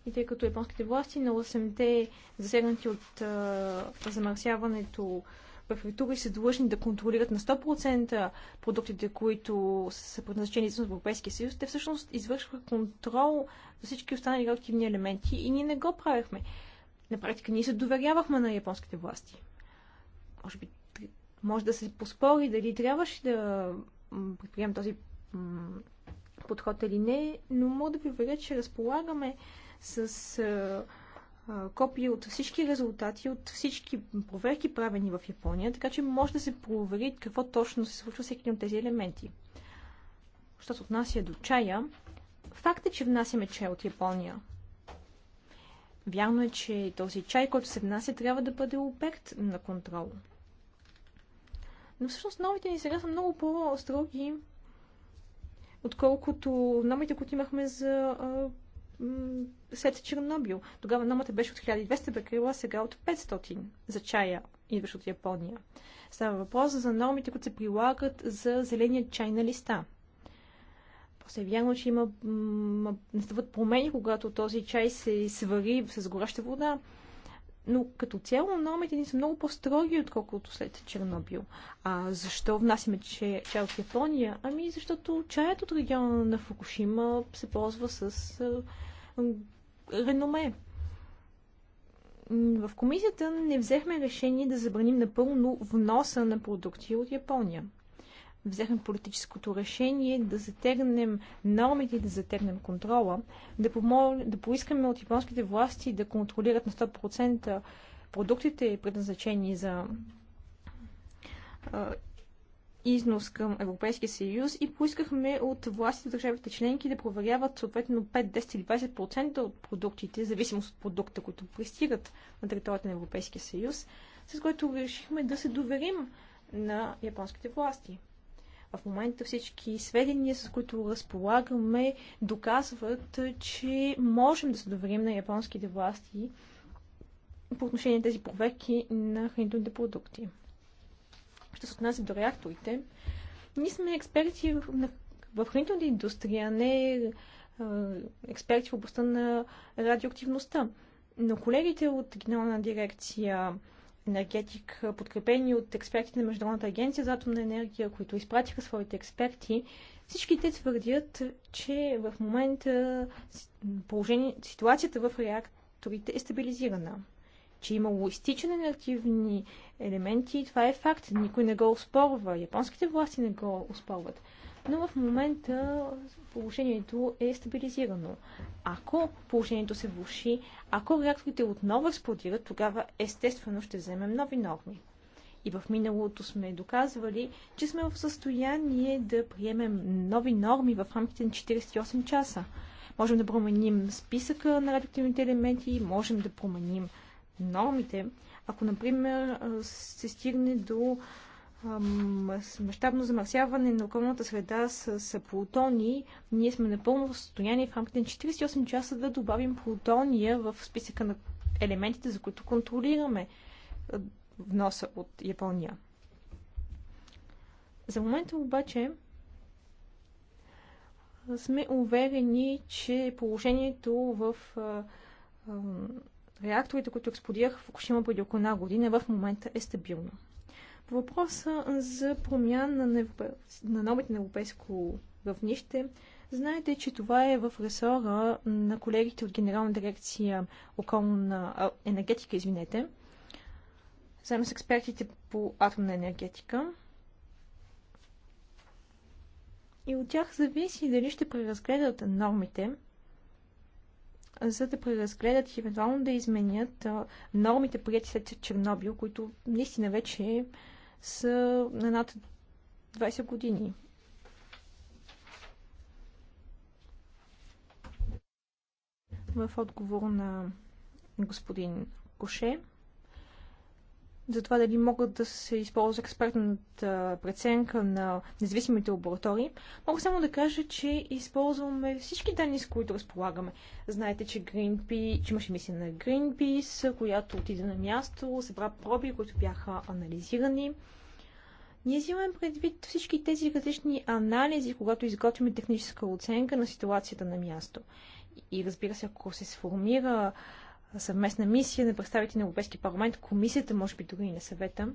И тъй като японските власти на 8-те засегнати от а, замърсяването префектури са длъжни да контролират на 100% продуктите, които са предназначени за Европейския съюз, те всъщност извършват контрол за всички останали активни елементи и ние не го правихме. На практика ние се доверявахме на японските власти. Може би може да се поспори дали трябваше да предприемем този подход или не, но мога да ви уверя, че разполагаме с копия от всички резултати, от всички проверки правени в Япония, така че може да се провери какво точно се случва всеки от тези елементи. Що се отнася до чая, факт е, че внасяме чай от Япония. Вярно е, че този чай, който се внася, трябва да бъде обект на контрол. Но всъщност новите ни сега са много по-строги, отколкото новите, които имахме за след Чернобил. Тогава номата беше от 1200 бекрила, сега от 500 за чая, идваш от Япония. Става въпрос за нормите, които се прилагат за зеления чай на листа. После е вярно, че има, настават промени, когато този чай се свари с гореща вода. Но като цяло нормите ни са много по-строги, отколкото след Чернобил. А защо внасяме чай, чай от Япония? Ами защото чаят от региона на Фукушима се ползва с реноме. В комисията не взехме решение да забраним напълно вноса на продукти от Япония взехме политическото решение да затегнем нормите и да затегнем контрола, да, помол... да поискаме от японските власти да контролират на 100% продуктите, предназначени за износ към Европейския съюз и поискахме от властите в държавите членки да проверяват съответно 5, 10 или 20% от продуктите, в зависимост от продукта, които пристигат на територията на Европейския съюз, с което решихме да се доверим на японските власти в момента всички сведения, с които разполагаме, доказват, че можем да се доверим на японските власти по отношение на тези проверки на хранителните продукти. Що се отнася до реакторите, ние сме експерти в, в хранителната индустрия, не експерти в областта на радиоактивността. Но колегите от Генерална дирекция енергетик, подкрепени от експертите на Международната агенция за атомна енергия, които изпратиха своите експерти, всички те твърдят, че в момента ситуацията в реакторите е стабилизирана. Че е имало изтичане на активни елементи, това е факт. Никой не го оспорва. Японските власти не го оспорват но в момента положението е стабилизирано. Ако положението се влуши, ако реакторите отново експлодират, тогава естествено ще вземем нови норми. И в миналото сме доказвали, че сме в състояние да приемем нови норми в рамките на 48 часа. Можем да променим списъка на радиоактивните елементи, можем да променим нормите. Ако, например, се стигне до мащабно замърсяване на околната среда с, с плутони, ние сме напълно в състояние в рамките на 48 часа да добавим плутония в списъка на елементите, за които контролираме вноса от Япония. За момента обаче сме уверени, че положението в а, а, реакторите, които експлодираха в Фукушима преди около една година, в момента е стабилно. По въпроса за промяна на, европе... на новите на европейско равнище, знаете, че това е в ресора на колегите от Генерална дирекция околна енергетика, извинете, заедно с експертите по атомна енергетика. И от тях зависи дали ще преразгледат нормите, за да преразгледат и евентуално да изменят нормите, прияти след Чернобил, които наистина вече са на над 20 години. В отговор на господин Коше, за това дали могат да се използва експертната преценка на независимите лаборатории, мога само да кажа, че използваме всички данни, с които разполагаме. Знаете, че, Greenpeace, че имаше мисия на Greenpeace, която отиде на място, събра проби, които бяха анализирани. Ние взимаме предвид всички тези различни анализи, когато изготвяме техническа оценка на ситуацията на място. И разбира се, ако се сформира съвместна мисия на представители на Европейския парламент, комисията, може би дори и на съвета.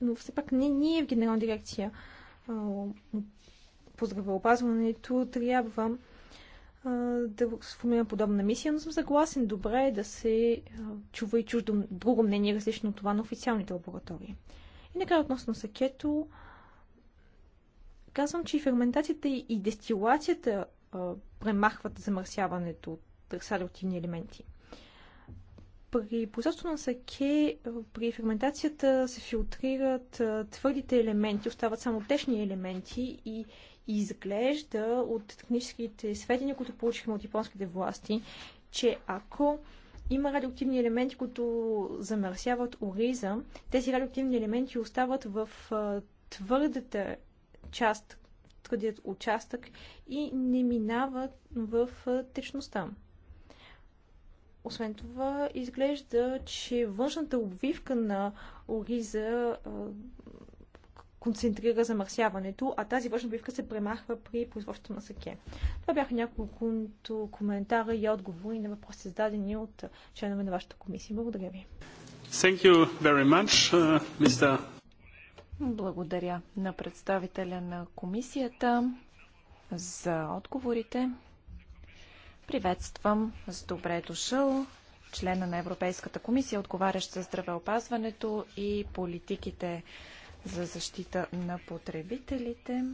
Но все пак не ние в Генерална дирекция по здравеопазването трябва да сформира подобна мисия, но съм съгласен. Добре е да се чува и чуждо друго мнение, различно от това на официалните лаборатории. И накрая относно сакето, казвам, че и ферментацията и дестилацията премахват замърсяването садотивни елементи. При производството на саке, при ферментацията се филтрират твърдите елементи, остават само течни елементи и изглежда от техническите сведения, които получихме от японските власти, че ако има радиоактивни елементи, които замърсяват ориза, тези радиоактивни елементи остават в твърдата част, твърдият участък и не минават в течността. Освен това, изглежда, че външната обвивка на ориза концентрира замърсяването, а тази външна обвивка се премахва при производството на саке. Това бяха няколко коментара и отговори на въпроси, зададени от членове на вашата комисия. Благодаря ви. Thank you very much, uh, Mr. Благодаря на представителя на комисията за отговорите. Приветствам с добре дошъл члена на Европейската комисия, отговарящ за здравеопазването и политиките за защита на потребителите.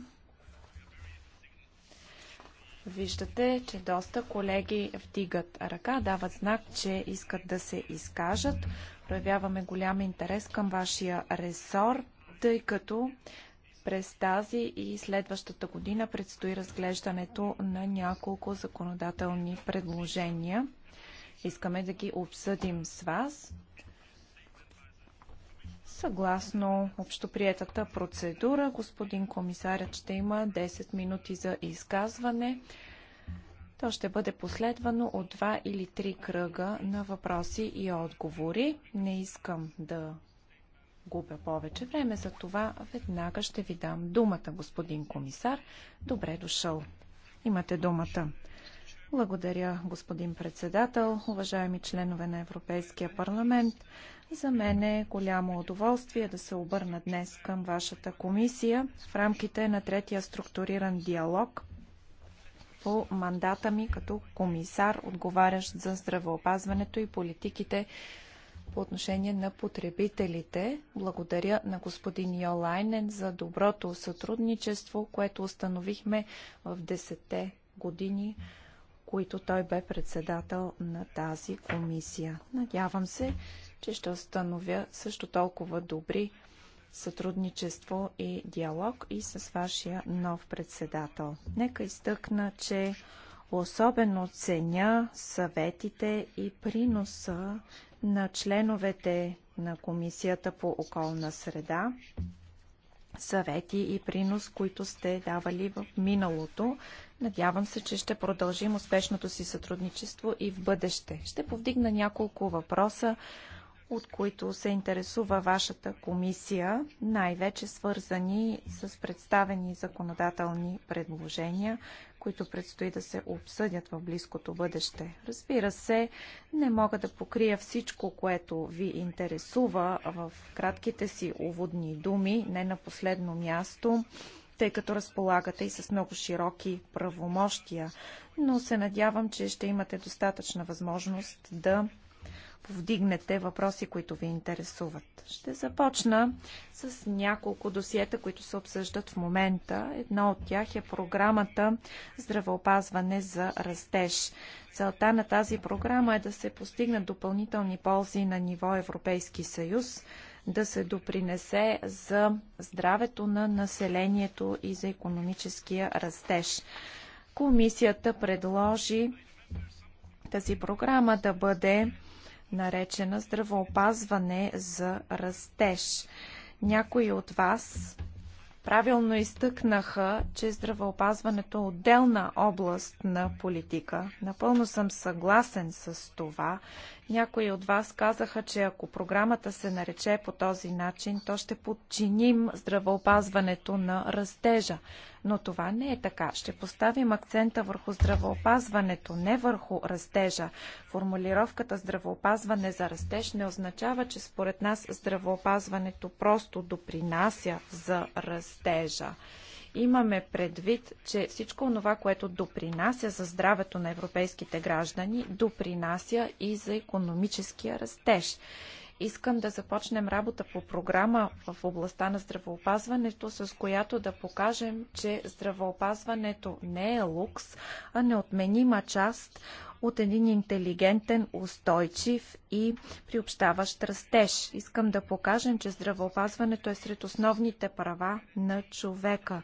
Виждате, че доста колеги вдигат ръка, дават знак, че искат да се изкажат. Проявяваме голям интерес към вашия ресор, тъй като през тази и следващата година предстои разглеждането на няколко законодателни предложения. Искаме да ги обсъдим с вас съгласно общоприетата процедура. Господин комисарят ще има 10 минути за изказване. То ще бъде последвано от два или три кръга на въпроси и отговори. Не искам да губя повече време, за това веднага ще ви дам думата, господин комисар. Добре дошъл. Имате думата. Благодаря, господин председател, уважаеми членове на Европейския парламент. За мен е голямо удоволствие да се обърна днес към вашата комисия в рамките на третия структуриран диалог по мандата ми като комисар, отговарящ за здравеопазването и политиките по отношение на потребителите. Благодаря на господин Йолайнен за доброто сътрудничество, което установихме в 10-те години, които той бе председател на тази комисия. Надявам се, че ще установя също толкова добри сътрудничество и диалог и с вашия нов председател. Нека изтъкна, че особено ценя съветите и приноса на членовете на Комисията по околна среда, съвети и принос, които сте давали в миналото. Надявам се, че ще продължим успешното си сътрудничество и в бъдеще. Ще повдигна няколко въпроса, от които се интересува вашата комисия, най-вече свързани с представени законодателни предложения, които предстои да се обсъдят в близкото бъдеще. Разбира се, не мога да покрия всичко, което ви интересува в кратките си уводни думи, не на последно място тъй като разполагате и с много широки правомощия, но се надявам, че ще имате достатъчна възможност да повдигнете въпроси, които ви интересуват. Ще започна с няколко досиета, които се обсъждат в момента. Едно от тях е програмата Здравеопазване за растеж. Целта на тази програма е да се постигнат допълнителни ползи на ниво Европейски съюз, да се допринесе за здравето на населението и за економическия растеж. Комисията предложи тази програма да бъде наречена здравоопазване за растеж. Някои от вас правилно изтъкнаха, че здравеопазването е отделна област на политика. Напълно съм съгласен с това. Някои от вас казаха, че ако програмата се нарече по този начин, то ще подчиним здравеопазването на растежа. Но това не е така. Ще поставим акцента върху здравеопазването, не върху растежа. Формулировката здравеопазване за растеж не означава, че според нас здравеопазването просто допринася за растежа. Имаме предвид, че всичко това, което допринася за здравето на европейските граждани, допринася и за економическия растеж. Искам да започнем работа по програма в областта на здравеопазването, с която да покажем, че здравеопазването не е лукс, а неотменима част от един интелигентен, устойчив и приобщаващ растеж. Искам да покажем, че здравеопазването е сред основните права на човека.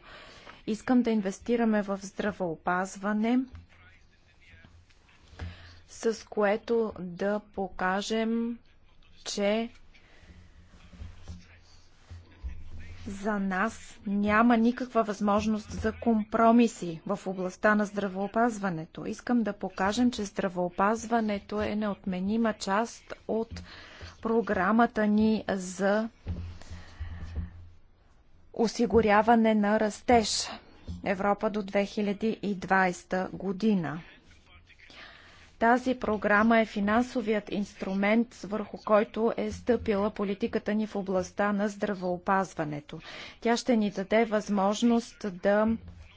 Искам да инвестираме в здравеопазване, с което да покажем че за нас няма никаква възможност за компромиси в областта на здравеопазването. Искам да покажем, че здравеопазването е неотменима част от програмата ни за осигуряване на растеж Европа до 2020 година. Тази програма е финансовият инструмент, върху който е стъпила политиката ни в областта на здравеопазването. Тя ще ни даде възможност да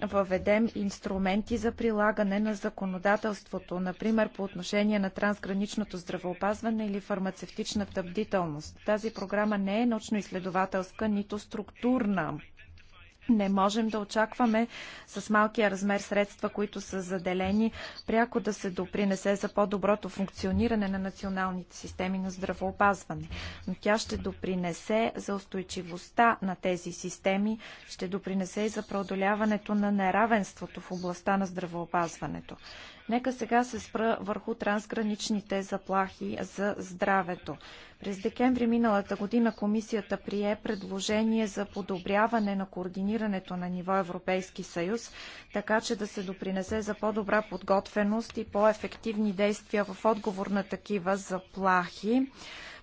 въведем инструменти за прилагане на законодателството, например по отношение на трансграничното здравеопазване или фармацевтичната бдителност. Тази програма не е научно-изследователска, нито структурна. Не можем да очакваме с малкия размер средства, които са заделени, пряко да се допринесе за по-доброто функциониране на националните системи на здравоопазване. Но тя ще допринесе за устойчивостта на тези системи, ще допринесе и за преодоляването на неравенството в областта на здравоопазването. Нека сега се спра върху трансграничните заплахи за здравето. През декември миналата година комисията прие предложение за подобряване на координирането на ниво Европейски съюз, така че да се допринесе за по-добра подготвеност и по-ефективни действия в отговор на такива заплахи.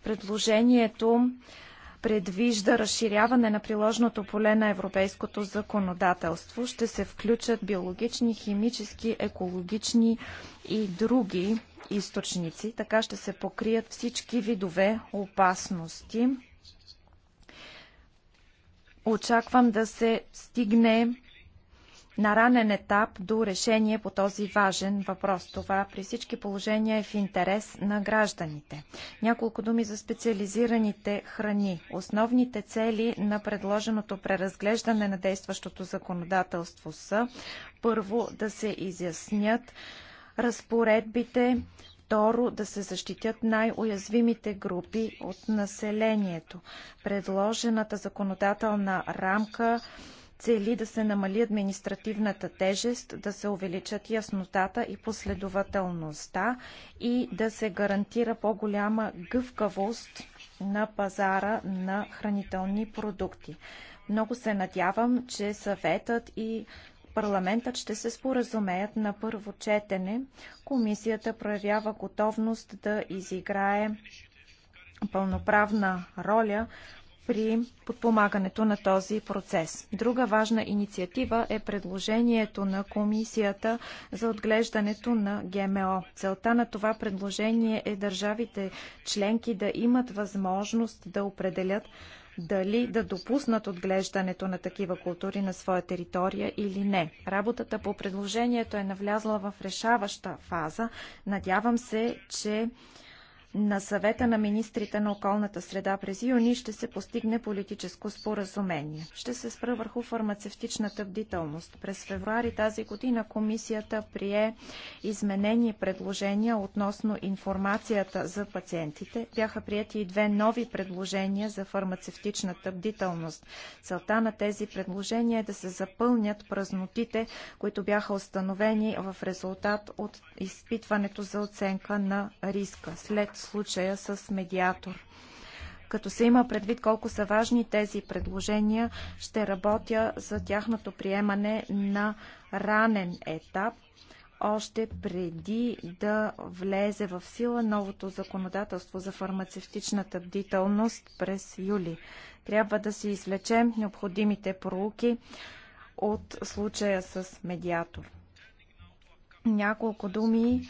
Предложението предвижда разширяване на приложното поле на европейското законодателство. Ще се включат биологични, химически, екологични и други източници. Така ще се покрият всички видове опасности. Очаквам да се стигне на ранен етап до решение по този важен въпрос. Това при всички положения е в интерес на гражданите. Няколко думи за специализираните храни. Основните цели на предложеното преразглеждане на действащото законодателство са първо да се изяснят разпоредбите, второ да се защитят най-уязвимите групи от населението. Предложената законодателна рамка цели да се намали административната тежест, да се увеличат яснотата и последователността и да се гарантира по-голяма гъвкавост на пазара на хранителни продукти. Много се надявам, че съветът и парламентът ще се споразумеят на първо четене. Комисията проявява готовност да изиграе пълноправна роля при подпомагането на този процес. Друга важна инициатива е предложението на Комисията за отглеждането на ГМО. Целта на това предложение е държавите членки да имат възможност да определят дали да допуснат отглеждането на такива култури на своя територия или не. Работата по предложението е навлязла в решаваща фаза. Надявам се, че на съвета на министрите на околната среда през юни ще се постигне политическо споразумение. Ще се спра върху фармацевтичната бдителност. През февруари тази година комисията прие изменени предложения относно информацията за пациентите. Бяха прияти и две нови предложения за фармацевтичната бдителност. Целта на тези предложения е да се запълнят празнотите, които бяха установени в резултат от изпитването за оценка на риска след случая с медиатор. Като се има предвид колко са важни тези предложения, ще работя за тяхното приемане на ранен етап, още преди да влезе в сила новото законодателство за фармацевтичната бдителност през юли. Трябва да си излечем необходимите проуки от случая с медиатор. Няколко думи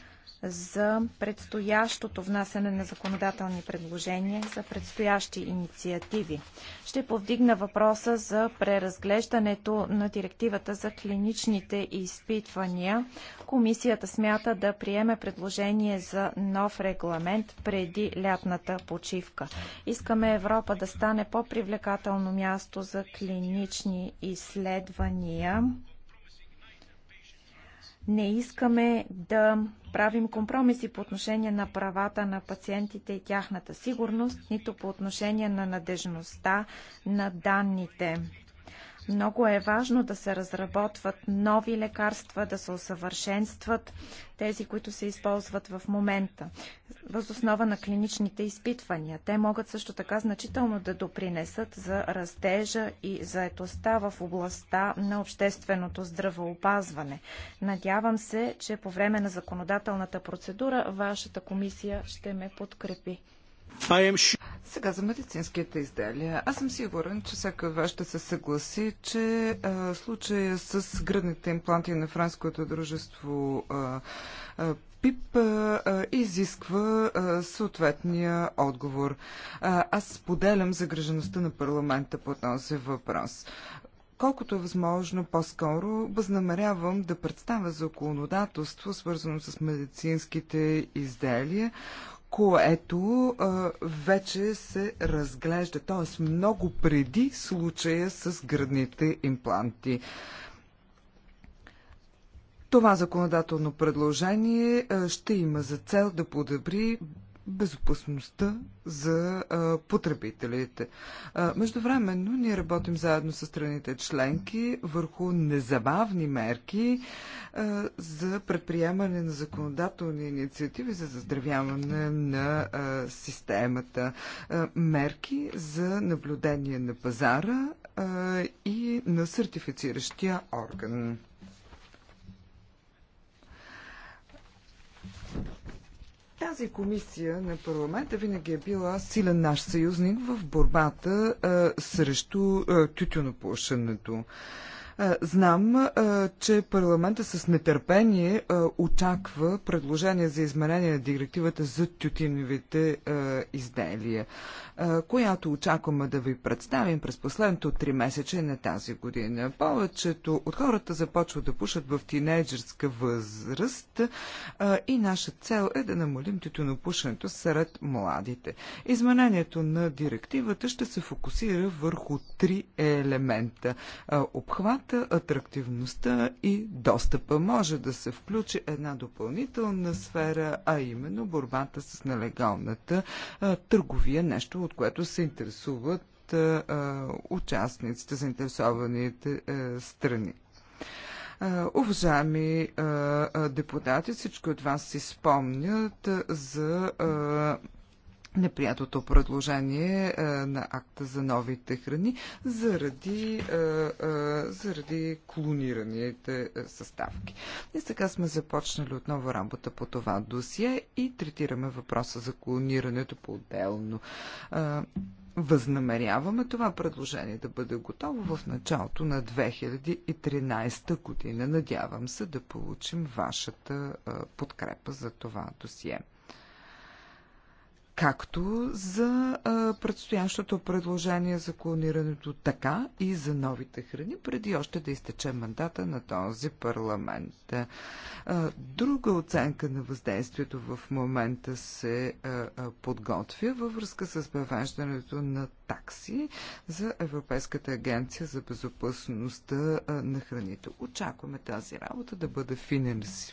за предстоящото внасяне на законодателни предложения, за предстоящи инициативи. Ще повдигна въпроса за преразглеждането на директивата за клиничните изпитвания. Комисията смята да приеме предложение за нов регламент преди лятната почивка. Искаме Европа да стане по-привлекателно място за клинични изследвания не искаме да правим компромиси по отношение на правата на пациентите и тяхната сигурност, нито по отношение на надежността на данните. Много е важно да се разработват нови лекарства, да се усъвършенстват тези, които се използват в момента, възоснова на клиничните изпитвания. Те могат също така значително да допринесат за растежа и заетостта в областта на общественото здравоопазване. Надявам се, че по време на законодателната процедура вашата комисия ще ме подкрепи. Сега за медицинските изделия. Аз съм сигурен, че всяка вас ще се съгласи, че а, случая с гръдните импланти на франското дружество а, а, ПИП а, изисква а, съответния отговор. А, аз споделям загрежеността на парламента по този въпрос. Колкото е възможно по-скоро, възнамерявам да представя законодателство, свързано с медицинските изделия, което а, вече се разглежда, т.е. много преди случая с градните импланти. Това законодателно предложение ще има за цел да подобри безопасността за а, потребителите. А, междувременно ние работим заедно с страните членки върху незабавни мерки а, за предприемане на законодателни инициативи за заздравяване на а, системата. А, мерки за наблюдение на пазара а, и на сертифициращия орган. Тази комисия на парламента винаги е била силен наш съюзник в борбата а, срещу тютюнопушенето. Знам, че парламента с нетърпение очаква предложение за изменение на директивата за тютиновите изделия, която очакваме да ви представим през последното три месече на тази година. Повечето от хората започват да пушат в тинейджерска възраст и наша цел е да намалим тютюнопушенето сред младите. Изменението на директивата ще се фокусира върху три елемента. Обхват, цената, атрактивността и достъпа. Може да се включи една допълнителна сфера, а именно борбата с нелегалната а, търговия, нещо от което се интересуват а, а, участниците, заинтересованите а, страни. Уважаеми депутати, всички от вас си спомнят за неприятното предложение а, е, на акта за новите храни заради, а, е, а, е, заради клонираните съставки. И сега сме започнали отново работа по това досие и третираме въпроса за клонирането по-отделно. Възнамеряваме това предложение да бъде готово в началото на 2013 година. Надявам се да получим вашата подкрепа за това досие както за предстоящото предложение за клонирането, така и за новите храни, преди още да изтече мандата на този парламент. Друга оценка на въздействието в момента се подготвя във връзка с въвеждането на такси за Европейската агенция за безопасността на храните. Очакваме тази работа да бъде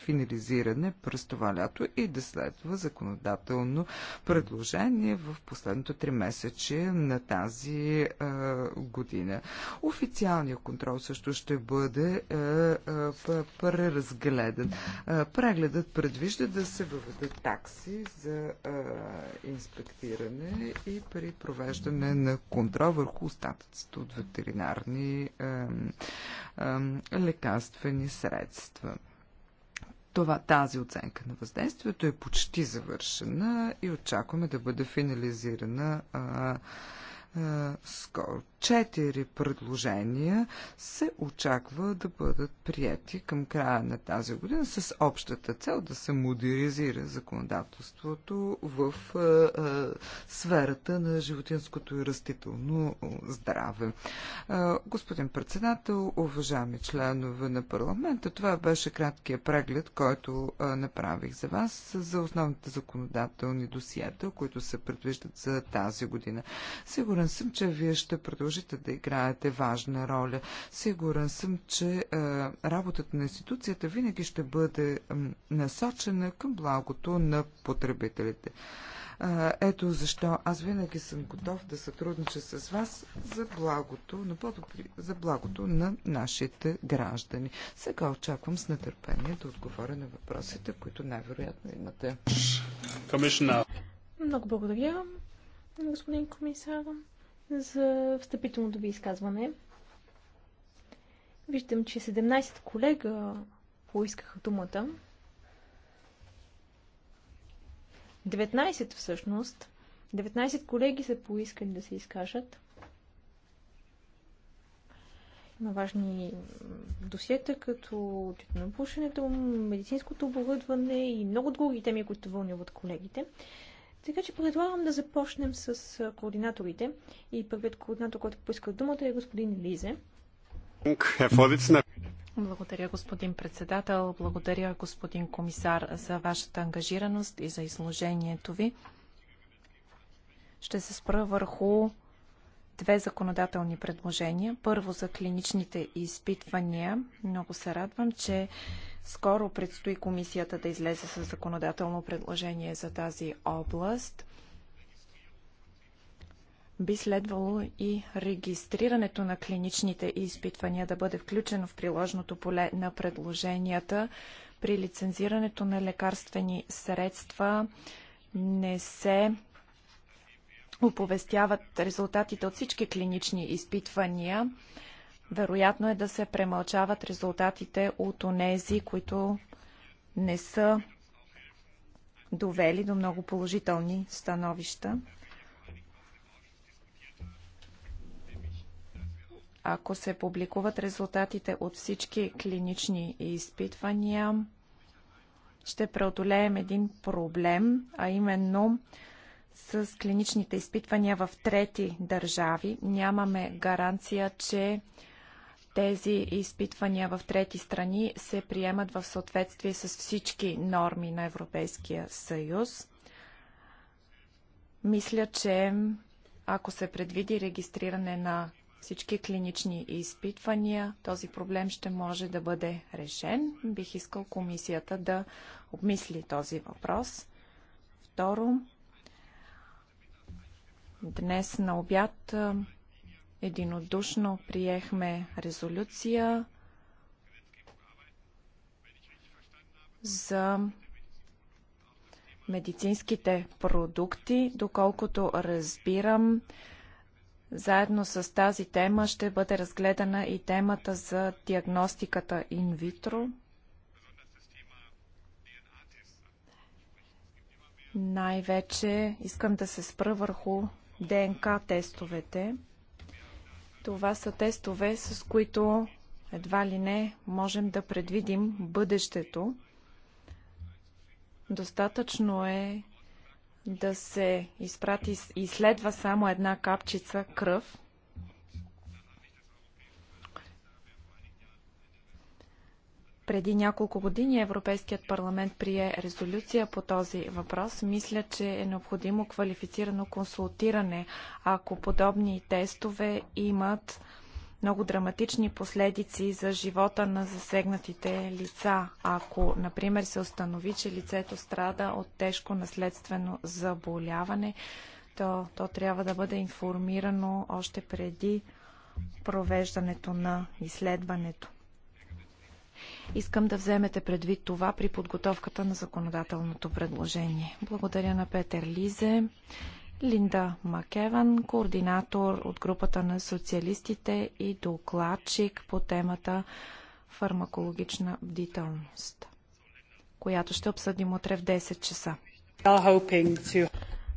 финализирана през това лято и да следва законодателно предложение предложение в последното три месече на тази а, година. Официалният контрол също ще бъде а, а, преразгледан. А, прегледът предвижда да се въведат такси за а, инспектиране и при провеждане на контрол върху остатъците от ветеринарни а, а, лекарствени средства. Това, тази оценка на въздействието е почти завършена и очакваме да бъде финализирана а, а, скоро четири предложения се очаква да бъдат прияти към края на тази година с общата цел да се модернизира законодателството в е, е, сферата на животинското и растително здраве. Е, господин председател, уважаеми членове на парламента, това беше краткият преглед, който е, направих за вас за основните законодателни досиета, които се предвиждат за тази година. Сигурен съм, че вие ще продължите продължите да играете важна роля. Сигурен съм, че е, работата на институцията винаги ще бъде насочена към благото на потребителите. Е, ето защо аз винаги съм готов да сътруднича с вас за благото, на за благото на нашите граждани. Сега очаквам с нетърпение да отговоря на въпросите, които най-вероятно имате. Много благодаря, господин комисар за встъпителното ви изказване. Виждам, че 17 колега поискаха думата. 19 всъщност. 19 колеги са поискали да се изкажат. Има важни досиета, като тютюнопушенето, медицинското оборудване и много други теми, които вълняват колегите. Така че предлагам да започнем с координаторите. И първият координатор, който поиска думата е господин Лизе. Благодаря, господин председател. Благодаря, господин комисар, за вашата ангажираност и за изложението ви. Ще се спра върху две законодателни предложения. Първо за клиничните изпитвания. Много се радвам, че скоро предстои комисията да излезе с законодателно предложение за тази област. Би следвало и регистрирането на клиничните изпитвания да бъде включено в приложното поле на предложенията. При лицензирането на лекарствени средства не се оповестяват резултатите от всички клинични изпитвания, вероятно е да се премълчават резултатите от онези, които не са довели до много положителни становища. Ако се публикуват резултатите от всички клинични изпитвания, ще преодолеем един проблем, а именно с клиничните изпитвания в трети държави. Нямаме гаранция, че тези изпитвания в трети страни се приемат в съответствие с всички норми на Европейския съюз. Мисля, че ако се предвиди регистриране на всички клинични изпитвания, този проблем ще може да бъде решен. Бих искал комисията да обмисли този въпрос. Второ, Днес на обяд единодушно приехме резолюция за медицинските продукти. Доколкото разбирам, заедно с тази тема ще бъде разгледана и темата за диагностиката инвитро. Най-вече искам да се спра върху ДНК тестовете. Това са тестове, с които едва ли не можем да предвидим бъдещето. Достатъчно е да се изпрати, изследва само една капчица кръв Преди няколко години Европейският парламент прие резолюция по този въпрос. Мисля, че е необходимо квалифицирано консултиране, ако подобни тестове имат много драматични последици за живота на засегнатите лица. Ако, например, се установи, че лицето страда от тежко наследствено заболяване, то, то трябва да бъде информирано още преди провеждането на изследването. Искам да вземете предвид това при подготовката на законодателното предложение. Благодаря на Петър Лизе. Линда Макеван, координатор от групата на социалистите и докладчик по темата фармакологична бдителност, която ще обсъдим утре в 10 часа.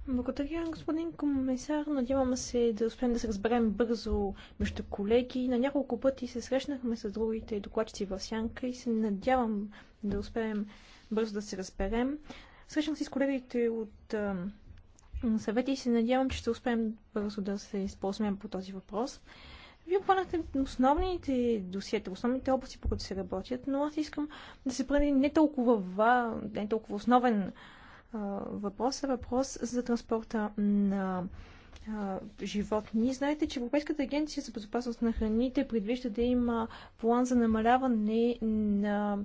Благодаря, господин комисар. Надявам се да успеем да се разберем бързо между колеги. На няколко пъти се срещнахме с другите докладчици в Сянка и се надявам да успеем бързо да се разберем. Срещам се с колегите от съвети и се надявам, че ще успеем бързо да се използваме по този въпрос. Вие хванахте основните досиета, основните области, по които се работят, но аз искам да се прави не толкова, ва, не толкова основен въпрос е въпрос за транспорта на животни. Знаете, че Европейската агенция за безопасност на храните предвижда да има план за намаляване на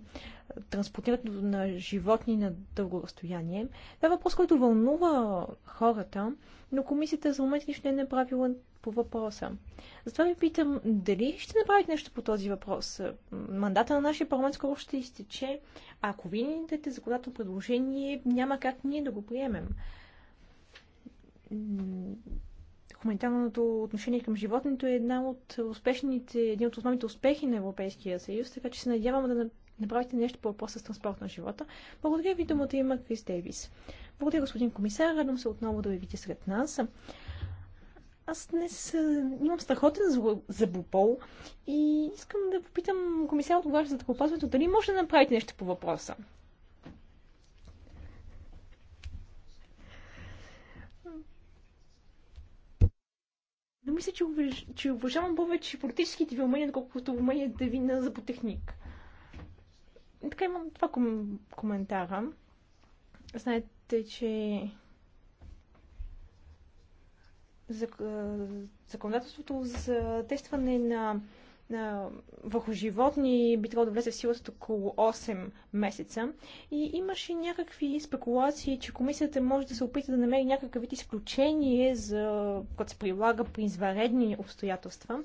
транспортирането на животни на дълго разстояние. Това е въпрос, който вълнува хората, но комисията за момент нищо не е направила по въпроса. Затова ви питам, дали ще направите нещо по този въпрос? Мандата на нашия парламент скоро ще изтече. А ако видите законодателно предложение, няма как ние да го приемем хуманитарното отношение към животното е една от успешните, един от основните успехи на Европейския съюз, така че се надявам да направите нещо по въпроса с транспорт на живота. Благодаря ви, думата има Крис Дейвис. Благодаря, господин комисар. Радвам се отново да ви видя сред нас. Аз днес имам страхотен забопол и искам да попитам комисар отговаря за здравеопазването дали може да направите нещо по въпроса. Но мисля, че, уваж... че уважавам повече политическите ви умения, доколкото уменията ви на зъботехник. Така имам това ком... коментара. Знаете, че законодателството за тестване на върху животни би трябвало да влезе в сила около 8 месеца. И имаше някакви спекулации, че комисията може да се опита да намери някакъв вид изключение, за, което се прилага при изваредни обстоятелства.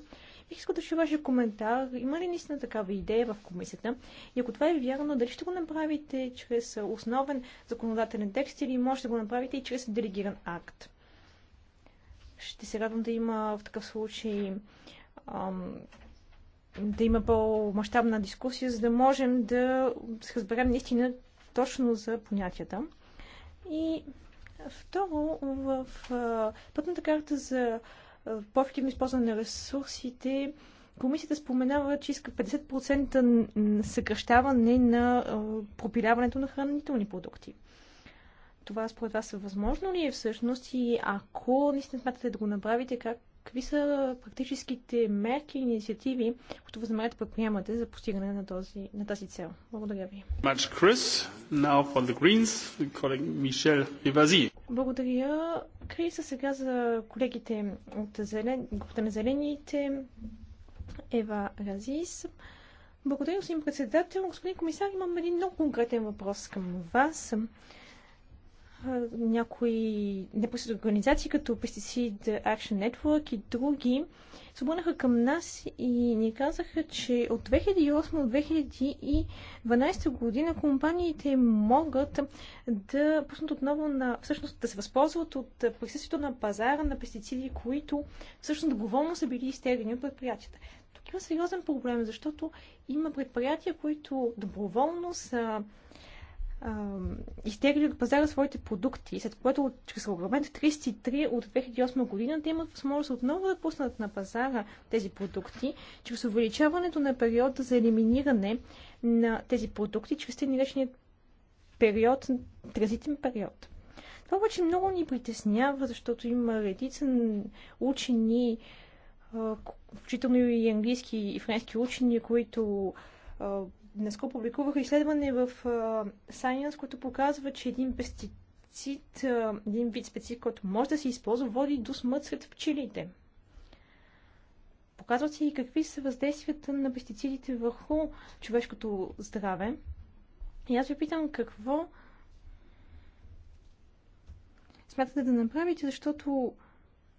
Бих искал да чуя вашия коментар. Има ли наистина такава идея в комисията? И ако това е вярно, дали ще го направите чрез основен законодателен текст или може да го направите и чрез делегиран акт? Ще се радвам да има в такъв случай ам, да има по-масштабна дискусия, за да можем да се разберем наистина точно за понятията. И второ, в пътната карта за по-ефективно използване на ресурсите, комисията споменава, че иска 50% съкръщаване на пропиляването на хранителни продукти. Това според вас е възможно ли е всъщност и ако наистина смятате да го направите, как Какви са практическите мерки и инициативи, които възнамерявате да предприемате за постигане на, този, на тази цел? Благодаря ви. Благодаря, Крис. сега за колегите от зелен... групата на зелените. Ева Разис. Благодаря, господин председател. Господин комисар, имам един много конкретен въпрос към вас някои непосредствени организации, като Pesticide Action Network и други, се обърнаха към нас и ни казаха, че от 2008 до 2012 година компаниите могат да пуснат отново на, всъщност да се възползват от присъствието на пазара на пестициди, които всъщност доброволно са били изтеглени от предприятията. Тук има сериозен проблем, защото има предприятия, които доброволно са изтегли от пазара своите продукти, след което чрез регламент 33 от 2008 година те имат възможност отново да пуснат на пазара тези продукти, чрез увеличаването на периода за елиминиране на тези продукти, чрез тези наречения период, транзитен период. Това обаче много ни притеснява, защото има редица учени, включително и английски и френски учени, които Днеско публикуваха изследване в Science, което показва, че един пестицид, един вид специфик, който може да се използва, води до смърт сред пчелите. Показват се и какви са въздействията на пестицидите върху човешкото здраве. И аз ви питам какво смятате да направите, защото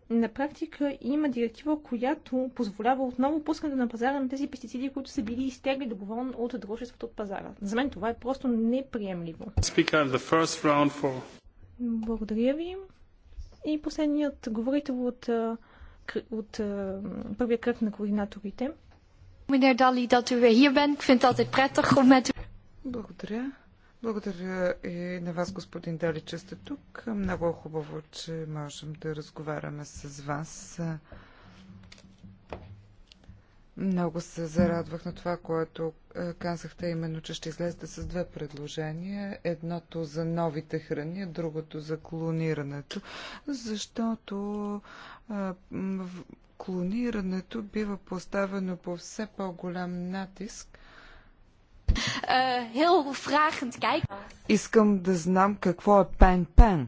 на практика има директива, която позволява отново пускането на пазара на тези пестициди, които са били изтегли доброволно от дружеството от пазара. За мен това е просто неприемливо. Благодаря ви. И последният говорител от, от, от първия кръг на координаторите. Meneer Dali, dat u weer hier bent. Ik vind het altijd prettig om met u... Благодаря. Благодаря и на вас, господин Дали, че сте тук. Много е хубаво, че можем да разговаряме с вас. Много се зарадвах на това, което е, казахте, именно, че ще излезете с две предложения. Едното за новите храни, другото за клонирането, защото е, клонирането бива поставено по все по-голям натиск Eh, Искам да знам какво е пен-пен.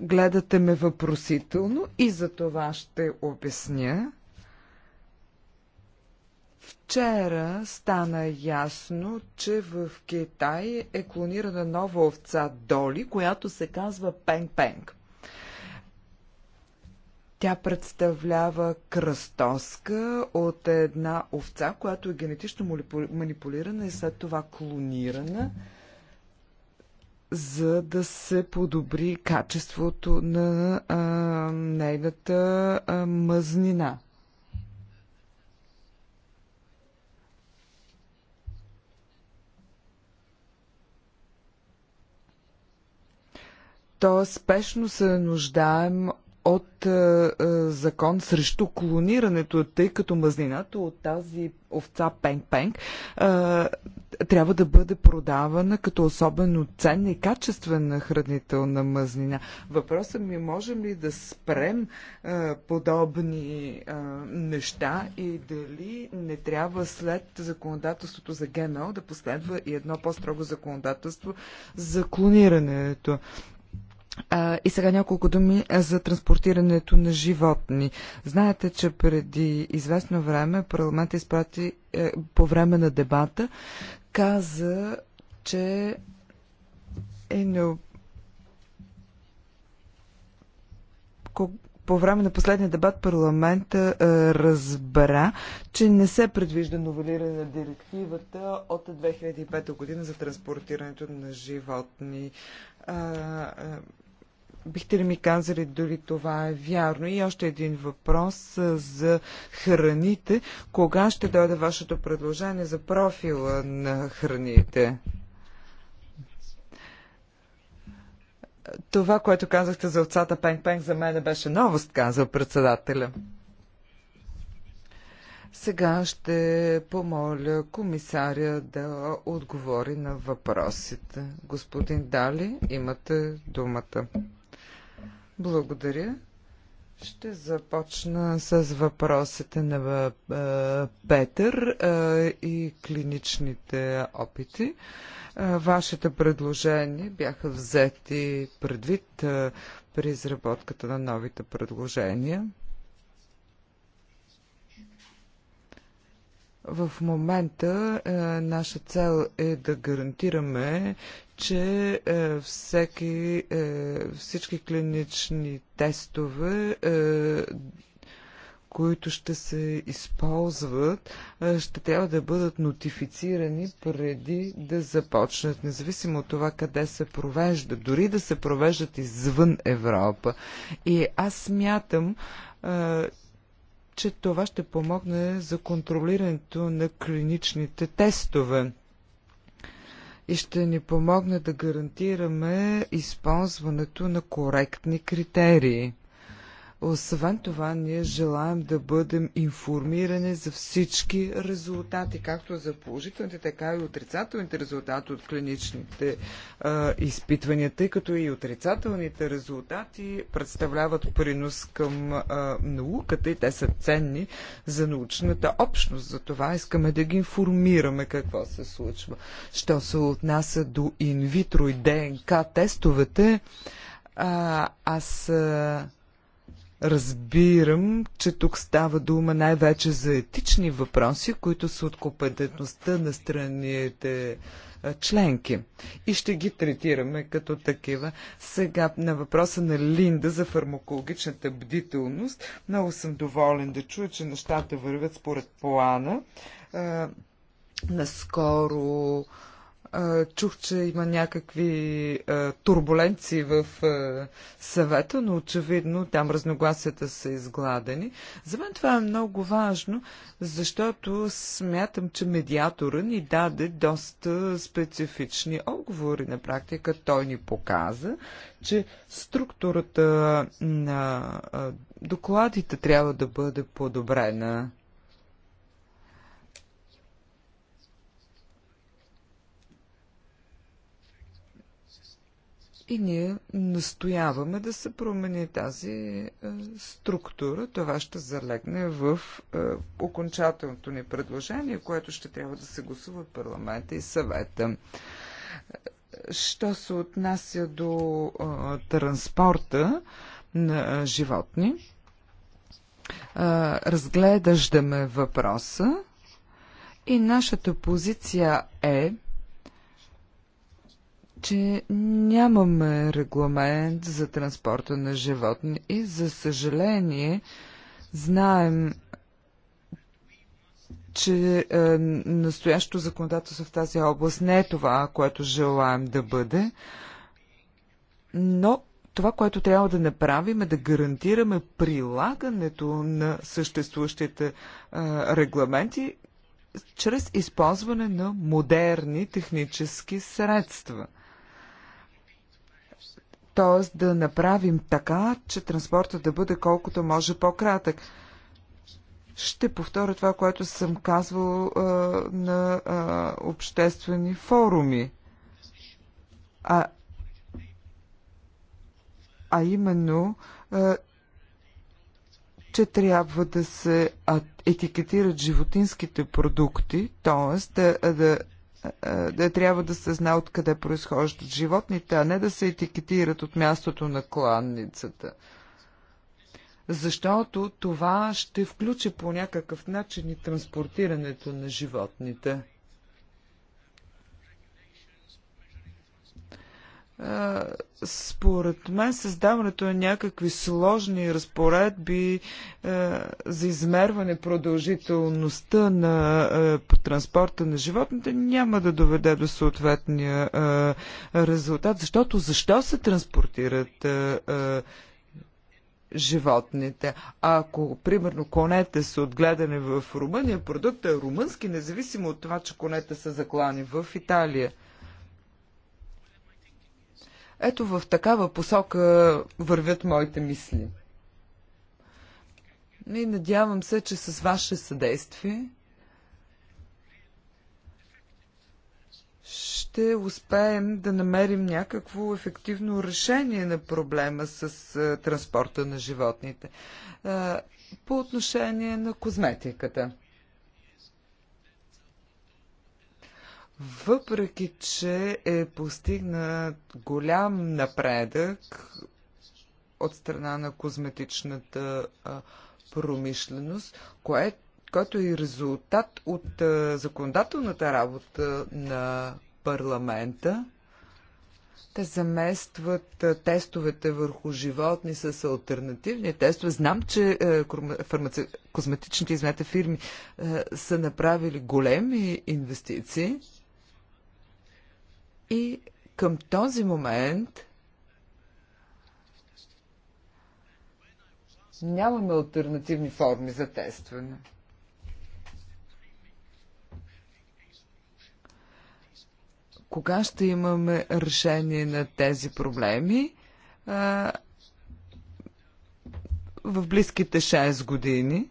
Гледате ме въпросително и за това ще обясня. Вчера стана ясно, че в Китай е клонирана нова овца Доли, която се казва Пенг Пенг. Тя представлява кръстоска от една овца, която е генетично манипулирана и след това клонирана, за да се подобри качеството на а, нейната а, мъзнина. То спешно се нуждаем от а, е, а, е, закон срещу клонирането, тъй като мазнината от тази овца Пенг-Пенг е, трябва да бъде продавана като особено ценна и качествена хранителна мазнина. Въпросът ми можем ли да спрем а, подобни а, неща и дали не трябва след законодателството за ГМО да последва и едно по-строго законодателство за клонирането. А, и сега няколко думи за транспортирането на животни. Знаете, че преди известно време парламент изпрати е, по време на дебата каза, че е не... по време на последния дебат парламента е, разбра, че не се предвижда новелиране на директивата от 2005 година за транспортирането на животни. А, а, Бихте ли ми казали дали това е вярно? И още един въпрос за храните. Кога ще дойде вашето предложение за профила на храните? Това, което казахте за овцата Пенг-Пенг, за мен беше новост, каза председателя. Сега ще помоля комисаря да отговори на въпросите. Господин Дали, имате думата. Благодаря. Ще започна с въпросите на Петър и клиничните опити. Вашите предложения бяха взети предвид при изработката на новите предложения. В момента е, наша цел е да гарантираме, че е, всеки, е, всички клинични тестове, е, които ще се използват, е, ще трябва да бъдат нотифицирани преди да започнат, независимо от това къде се провежда, дори да се провеждат извън Европа. И аз смятам, е, че това ще помогне за контролирането на клиничните тестове и ще ни помогне да гарантираме използването на коректни критерии. Освен това, ние желаем да бъдем информирани за всички резултати, както за положителните, така и отрицателните резултати от клиничните а, изпитвания, тъй като и отрицателните резултати представляват принос към а, науката и те са ценни за научната общност. За това искаме да ги информираме какво се случва. Що се отнася до инвитро и ДНК тестовете, а, аз а, Разбирам, че тук става дума най-вече за етични въпроси, които са от компетентността на страните членки. И ще ги третираме като такива. Сега на въпроса на Линда за фармакологичната бдителност. Много съм доволен да чуя, че нещата вървят според плана. Наскоро Чух, че има някакви турбуленции в съвета, но очевидно там разногласията са изгладени. За мен това е много важно, защото смятам, че медиатора ни даде доста специфични отговори. На практика той ни показа, че структурата на докладите трябва да бъде подобрена. И ние настояваме да се промени тази е, структура. Това ще залегне в е, окончателното ни предложение, което ще трябва да се гласува в парламента и съвета. Е, що се отнася до транспорта на животни, разглеждаме въпроса и нашата позиция е, че нямаме регламент за транспорта на животни и, за съжаление, знаем, че е, настоящото законодателство в тази област не е това, което желаем да бъде, но това, което трябва да направим е да гарантираме прилагането на съществуващите е, регламенти чрез използване на модерни технически средства – т.е. да направим така, че транспорта да бъде колкото може по-кратък. Ще повторя това, което съм казвал а, на а, обществени форуми. А, а именно, а, че трябва да се етикетират животинските продукти, т.е. Да, да е, да трябва да се знае откъде произхождат животните, а не да се етикетират от мястото на кланницата. Защото това ще включи по някакъв начин и транспортирането на животните. Е, според мен създаването на някакви сложни разпоредби е, за измерване продължителността на е, по транспорта на животните няма да доведе до съответния резултат, защото защо се транспортират животните. А ако, примерно, конете са отгледани в Румъния, продуктът е румънски, независимо от това, че конете са заклани в Италия. Ето в такава посока вървят моите мисли. И надявам се, че с ваше съдействие ще успеем да намерим някакво ефективно решение на проблема с транспорта на животните. По отношение на козметиката. Въпреки, че е постигнат голям напредък от страна на козметичната промишленост, което който е резултат от законодателната работа на парламента. Те заместват тестовете върху животни с альтернативни тестове. Знам, че фармаци... козметичните измета фирми са направили големи инвестиции. И към този момент нямаме альтернативни форми за тестване. Кога ще имаме решение на тези проблеми? в близките 6 години.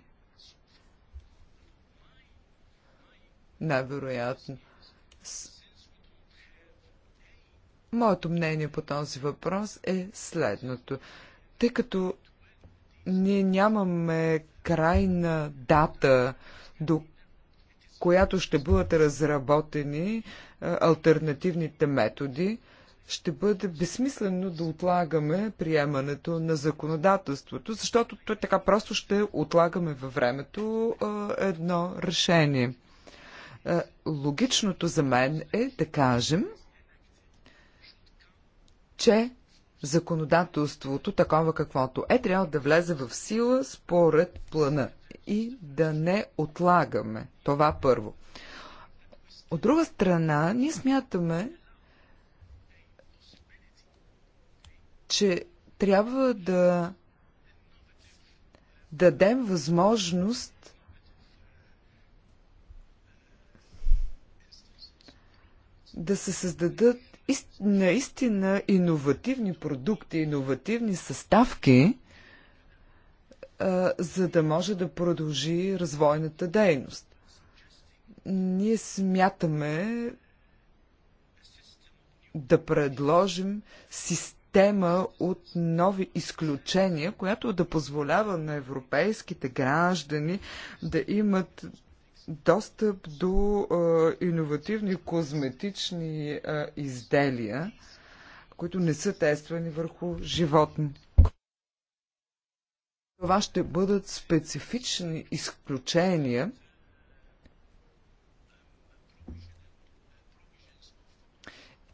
Най-вероятно. Моето мнение по този въпрос е следното. Тъй като ние нямаме крайна дата, до която ще бъдат разработени е, альтернативните методи, ще бъде безсмислено да отлагаме приемането на законодателството, защото то е така просто ще отлагаме във времето е, едно решение. Логичното за мен е да кажем, че законодателството, такова каквото е, трябва да влезе в сила според плана и да не отлагаме. Това първо. От друга страна, ние смятаме, че трябва да дадем възможност да се създадат наистина иновативни продукти, иновативни съставки, за да може да продължи развойната дейност. Ние смятаме да предложим система от нови изключения, която да позволява на европейските граждани да имат достъп до а, иновативни козметични а, изделия, които не са тествани върху животни. Това ще бъдат специфични изключения,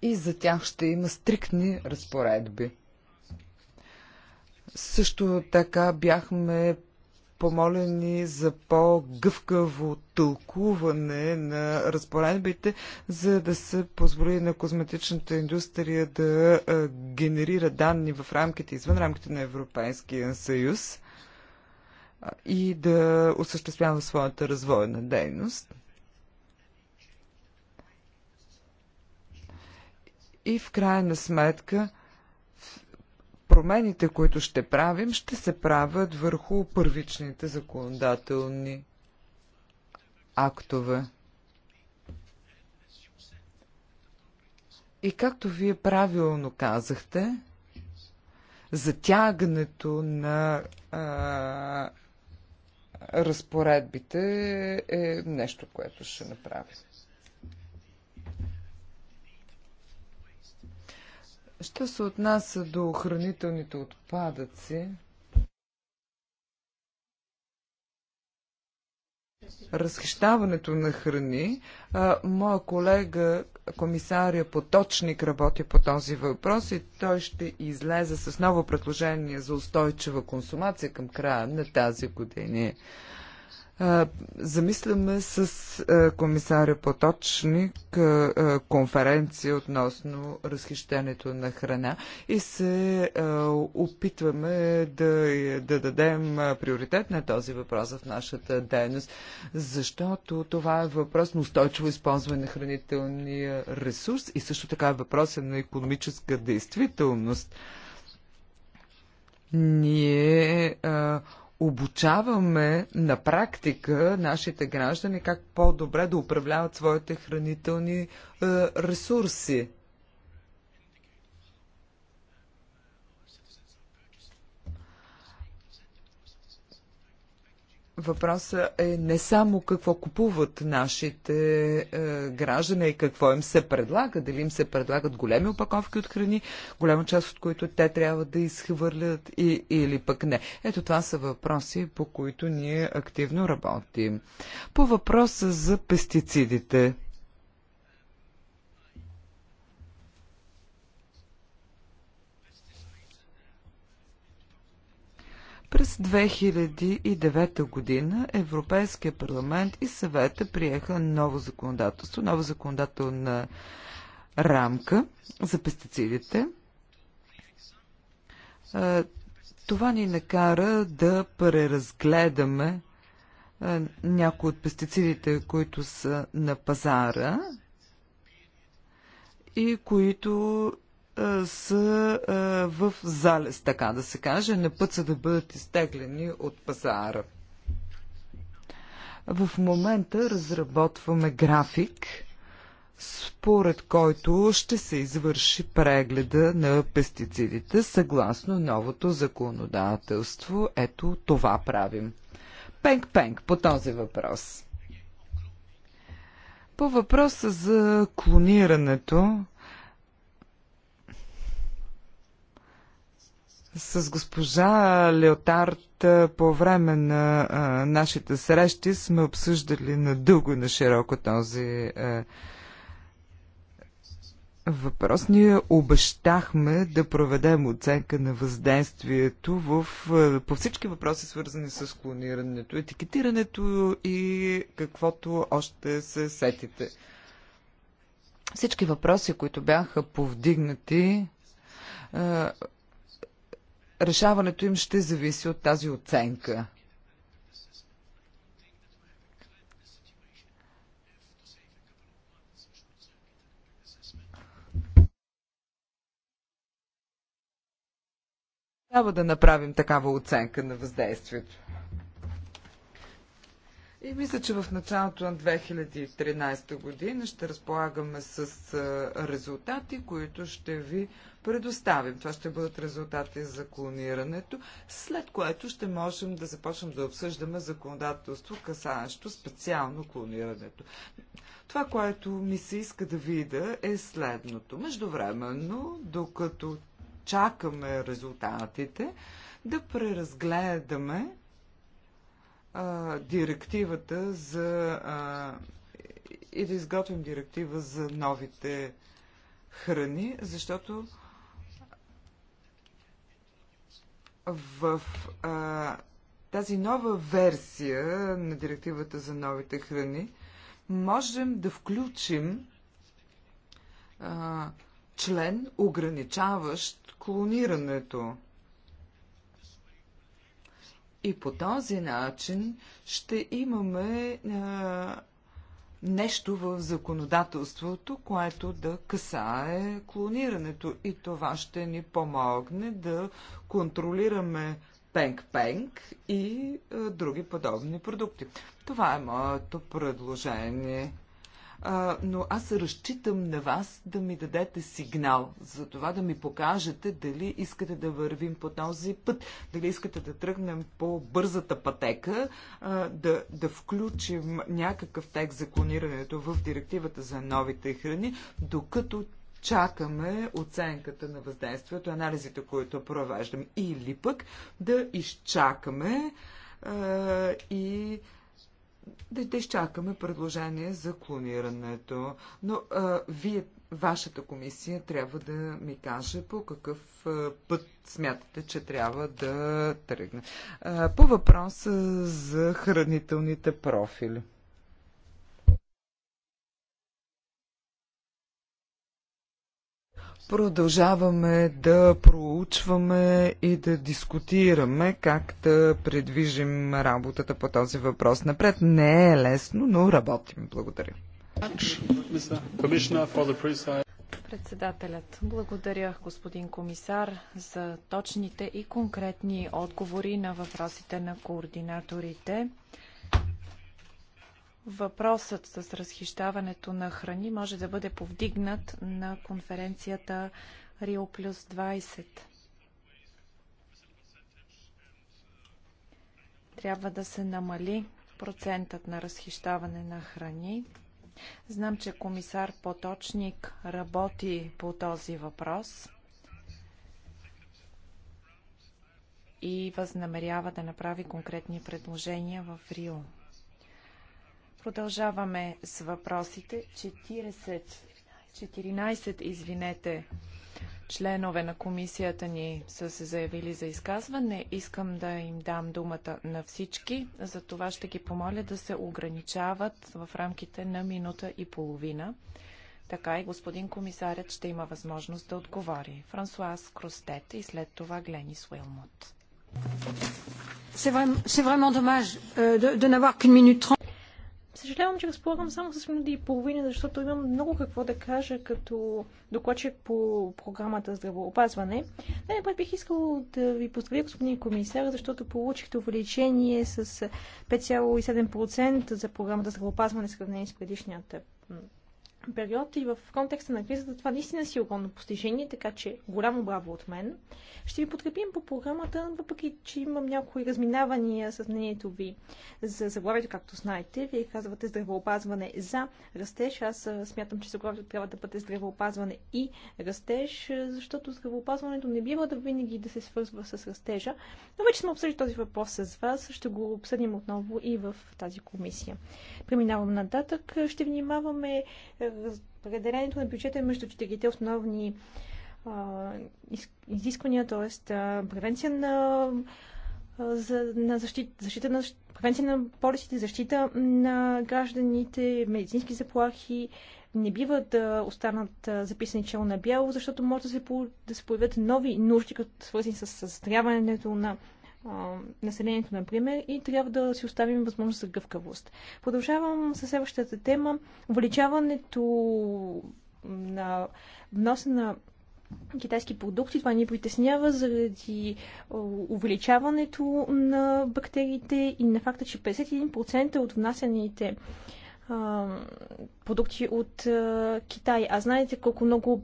и за тях ще има стриктни разпоредби. Също така бяхме помолени за по-гъвкаво тълкуване на разпоредбите, за да се позволи на козметичната индустрия да генерира данни в рамките, извън рамките на Европейския съюз и да осъществява своята развойна дейност. И в крайна сметка – промените, които ще правим, ще се правят върху първичните законодателни актове. И както вие правилно казахте, затягането на а, разпоредбите е нещо, което ще направим. Що се отнася до хранителните отпадъци, разхищаването на храни. Моя колега, комисария Поточник, работи по този въпрос и той ще излезе с ново предложение за устойчива консумация към края на тази година. Замисляме с комисаря Поточник конференция относно разхищението на храна и се опитваме да, да дадем приоритет на този въпрос в нашата дейност, защото това е въпрос на устойчиво използване на хранителния ресурс и също така е въпрос е на економическа действителност. Ние а, обучаваме на практика нашите граждани как по-добре да управляват своите хранителни е, ресурси. Въпросът е не само какво купуват нашите е, граждани и какво им се предлага. Дали им се предлагат големи опаковки от храни, голяма част от които те трябва да изхвърлят и, или пък не. Ето това са въпроси, по които ние активно работим. По въпроса за пестицидите. През 2009 година Европейския парламент и съвета приеха ново законодателство, нова законодателна рамка за пестицидите. Това ни накара да преразгледаме някои от пестицидите, които са на пазара и които са в залез, така да се каже, на път са да бъдат изтеглени от пазара. В момента разработваме график, според който ще се извърши прегледа на пестицидите съгласно новото законодателство. Ето това правим. Пенк-пенк по този въпрос. По въпроса за клонирането, С госпожа Леотард по време на а, нашите срещи сме обсъждали надълго и на широко този а, въпрос. Ние обещахме да проведем оценка на въздействието в, а, по всички въпроси, свързани с клонирането, етикетирането и каквото още се сетите. Всички въпроси, които бяха повдигнати, решаването им ще зависи от тази оценка. Трябва да направим такава оценка на въздействието. И мисля, че в началото на 2013 година ще разполагаме с резултати, които ще ви предоставим. Това ще бъдат резултати за клонирането, след което ще можем да започнем да обсъждаме законодателство, касаещо специално клонирането. Това, което ми се иска да видя е следното. Междувременно, докато чакаме резултатите, да преразгледаме а, директивата за. А, и да изготвим директива за новите храни, защото в а, тази нова версия на директивата за новите храни можем да включим а, член, ограничаващ клонирането. И по този начин ще имаме а, нещо в законодателството, което да касае клонирането. И това ще ни помогне да контролираме пенк-пенк и а, други подобни продукти. Това е моето предложение а, но аз разчитам на вас да ми дадете сигнал, за това да ми покажете дали искате да вървим по този път, дали искате да тръгнем по бързата пътека, а, да, да включим някакъв текст за клонирането в директивата за новите храни, докато чакаме оценката на въздействието, анализите, които провеждам, или пък да изчакаме а, и да, да изчакаме предложение за клонирането, но а, вие, вашата комисия, трябва да ми каже по какъв а, път смятате, че трябва да тръгне. А, по въпроса за хранителните профили. Продължаваме да проучваме и да дискутираме как да предвижим работата по този въпрос напред. Не е лесно, но работим. Благодаря. Председателят, благодаря господин комисар за точните и конкретни отговори на въпросите на координаторите. Въпросът с разхищаването на храни може да бъде повдигнат на конференцията Рио плюс 20. Трябва да се намали процентът на разхищаване на храни. Знам, че комисар Поточник работи по този въпрос и възнамерява да направи конкретни предложения в Рио. Продължаваме с въпросите. 40, 14, извинете, членове на комисията ни са се заявили за изказване. Искам да им дам думата на всички. За това ще ги помоля да се ограничават в рамките на минута и половина. Така и господин комисарят ще има възможност да отговори. Франсуаз Кростет и след това Гленис Уилмут. C'est vraiment dommage euh, de, de n'avoir qu'une minute trente. Съжалявам, че разполагам само с минути и половина, защото имам много какво да кажа като докладчик по програмата здравоопазване. Най-напред бих искал да ви поздравя, господин комисар, защото получихте увеличение с 5,7% за програмата здравоопазване сравнение с предишната период и в контекста на кризата това наистина си е огромно постижение, така че голямо браво от мен. Ще ви подкрепим по програмата, въпреки че имам някои разминавания с мнението ви за заглавието, както знаете. Вие казвате здравеопазване за растеж. Аз смятам, че заглавието трябва да бъде здравеопазване и растеж, защото здравеопазването не бива да винаги да се свързва с растежа. Но вече сме обсъдили този въпрос с вас. Ще го обсъдим отново и в тази комисия. Преминавам нататък. Ще внимаваме разпределението на бюджета е между четирите основни а, изисквания, т.е. превенция на, за, на защита, защита на превенция на полисите, защита на гражданите, медицински заплахи, не бива да останат записани чело на бяло, защото може да се, да се появят нови нужди, като свързани с състояването на а, населението, например, и трябва да си оставим възможност за гъвкавост. Продължавам със следващата тема. Увеличаването на вноса на китайски продукти. Това ни притеснява заради увеличаването на бактериите и на факта, че 51% от внасяните продукти от Китай. А знаете колко много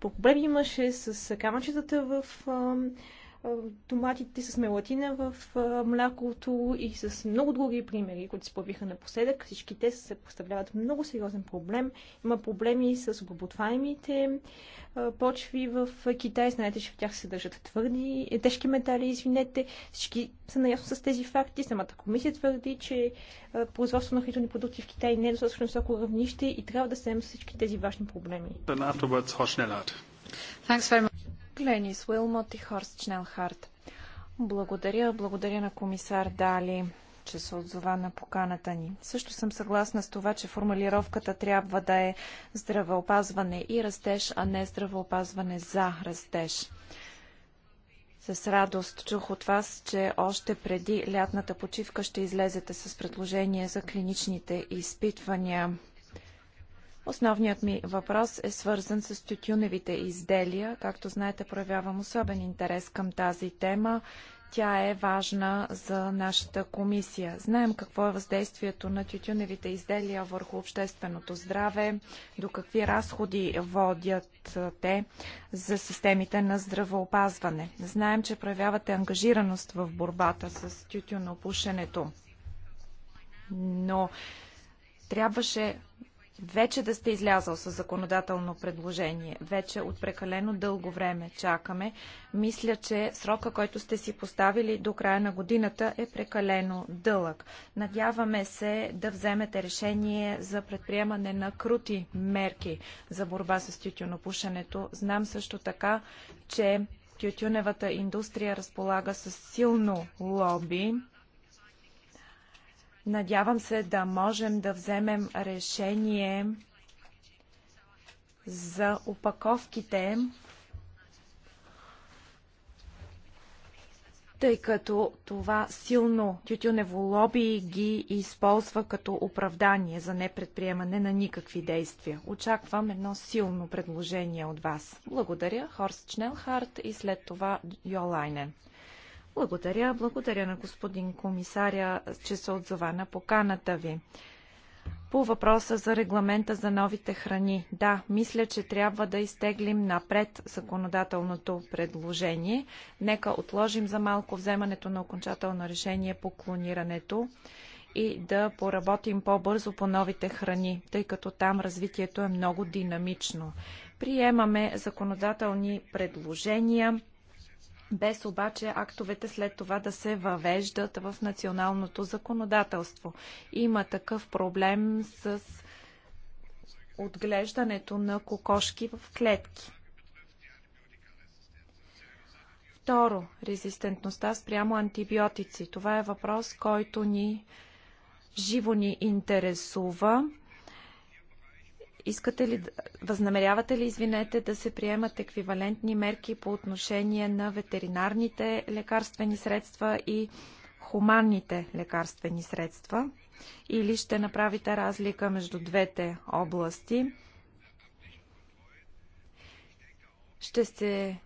проблеми имаше с камъчетата в е, томатите с мелатина в е, млякото и с много други примери, които се появиха напоследък. Всички те се представляват много сериозен проблем. Има проблеми с обработваемите е, почви в Китай. Знаете, че в тях се държат твърди, тежки метали, извинете. Всички са наясно с тези факти. Самата комисия твърди, че производство на хранителни продукти в Китай не е достатъчно високо равнище и трябва да се с всички тези важни проблеми. Thanks very much. Ленис Уилмот и Хорст Шнелхарт. Благодаря, благодаря на комисар Дали, че се отзова на поканата ни. Също съм съгласна с това, че формулировката трябва да е здравеопазване и растеж, а не здравеопазване за растеж. С радост чух от вас, че още преди лятната почивка ще излезете с предложение за клиничните изпитвания. Основният ми въпрос е свързан с тютюневите изделия. Както знаете, проявявам особен интерес към тази тема. Тя е важна за нашата комисия. Знаем какво е въздействието на тютюневите изделия върху общественото здраве, до какви разходи водят те за системите на здравеопазване. Знаем, че проявявате ангажираност в борбата с тютюнопушенето. Но трябваше вече да сте излязал с законодателно предложение. Вече от прекалено дълго време чакаме. Мисля, че срока, който сте си поставили до края на годината е прекалено дълъг. Надяваме се да вземете решение за предприемане на крути мерки за борба с тютюнопушенето. Знам също така, че тютюневата индустрия разполага с силно лоби Надявам се да можем да вземем решение за опаковките, тъй като това силно тютюнево лоби ги използва като оправдание за непредприемане на никакви действия. Очаквам едно силно предложение от вас. Благодаря, Хорст Шнелхарт и след това Йолайнен. Благодаря. Благодаря на господин комисаря, че се отзова на поканата ви. По въпроса за регламента за новите храни. Да, мисля, че трябва да изтеглим напред законодателното предложение. Нека отложим за малко вземането на окончателно решение по клонирането и да поработим по-бързо по новите храни, тъй като там развитието е много динамично. Приемаме законодателни предложения без обаче актовете след това да се въвеждат в националното законодателство. Има такъв проблем с отглеждането на кокошки в клетки. Второ, резистентността спрямо антибиотици. Това е въпрос, който ни живо ни интересува. Искате ли, възнамерявате ли, извинете, да се приемат еквивалентни мерки по отношение на ветеринарните лекарствени средства и хуманните лекарствени средства? Или ще направите разлика между двете области? Ще се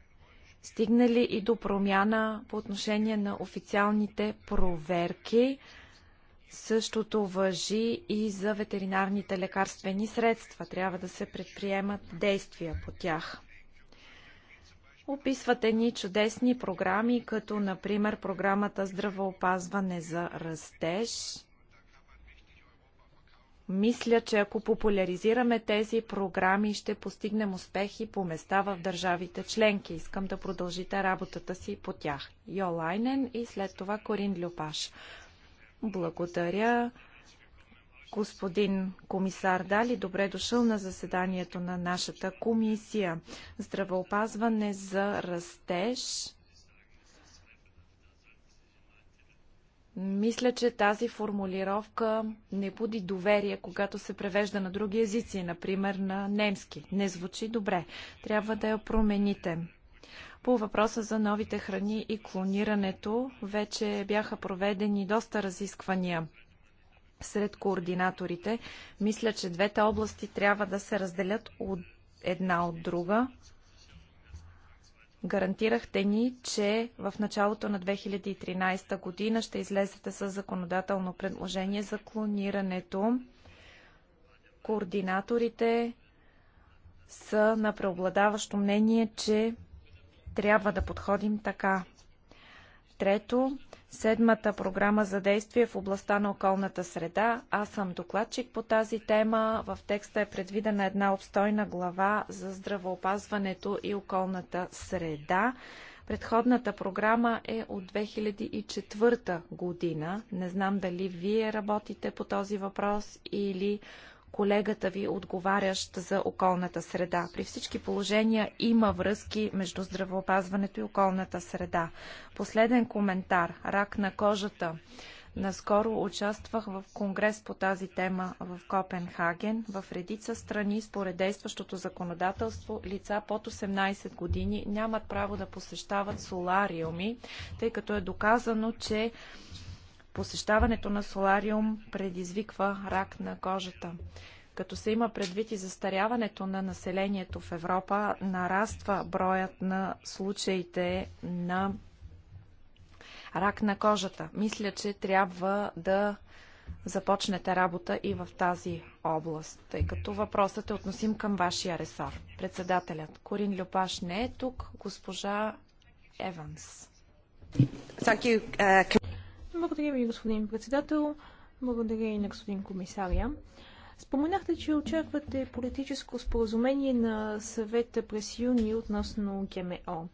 стигнали и до промяна по отношение на официалните проверки? Същото въжи и за ветеринарните лекарствени средства. Трябва да се предприемат действия по тях. Описвате ни чудесни програми, като например програмата Здравоопазване за растеж. Мисля, че ако популяризираме тези програми, ще постигнем успехи по места в държавите членки. Искам да продължите работата си по тях. Йолайнен и след това Корин Люпаш. Благодаря. Господин комисар Дали, добре дошъл на заседанието на нашата комисия. Здравеопазване за растеж. Мисля, че тази формулировка не буди доверие, когато се превежда на други езици, например на немски. Не звучи добре. Трябва да я промените. По въпроса за новите храни и клонирането вече бяха проведени доста разисквания сред координаторите. Мисля, че двете области трябва да се разделят от една от друга. Гарантирахте ни, че в началото на 2013 година ще излезете с законодателно предложение за клонирането. Координаторите са на преобладаващо мнение, че трябва да подходим така. Трето, седмата програма за действие в областта на околната среда. Аз съм докладчик по тази тема. В текста е предвидена една обстойна глава за здравеопазването и околната среда. Предходната програма е от 2004 година. Не знам дали вие работите по този въпрос или колегата ви, отговарящ за околната среда. При всички положения има връзки между здравеопазването и околната среда. Последен коментар. Рак на кожата. Наскоро участвах в конгрес по тази тема в Копенхаген. В редица страни, според действащото законодателство, лица под 18 години нямат право да посещават солариуми, тъй като е доказано, че посещаването на солариум предизвиква рак на кожата. Като се има предвид и застаряването на населението в Европа, нараства броят на случаите на рак на кожата. Мисля, че трябва да започнете работа и в тази област, тъй като въпросът е относим към вашия ресор. Председателят Корин Люпаш не е тук, госпожа Еванс. Uh, благодаря ви, господин председател. Благодаря и на господин комисаря. Споменахте, че очаквате политическо споразумение на съвета през юни относно ГМО.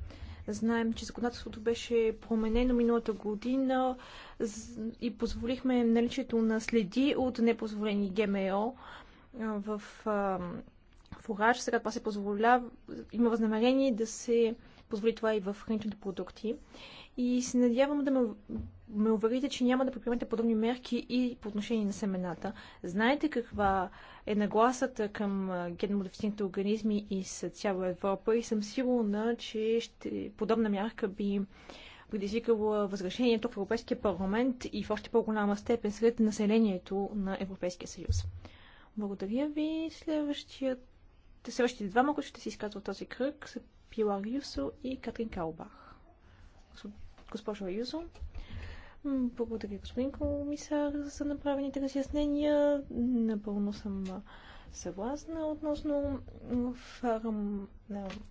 Знаем, че законодателството беше променено миналата година и позволихме наличието на следи от непозволени ГМО в фураж. Сега това се позволява. Има възнамерение да се позволи това и в хранителните продукти и се надявам да ме, ме уверите, че няма да предприемете подобни мерки и по отношение на семената. Знаете каква е нагласата към генномодифицираните организми из цяла Европа и съм сигурна, че ще, подобна мярка би предизвикала възражението в Европейския парламент и в още по-голяма степен сред населението на Европейския съюз. Благодаря ви. Следващият... Следващите двама, които ще се изказват този кръг, са Пилар Юсо и Катрин Каубах. Госпожо Юзо, благодаря, господин комисар, за направените разяснения. Напълно съм съгласна относно фарм,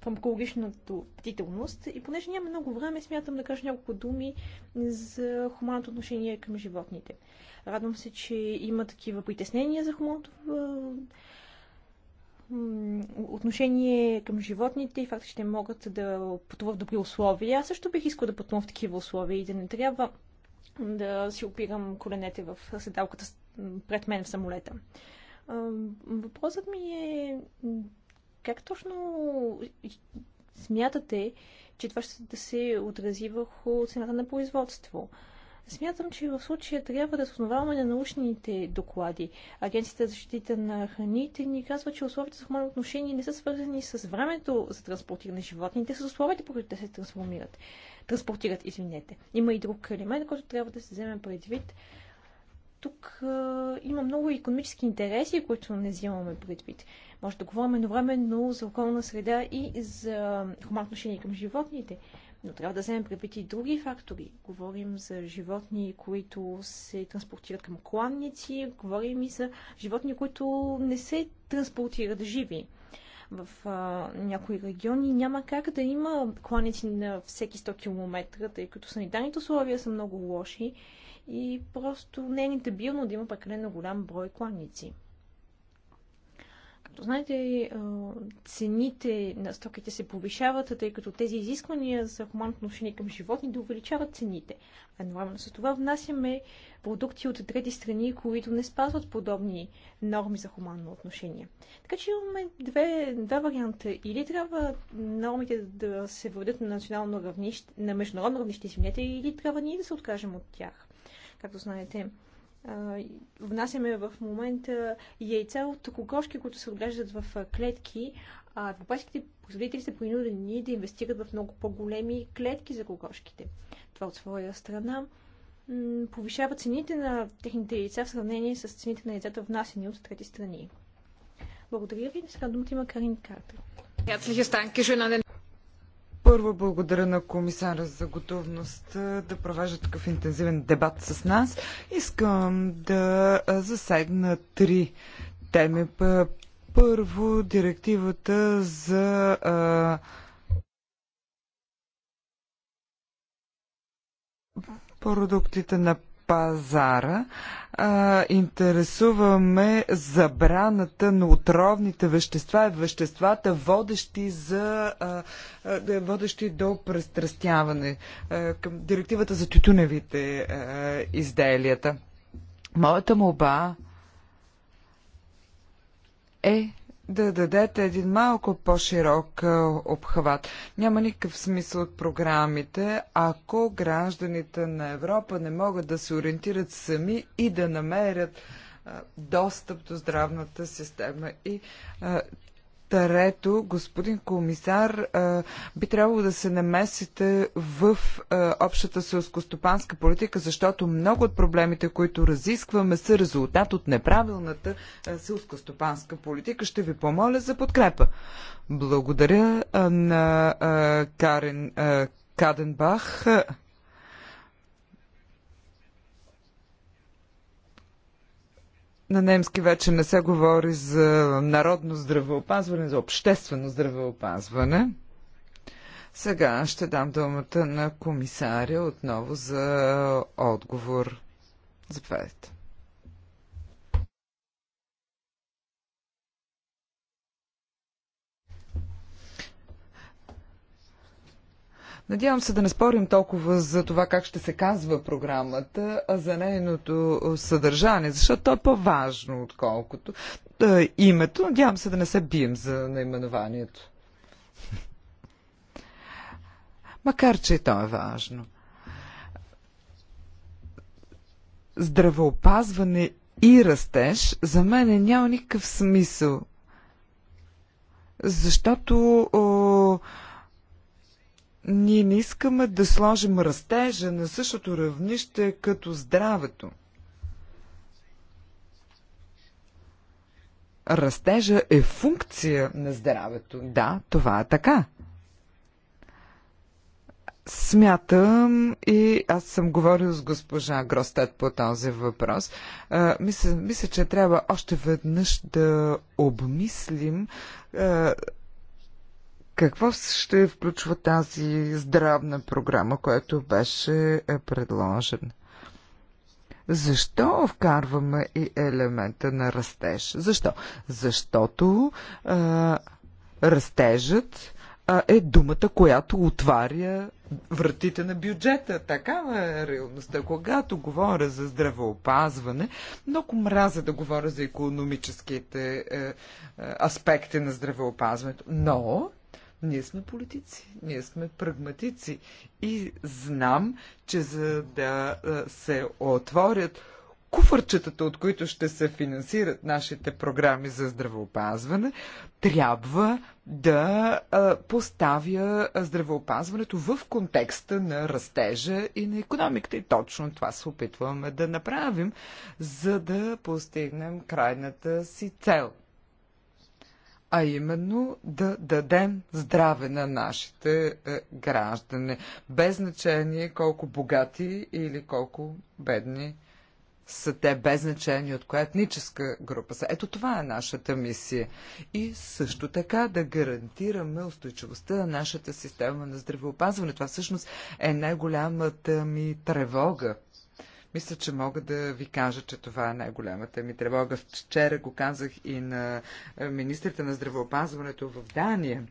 фармакологичната бдителност. И понеже няма много време, смятам да кажа няколко думи за хуманното отношение към животните. Радвам се, че има такива притеснения за хуманното отношение към животните и факт, че те могат да пътуват в добри условия. Аз също бих искал да пътувам в такива условия и да не трябва да си опирам коленете в седалката пред мен в самолета. Въпросът ми е как точно смятате, че това ще да се отрази върху цената на производство? Смятам, че в случая трябва да се основаваме на научните доклади. Агенцията за защита на храните ни казва, че условията за хуманно отношение не са свързани с времето за транспортиране на животните, с условията, по които те се трансформират. Транспортират, извинете. Има и друг елемент, който трябва да се вземе предвид. Тук а, има много економически интереси, които не взимаме предвид. Може да говорим едновременно за околна среда и за хуманно отношение към животните но трябва да вземем предвид и други фактори. Говорим за животни, които се транспортират към кланници, говорим и за животни, които не се транспортират живи. В а, някои региони няма как да има кланици на всеки 100 км, тъй като санитарните условия са много лоши и просто не е нетабилно да има прекалено голям брой кланици. Както знаете, цените на стоките се повишават, тъй като тези изисквания за хуманно отношение към животните увеличават цените. Едновременно с това внасяме продукти от трети страни, които не спазват подобни норми за хуманно отношение. Така че имаме две, два варианта. Или трябва нормите да се въведат на национално равнище, на международно равнище, извинете, или трябва ние да се откажем от тях. Както знаете, внасяме в момента яйца от кокошки, които се отглеждат в клетки, а европейските производители са принудени да инвестират в много по-големи клетки за кокошките. Това от своя страна повишава цените на техните яйца в сравнение с цените на яйцата внасени от трети страни. Благодаря ви. Сега думата има Карин Картер. Първо благодаря на комисара за готовност да провежда такъв интензивен дебат с нас. Искам да засегна три теми. Първо, директивата за продуктите на пазара а, интересуваме забраната на отровните вещества и веществата, водещи, за, а, а, водещи до престрастяване към директивата за тютюневите а, изделията. Моята молба е да дадете един малко по-широк обхват. Няма никакъв смисъл от програмите, ако гражданите на Европа не могат да се ориентират сами и да намерят достъп до здравната система. И Трето, господин комисар, би трябвало да се намесите в общата селскостопанска политика, защото много от проблемите, които разискваме, са резултат от неправилната селскостопанска политика. Ще ви помоля за подкрепа. Благодаря на Карен Каденбах. на немски вече не се говори за народно здравеопазване, за обществено здравеопазване. Сега ще дам думата на комисаря отново за отговор. Заповядайте. Надявам се да не спорим толкова за това как ще се казва програмата, а за нейното съдържание, защото то е по-важно, отколкото да, името. Надявам се да не се бием за наименованието. Макар, че и то е важно. Здравеопазване и растеж за мен няма никакъв смисъл. Защото о, ние не искаме да сложим растежа на същото равнище като здравето. Растежа е функция на здравето. Да, това е така. Смятам и аз съм говорил с госпожа Гростет по този въпрос. А, мисля, мисля, че трябва още веднъж да обмислим а, какво ще включва тази здравна програма, която беше е, предложена? Защо вкарваме и елемента на растеж? Защо? Защото а, растежът а, е думата, която отваря вратите на бюджета. Такава е реалността. Когато говоря за здравеопазване, много мраза да говоря за економическите е, е, аспекти на здравеопазването. Но ние сме политици, ние сме прагматици и знам, че за да се отворят куфърчетата, от които ще се финансират нашите програми за здравеопазване, трябва да поставя здравеопазването в контекста на растежа и на економиката. И точно това се опитваме да направим, за да постигнем крайната си цел – а именно да дадем здраве на нашите е, граждани, без значение колко богати или колко бедни са те, без значение от коя етническа група са. Ето това е нашата мисия. И също така да гарантираме устойчивостта на нашата система на здравеопазване. Това всъщност е най-голямата ми тревога мисля, че мога да ви кажа, че това е най-голямата ми тревога. Вчера го казах и на министрите на здравеопазването в Дания.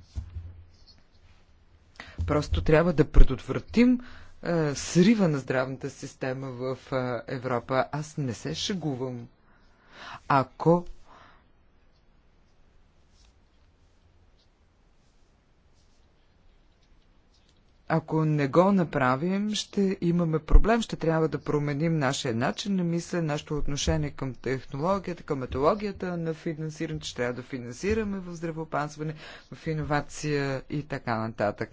Просто трябва да предотвратим е, срива на здравната система в е, Европа. Аз не се шегувам. Ако Ако не го направим, ще имаме проблем, ще трябва да променим нашия начин на мисля, нашето отношение към технологията, към метологията на финансиране, че трябва да финансираме в здравеопазване, в иновация и така нататък.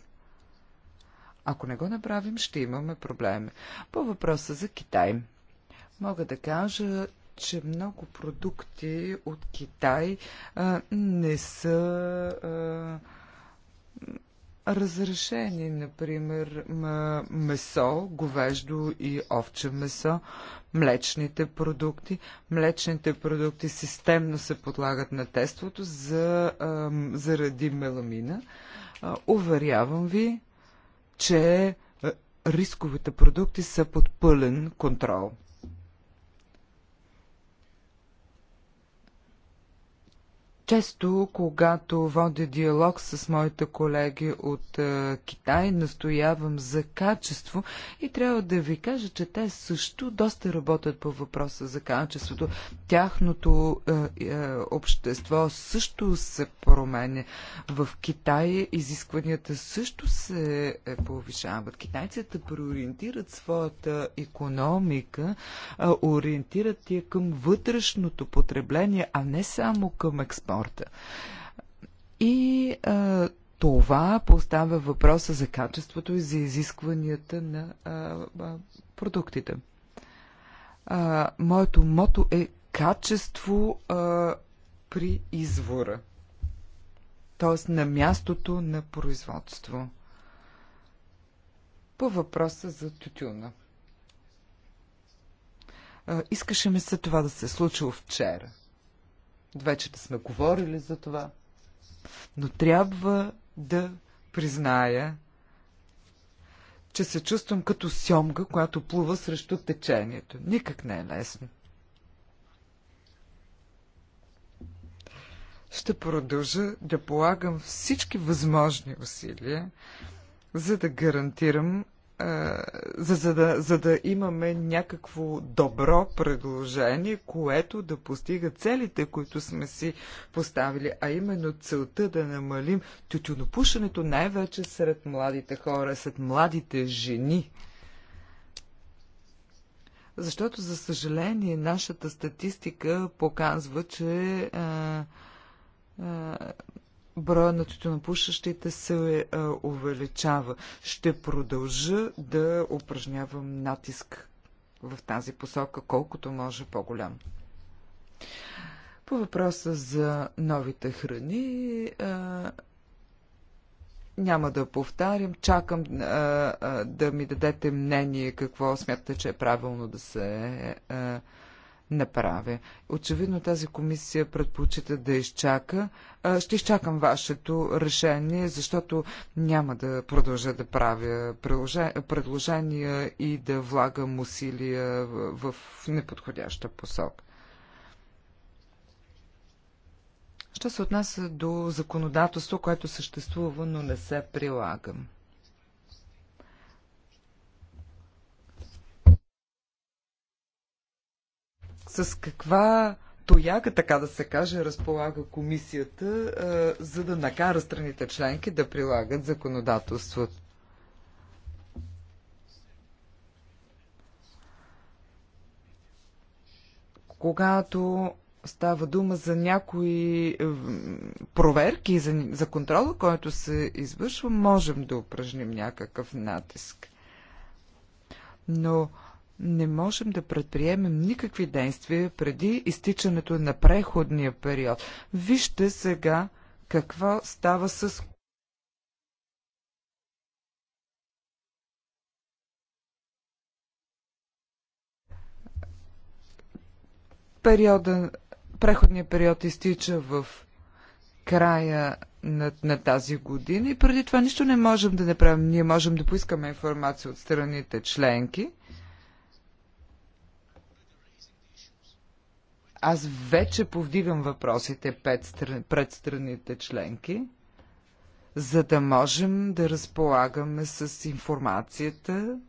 Ако не го направим, ще имаме проблеми. По въпроса за Китай. Мога да кажа, че много продукти от Китай а, не са. А, разрешени, например, месо, говеждо и овче месо, млечните продукти. Млечните продукти системно се подлагат на теството за, заради меламина. Уверявам ви, че рисковите продукти са под пълен контрол. Често, когато водя диалог с моите колеги от е, Китай, настоявам за качество и трябва да ви кажа, че те също доста работят по въпроса за качеството. Тяхното е, е, общество също се променя. В Китай изискванията също се повишават. Китайците преориентират своята економика, ориентират я към вътрешното потребление, а не само към експорт спорта. И а, това поставя въпроса за качеството и за изискванията на а, а, продуктите. А, моето мото е качество а, при извора, т.е. на мястото на производство. По въпроса за тютюна. А, искаше ми се това да се случи случило вчера – вече да сме говорили за това. Но трябва да призная, че се чувствам като сьомга, която плува срещу течението. Никак не е лесно. Ще продължа да полагам всички възможни усилия, за да гарантирам за, за, да, за да имаме някакво добро предложение, което да постига целите, които сме си поставили, а именно целта да намалим тютюнопушенето най-вече сред младите хора, сред младите жени. Защото, за съжаление, нашата статистика показва, че а, а, броя на тютюнопушащите се а, е, е, увеличава. Ще продължа да упражнявам натиск в тази посока, колкото може по-голям. По въпроса за новите храни, а, е, няма да повтарям. Чакам а, а, да ми дадете мнение какво смятате, че е правилно да се а, направя. Очевидно тази комисия предпочита да изчака. Ще изчакам вашето решение, защото няма да продължа да правя предложения и да влагам усилия в неподходяща посока. Що се отнася до законодателство, което съществува, но не се прилагам. С каква тояга, така да се каже, разполага комисията, е, за да накара страните членки да прилагат законодателството? Когато става дума за някои е, проверки за, за контрола, който се извършва, можем да упражним някакъв натиск. Но не можем да предприемем никакви действия преди изтичането на преходния период. Вижте сега какво става с периода, преходния период изтича в края на, на тази година и преди това нищо не можем да направим. Ние можем да поискаме информация от страните членки. Аз вече повдигам въпросите пред страните членки, за да можем да разполагаме с информацията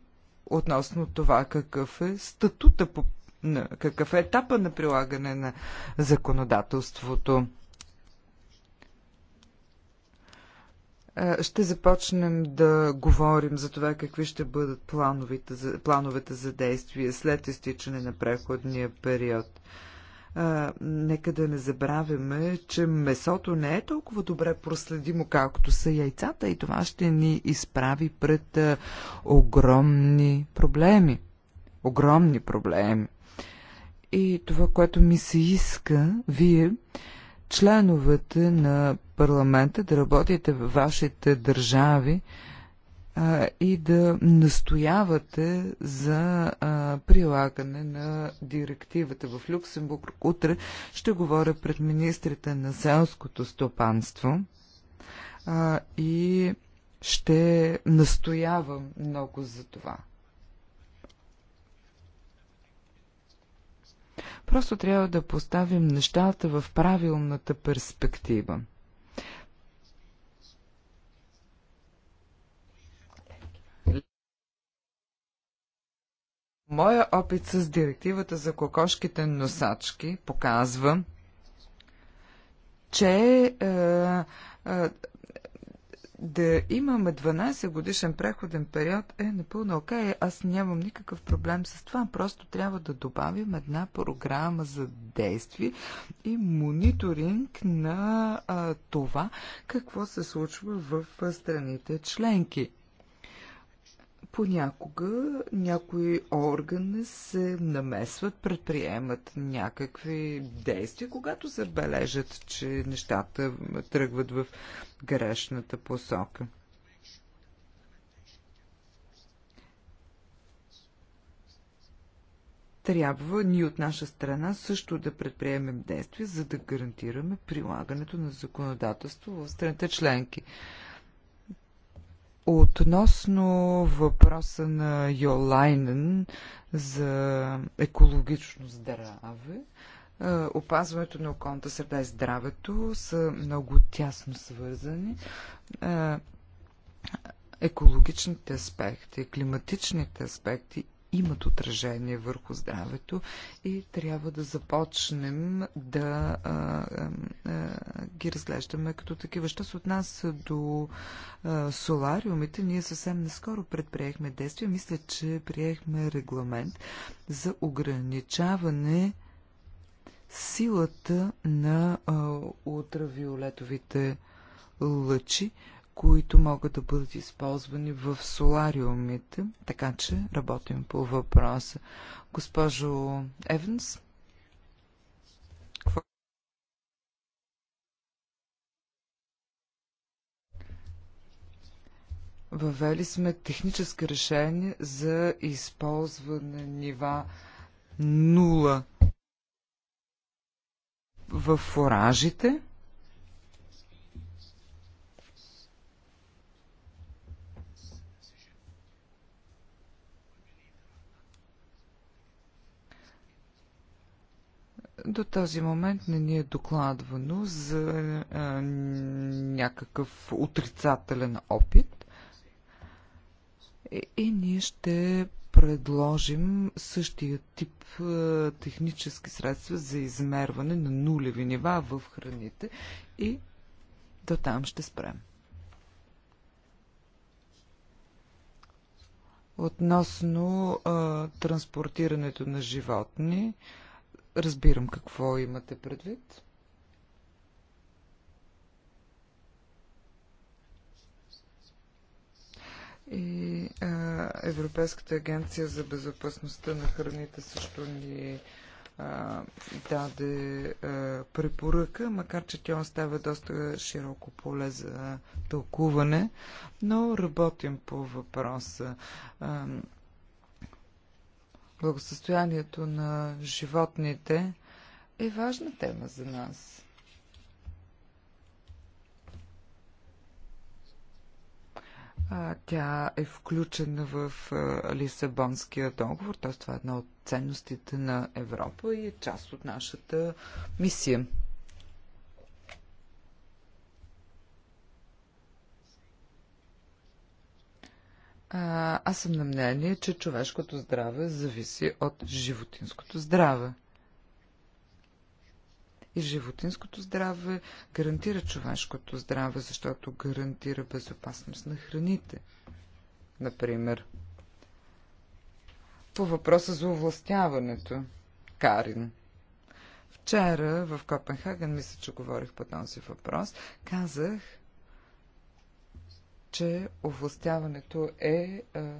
относно това какъв е статута, по, какъв е етапа на прилагане на законодателството. Ще започнем да говорим за това какви ще бъдат плановете за, плановете за действие след изтичане на преходния период. А, нека да не забравяме, че месото не е толкова добре проследимо, както са яйцата и това ще ни изправи пред а, огромни проблеми. Огромни проблеми. И това, което ми се иска, вие, членовете на парламента, да работите във вашите държави, а, и да настоявате за а, прилагане на директивата в Люксембург. Утре ще говоря пред министрите на селското стопанство а, и ще настоявам много за това. Просто трябва да поставим нещата в правилната перспектива. Моя опит с директивата за кокошките носачки показва, че е, е, да имаме 12 годишен преходен период е напълно окей. Okay. Аз нямам никакъв проблем с това. Просто трябва да добавим една програма за действие и мониторинг на е, това какво се случва в страните членки. Понякога някои органи се намесват, предприемат някакви действия, когато забележат, че нещата тръгват в грешната посока. трябва ние от наша страна също да предприемем действия, за да гарантираме прилагането на законодателство в страните членки. Относно въпроса на Йолайнен за екологично здраве, опазването на околната среда и здравето са много тясно свързани. Екологичните аспекти, климатичните аспекти имат отражение върху здравето и трябва да започнем да а, а, ги разглеждаме като такива. Що се отнася до а, солариумите, ние съвсем наскоро предприехме действия. Мисля, че приехме регламент за ограничаване силата на а, ултравиолетовите лъчи които могат да бъдат използвани в солариумите, така че работим по въпроса. Госпожо Евенс, Въвели сме техническо решение за използване нива 0 в фуражите, До този момент не ни е докладвано за а, някакъв отрицателен опит и, и ние ще предложим същия тип а, технически средства за измерване на нулеви нива в храните и до там ще спрем. Относно а, транспортирането на животни, а, Разбирам какво имате предвид. И а, Европейската агенция за безопасността на храните също ни а, даде а, препоръка, макар че тя остава доста широко поле за тълкуване, но работим по въпроса. А, благосъстоянието на животните е важна тема за нас. Тя е включена в Лисабонския договор, т.е. това е една от ценностите на Европа и е част от нашата мисия. А, аз съм на мнение, че човешкото здраве зависи от животинското здраве. И животинското здраве гарантира човешкото здраве, защото гарантира безопасност на храните. Например, по въпроса за овластяването, Карин. Вчера в Копенхаген, мисля, че говорих по този въпрос, казах, че овластяването е а, е,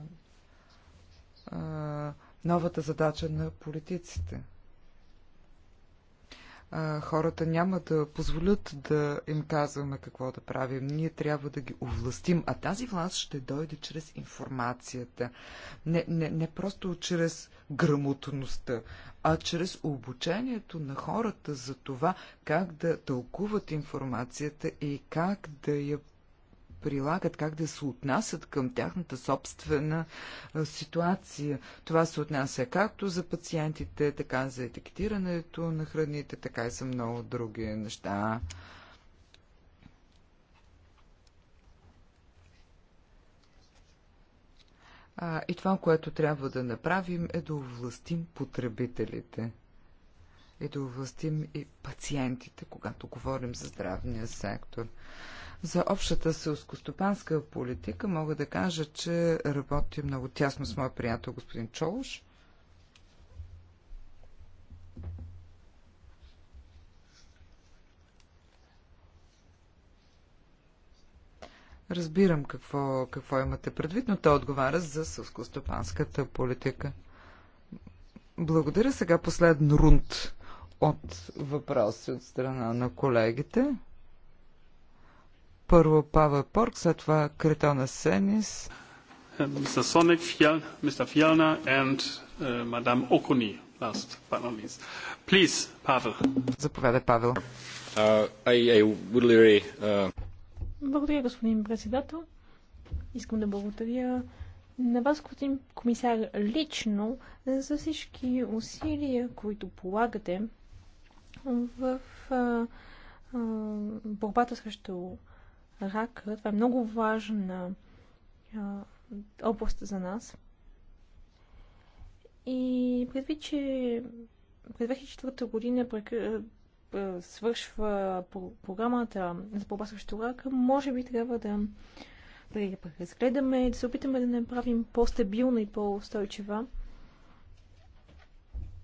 а, е, новата задача на политиците. А, хората няма да позволят да им казваме какво да правим. Ние трябва да ги овластим. А тази власт ще дойде чрез информацията. Не, не, не просто чрез грамотността, а чрез обучението на хората за това как да тълкуват информацията и как да я прилагат, как да се отнасят към тяхната собствена ситуация. Това се отнася както за пациентите, така за етикетирането на храните, така и за много други неща. А, и това, което трябва да направим, е да овластим потребителите и да овластим и пациентите, когато говорим за здравния сектор. За общата селскостопанска политика мога да кажа, че работя много тясно с моя приятел господин Чолуш. Разбирам какво, какво имате предвид, но той отговаря за сълскостопанската политика. Благодаря сега последен рунд от въпроси от страна на колегите. Първо Павел Порк, след това Сенис. Е, last but not least. Please, Заповядай, Павел. Uh, uh, благодаря, господин председател. Искам да благодаря на вас, господин комисар, лично за всички усилия, които полагате в а, а, борбата срещу рака. Това е много важна а, област за нас. И предвид, че през 2004 година свършва програмата за борба срещу рака, може би трябва да да я да се опитаме да направим по-стабилна и по-устойчива.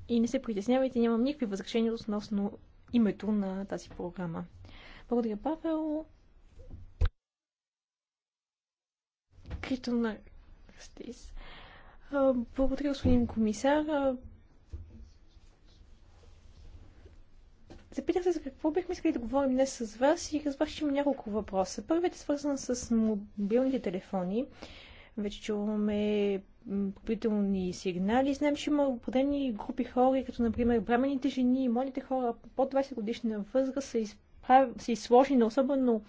И не се притеснявайте, нямам никакви възражения относно името на тази програма. Благодаря, Павел. открито на Благодаря, господин комисар. Запитах се за какво бихме искали да говорим днес с вас и разбрах, че има няколко въпроса. Първият е свързан с мобилните телефони. Вече чуваме попитални сигнали. Знаем, че има определени групи хора, като например бременните жени и младите хора под 20 годишна възраст са изпълнени си сложи на особено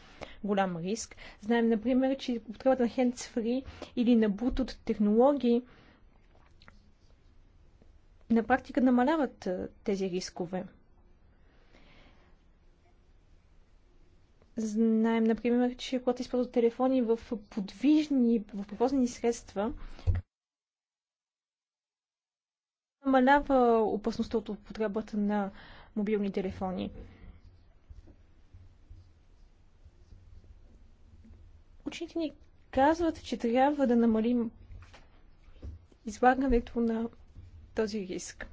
голям риск. Знаем, например, че употребата на hands-free или на от технологии на практика намаляват тези рискове. Знаем, например, че когато използват телефони в подвижни, в превозни средства, намалява опасността от употребата на мобилни телефони. Учените ни казват, че трябва да намалим излагането на този риск.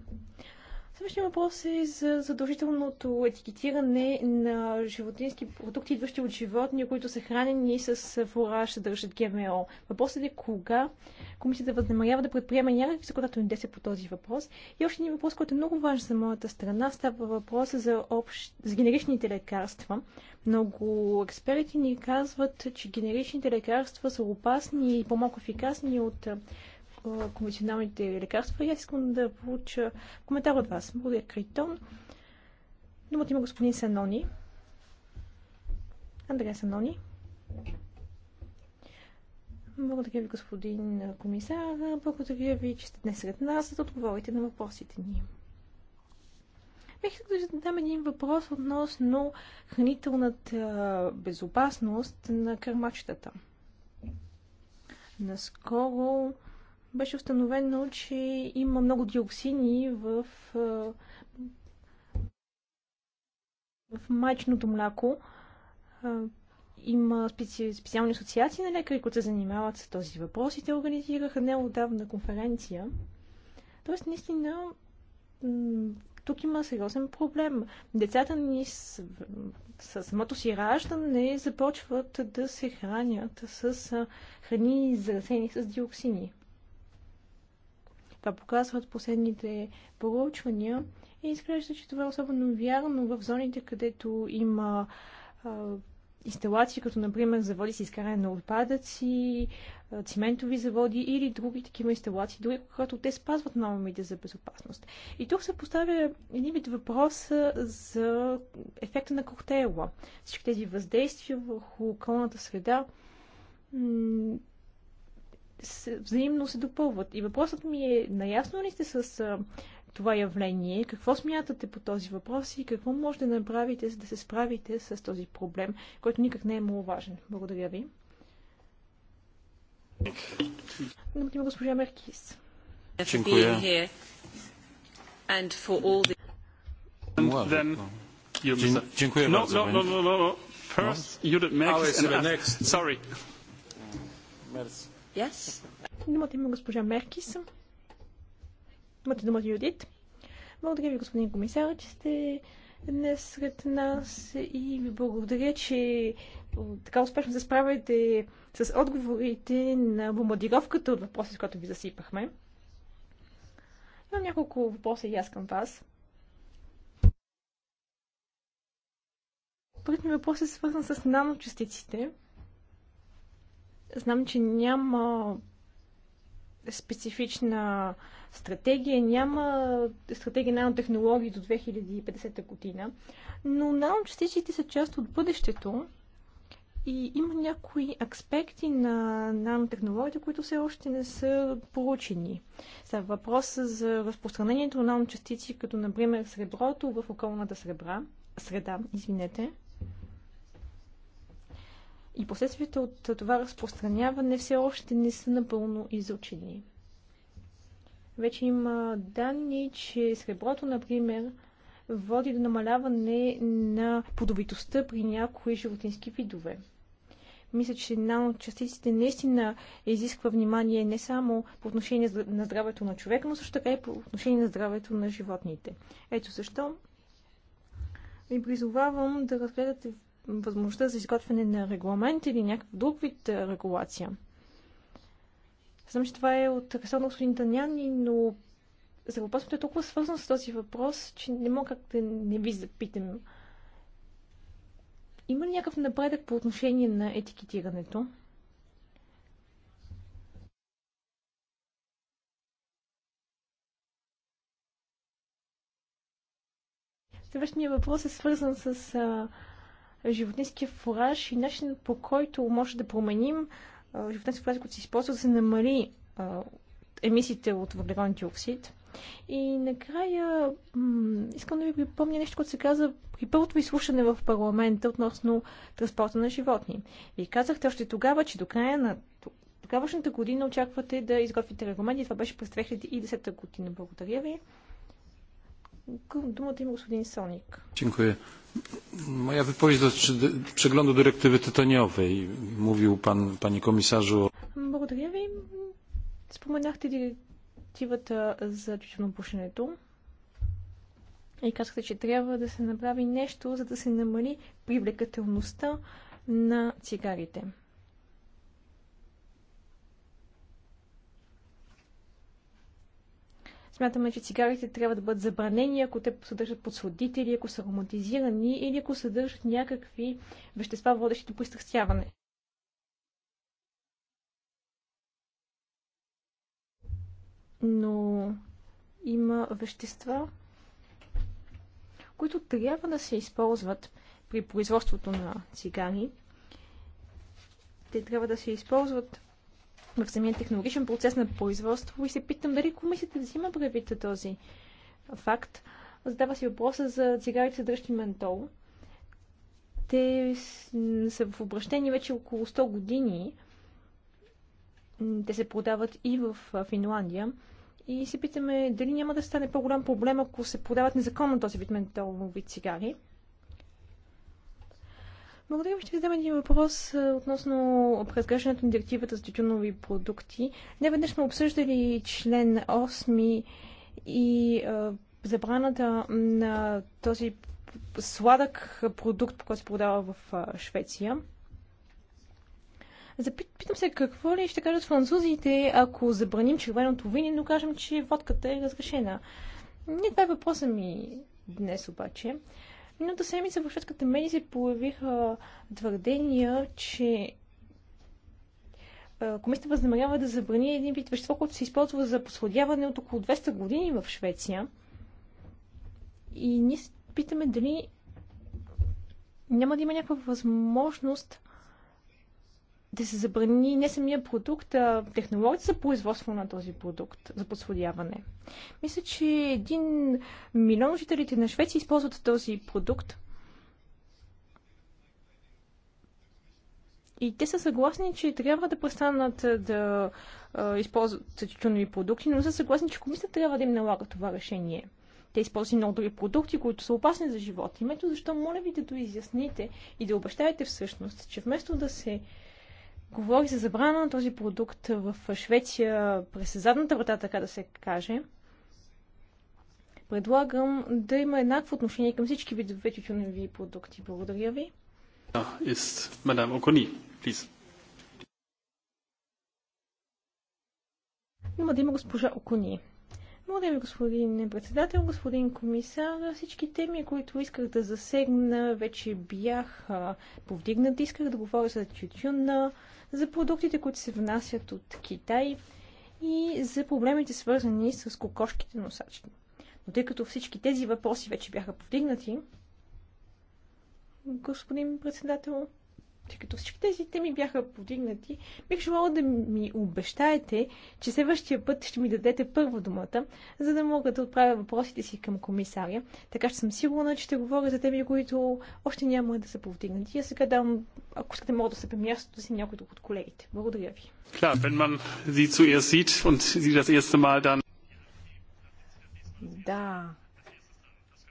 Следващия въпрос е за задължителното етикетиране на животински продукти, идващи от животни, които са хранени с фураж, съдържат ГМО. Въпросът е кога комисията възнамерява да предприема някакви законодателни действия по този въпрос. И още един въпрос, който е много важен за моята страна, става въпрос за, общ... за генеричните лекарства. Много експерти ни казват, че генеричните лекарства са опасни и по-малко ефикасни от конвенционалните лекарства и аз искам да получа коментар от вас. Благодаря, Критон. Думата има господин Санони. Андрея Санони. Благодаря ви, господин комисар. Благодаря ви, че сте днес сред нас, за да отговорите на въпросите ни. Бих да задам един въпрос относно хранителната безопасност на кърмачетата. Наскоро беше установено, че има много диоксини в, в майчното мляко. Има специ... специални асоциации на лекари, които се занимават с този въпрос и те организираха неодавна конференция. Тоест, наистина, тук има сериозен проблем. Децата ни с, с самото си раждане започват да се хранят с храни, заразени с диоксини. Това показват последните проучвания и изглежда, че това е особено вярно в зоните, където има а, инсталации, като например заводи с изкаране на отпадъци, циментови заводи или други такива инсталации, дори когато те спазват нормите за безопасност. И тук се поставя един вид въпрос за ефекта на коктейла. Всички тези въздействия върху околната среда взаимно се допълват. И въпросът ми е, наясно ли сте с това явление? Какво смятате по този въпрос и какво можете да направите, за да се справите с този проблем, който никак не е важен? Благодаря ви. Думата госпожа Меркис. Dziękuję bardzo. No, no, no, no, no. First, Judith Yes. Думата има госпожа Меркис. Имате думата Юдит. Благодаря ви, господин комисар, че сте днес сред нас и ви благодаря, че така успешно се справяте с отговорите на бомбардировката от въпроси, с които ви засипахме. Имам няколко въпроса и аз към вас. Първият ми въпрос е свързан с наночастиците. Знам, че няма специфична стратегия, няма стратегия на технологии до 2050 година, но наночастиците са част от бъдещето и има някои аспекти на нанотехнологията, които все още не са получени. Става въпрос за разпространението на наночастици, като например среброто в околната среда, среда извинете, и последствията от това разпространяване все още не са напълно изучени. Вече има данни, че среброто, например, води до намаляване на плодовитостта при някои животински видове. Мисля, че наночастиците наистина изисква внимание не само по отношение на здравето на човека, но също така и по отношение на здравето на животните. Ето защо ви призовавам да разгледате възможността за изготвяне на регламент или някакъв друг вид е, регулация. Знам, че това е от ресор господин Таняни, но въпросът е толкова свързано с този въпрос, че не мога как да не ви запитам. Има ли някакъв напредък по отношение на етикетирането? Следващия въпрос е свързан с а, животинския фураж и начин по който може да променим животинския фураж, който се използва, да се намали емисиите от въглероден диоксид. И накрая искам да ви припомня нещо, което се каза при първото ви слушане в парламента относно транспорта на животни. И казахте още тогава, че до края на тогавашната година очаквате да изготвите регламент и това беше през 2010 година. Благодаря ви. Думата има господин Соник. Dziękuję. Моя wypowiedź dotyczy przeglądu dyrektywy tytoniowej. Mówił pan, panie komisarzu. Благодаря ви. Споменахте директивата за тютюнопушенето и казахте, че трябва да се направи нещо, за да се намали привлекателността на цигарите. Смятаме, че цигарите трябва да бъдат забранени, ако те съдържат подсладители, ако са ароматизирани или ако съдържат някакви вещества, водещи до пристрастяване. Но има вещества, които трябва да се използват при производството на цигари. Те трябва да се използват сме в самия технологичен процес на производство и се питам дали комисията да взима правите този факт. Задава си въпроса за цигарите, съдържащи ментол. Те са в обращение вече около 100 години. Те се продават и в Финландия. И се питаме дали няма да стане по-голям проблем, ако се продават незаконно този вид ментолови цигари. Благодаря ви. Ще задам един въпрос относно преразглеждането на директивата за тютюнови продукти. Не веднъж сме обсъждали член 8 и а, забраната на този сладък продукт, който се продава в а, Швеция. Запитам се какво ли ще кажат французите, ако забраним червеното вино, но кажем, че водката е разрешена. Не това е въпроса ми днес обаче. Миналата седмица в шведската медии се появиха твърдения, че комисията възнамерява да забрани един вид вещество, което се използва за посладяване от около 200 години в Швеция. И ние питаме дали няма да има някаква възможност да се забрани не самия продукт, а технологията за производство на този продукт, за подсводяване. Мисля, че един милион жителите на Швеция използват този продукт. И те са съгласни, че трябва да престанат да а, използват тютюнови продукти, но са съгласни, че комисията трябва да им налага това решение. Те използват много други продукти, които са опасни за живота Името, защо моля ви да доизясните и да обещаете всъщност, че вместо да се говори за забрана на този продукт в Швеция през задната врата, така да се каже, предлагам да има еднакво отношение към всички видове тютюневи продукти. Благодаря ви. Ist Madame please. Има да има госпожа Окони. Благодаря ви, господин председател, господин комисар. Всички теми, които исках да засегна, вече бях повдигнати. Исках да говоря за тютюна, за продуктите, които се внасят от Китай и за проблемите свързани с кокошките носачки. Но тъй като всички тези въпроси вече бяха повдигнати, господин председател, тъй като всички тези теми бяха повдигнати, бих желала да ми обещаете, че следващия път ще ми дадете първо думата, за да мога да отправя въпросите си към комисаря. Така че съм сигурна, че ще говоря за теми, които още няма да са повдигнати. А сега давам, ако искате, мога да се мястото си някой друг от колегите. Благодаря ви. Klar, wenn man sie zuerst sieht und sie das erste Mal dann... Да,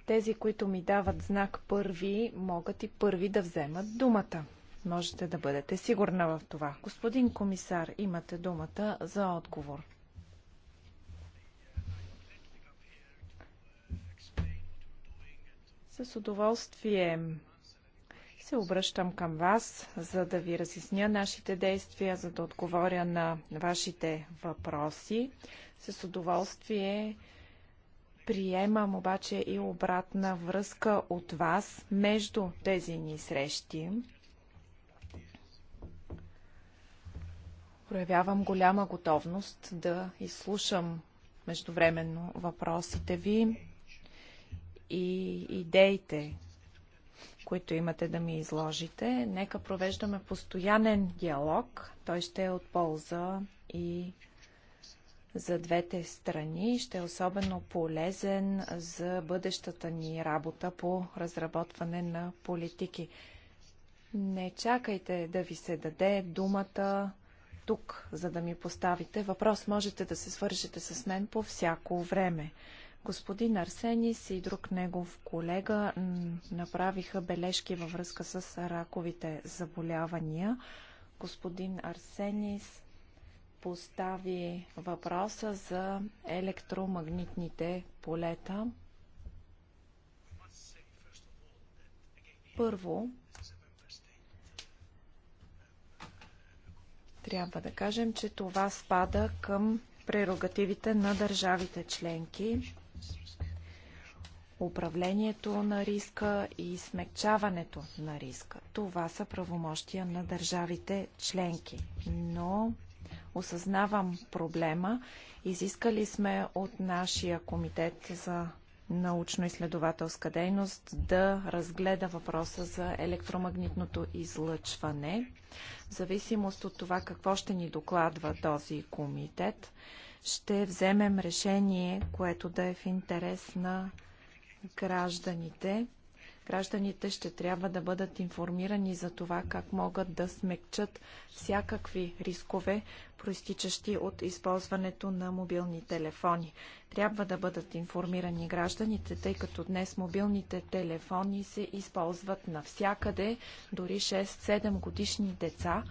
тези, които ми дават знак първи, могат и първи да вземат думата. Можете да бъдете сигурна в това. Господин комисар, имате думата за отговор. С удоволствие се обръщам към вас, за да ви разясня нашите действия, за да отговоря на вашите въпроси. С удоволствие приемам обаче и обратна връзка от вас между тези ни срещи. проявявам голяма готовност да изслушам междувременно въпросите ви и идеите, които имате да ми изложите. Нека провеждаме постоянен диалог. Той ще е от полза и за двете страни. Ще е особено полезен за бъдещата ни работа по разработване на политики. Не чакайте да ви се даде думата тук, за да ми поставите въпрос. Можете да се свържете с мен по всяко време. Господин Арсенис и друг негов колега направиха бележки във връзка с раковите заболявания. Господин Арсенис постави въпроса за електромагнитните полета. Първо, трябва да кажем, че това спада към прерогативите на държавите членки. Управлението на риска и смягчаването на риска. Това са правомощия на държавите членки. Но осъзнавам проблема. Изискали сме от нашия комитет за научно-изследователска дейност да разгледа въпроса за електромагнитното излъчване. В зависимост от това какво ще ни докладва този комитет, ще вземем решение, което да е в интерес на гражданите. Гражданите ще трябва да бъдат информирани за това как могат да смекчат всякакви рискове, проистичащи от използването на мобилни телефони. Трябва да бъдат информирани гражданите, тъй като днес мобилните телефони се използват навсякъде, дори 6-7 годишни деца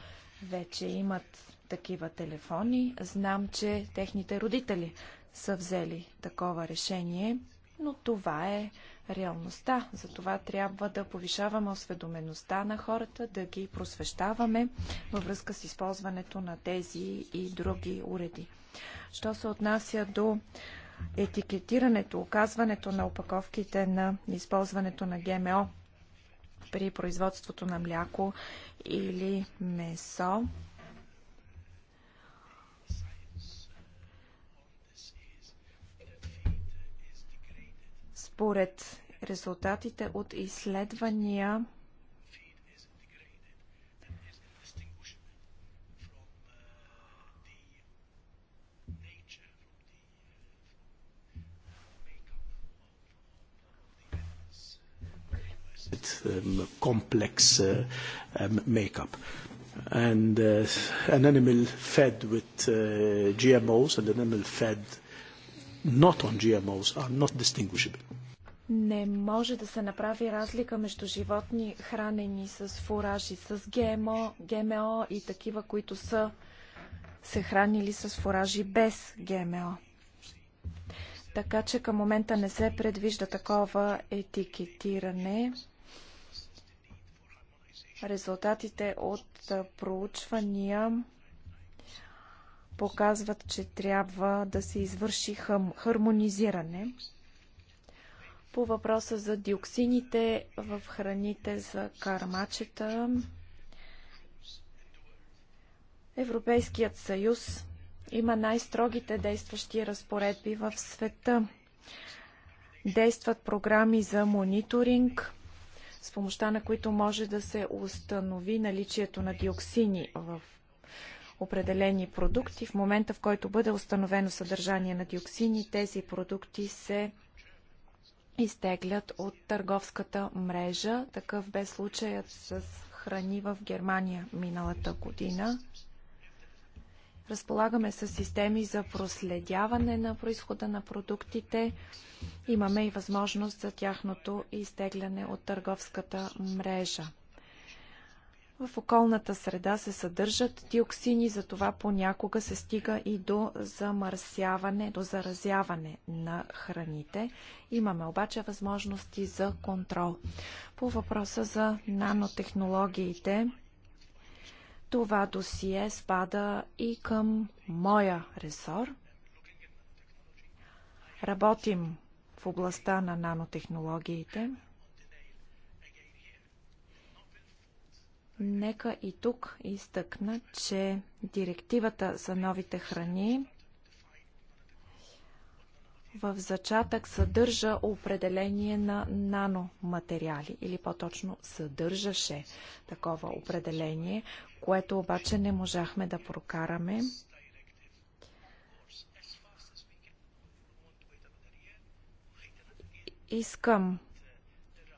вече имат такива телефони. Знам, че техните родители са взели такова решение, но това е реалността. Затова трябва да повишаваме осведомеността на хората, да ги просвещаваме във връзка с използването на тези и други уреди. Що се отнася до етикетирането, оказването на опаковките на използването на ГМО при производството на мляко или месо, Според резултатите от изследвания, um, complex uh, um, makeup. And uh, an animal fed with uh, GMOs and an animal fed not on GMOs are not distinguishable. Не може да се направи разлика между животни, хранени с фуражи с ГМО, ГМО и такива, които са се хранили с фуражи без ГМО. Така че към момента не се предвижда такова етикетиране. Резултатите от проучвания показват, че трябва да се извърши хармонизиране по въпроса за диоксините в храните за кармачета, Европейският съюз има най-строгите действащи разпоредби в света. Действат програми за мониторинг, с помощта на които може да се установи наличието на диоксини в определени продукти. В момента, в който бъде установено съдържание на диоксини, тези продукти се изтеглят от търговската мрежа. Такъв бе случаят с храни в Германия миналата година. Разполагаме с системи за проследяване на происхода на продуктите. Имаме и възможност за тяхното изтегляне от търговската мрежа. В околната среда се съдържат диоксини, затова понякога се стига и до замърсяване, до заразяване на храните. Имаме обаче възможности за контрол. По въпроса за нанотехнологиите, това досие спада и към моя ресор. Работим в областта на нанотехнологиите. Нека и тук изтъкна, че директивата за новите храни в зачатък съдържа определение на наноматериали или по-точно съдържаше такова определение, което обаче не можахме да прокараме. Искам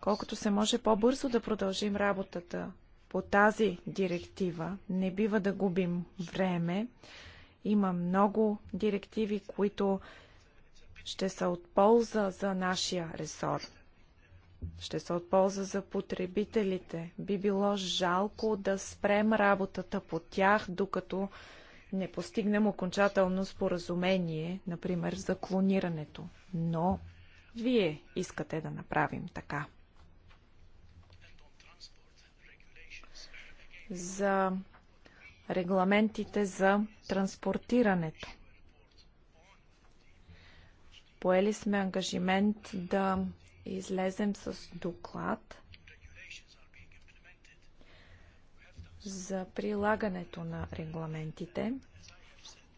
колкото се може по-бързо да продължим работата по тази директива. Не бива да губим време. Има много директиви, които ще са от полза за нашия ресор. Ще са от полза за потребителите. Би било жалко да спрем работата по тях, докато не постигнем окончателно споразумение, например за клонирането. Но вие искате да направим така. за регламентите за транспортирането. Поели сме ангажимент да излезем с доклад за прилагането на регламентите.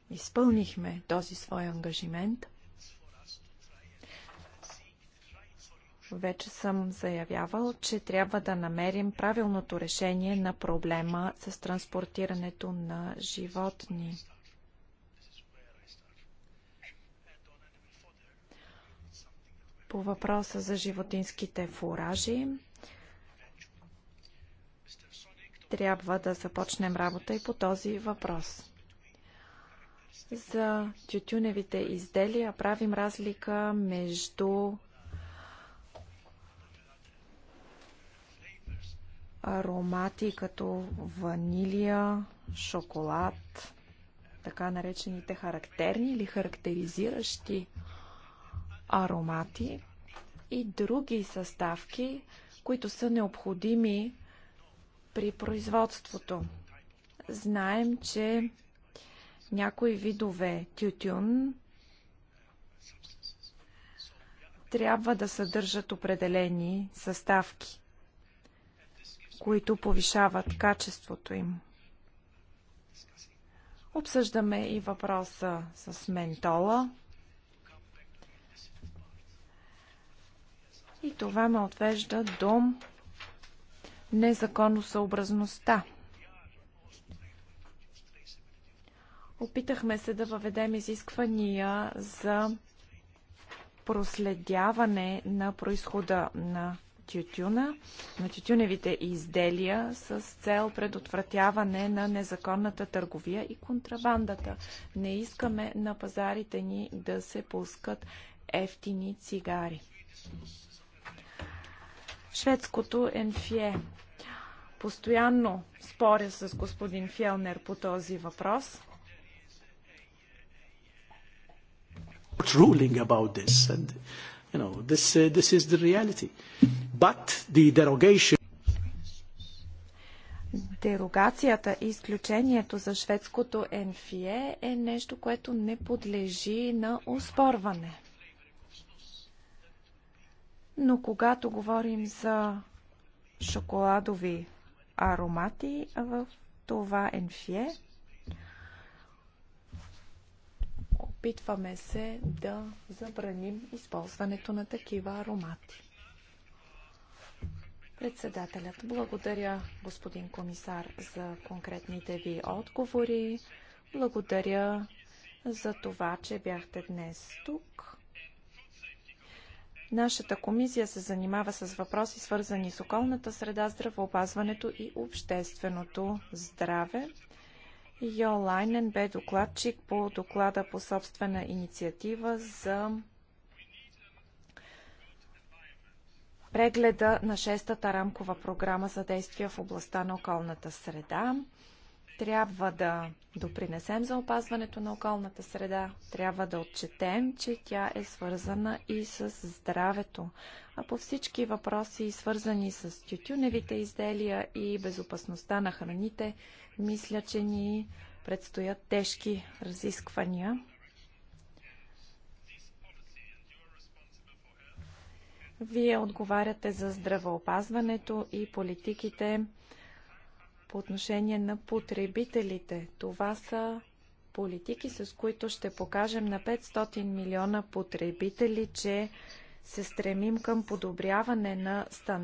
Изпълнихме този свой ангажимент – Вече съм заявявал, че трябва да намерим правилното решение на проблема с транспортирането на животни. По въпроса за животинските фуражи, трябва да започнем работа и по този въпрос. За тютюневите изделия правим разлика между аромати като ванилия, шоколад, така наречените характерни или характеризиращи аромати и други съставки, които са необходими при производството. Знаем, че някои видове тютюн трябва да съдържат определени съставки които повишават качеството им. Обсъждаме и въпроса с ментола. И това ме отвежда до незаконосъобразността. Опитахме се да въведем изисквания за проследяване на происхода на тютюна, на тютюневите изделия с цел предотвратяване на незаконната търговия и контрабандата. Не искаме на пазарите ни да се пускат ефтини цигари. Шведското Енфие. E. Постоянно споря с господин Фелнер по този въпрос. ruling about this and You know, this, uh, this is the reality. But the derogation Дерогацията и изключението за шведското НФИЕ e е нещо, което не подлежи на оспорване. Но когато говорим за шоколадови аромати в това Нфие. Опитваме се да забраним използването на такива аромати. Председателят, благодаря господин комисар за конкретните ви отговори. Благодаря за това, че бяхте днес тук. Нашата комисия се занимава с въпроси, свързани с околната среда, здравеопазването и общественото здраве. Йо Лайнен бе докладчик по доклада по собствена инициатива за прегледа на шестата рамкова програма за действия в областта на околната среда. Трябва да допринесем за опазването на околната среда. Трябва да отчетем, че тя е свързана и с здравето. А по всички въпроси, свързани с тютюневите изделия и безопасността на храните, мисля, че ни предстоят тежки разисквания. Вие отговаряте за здравеопазването и политиките по отношение на потребителите. Това са политики, с които ще покажем на 500 милиона потребители, че се стремим към подобряване на стандарта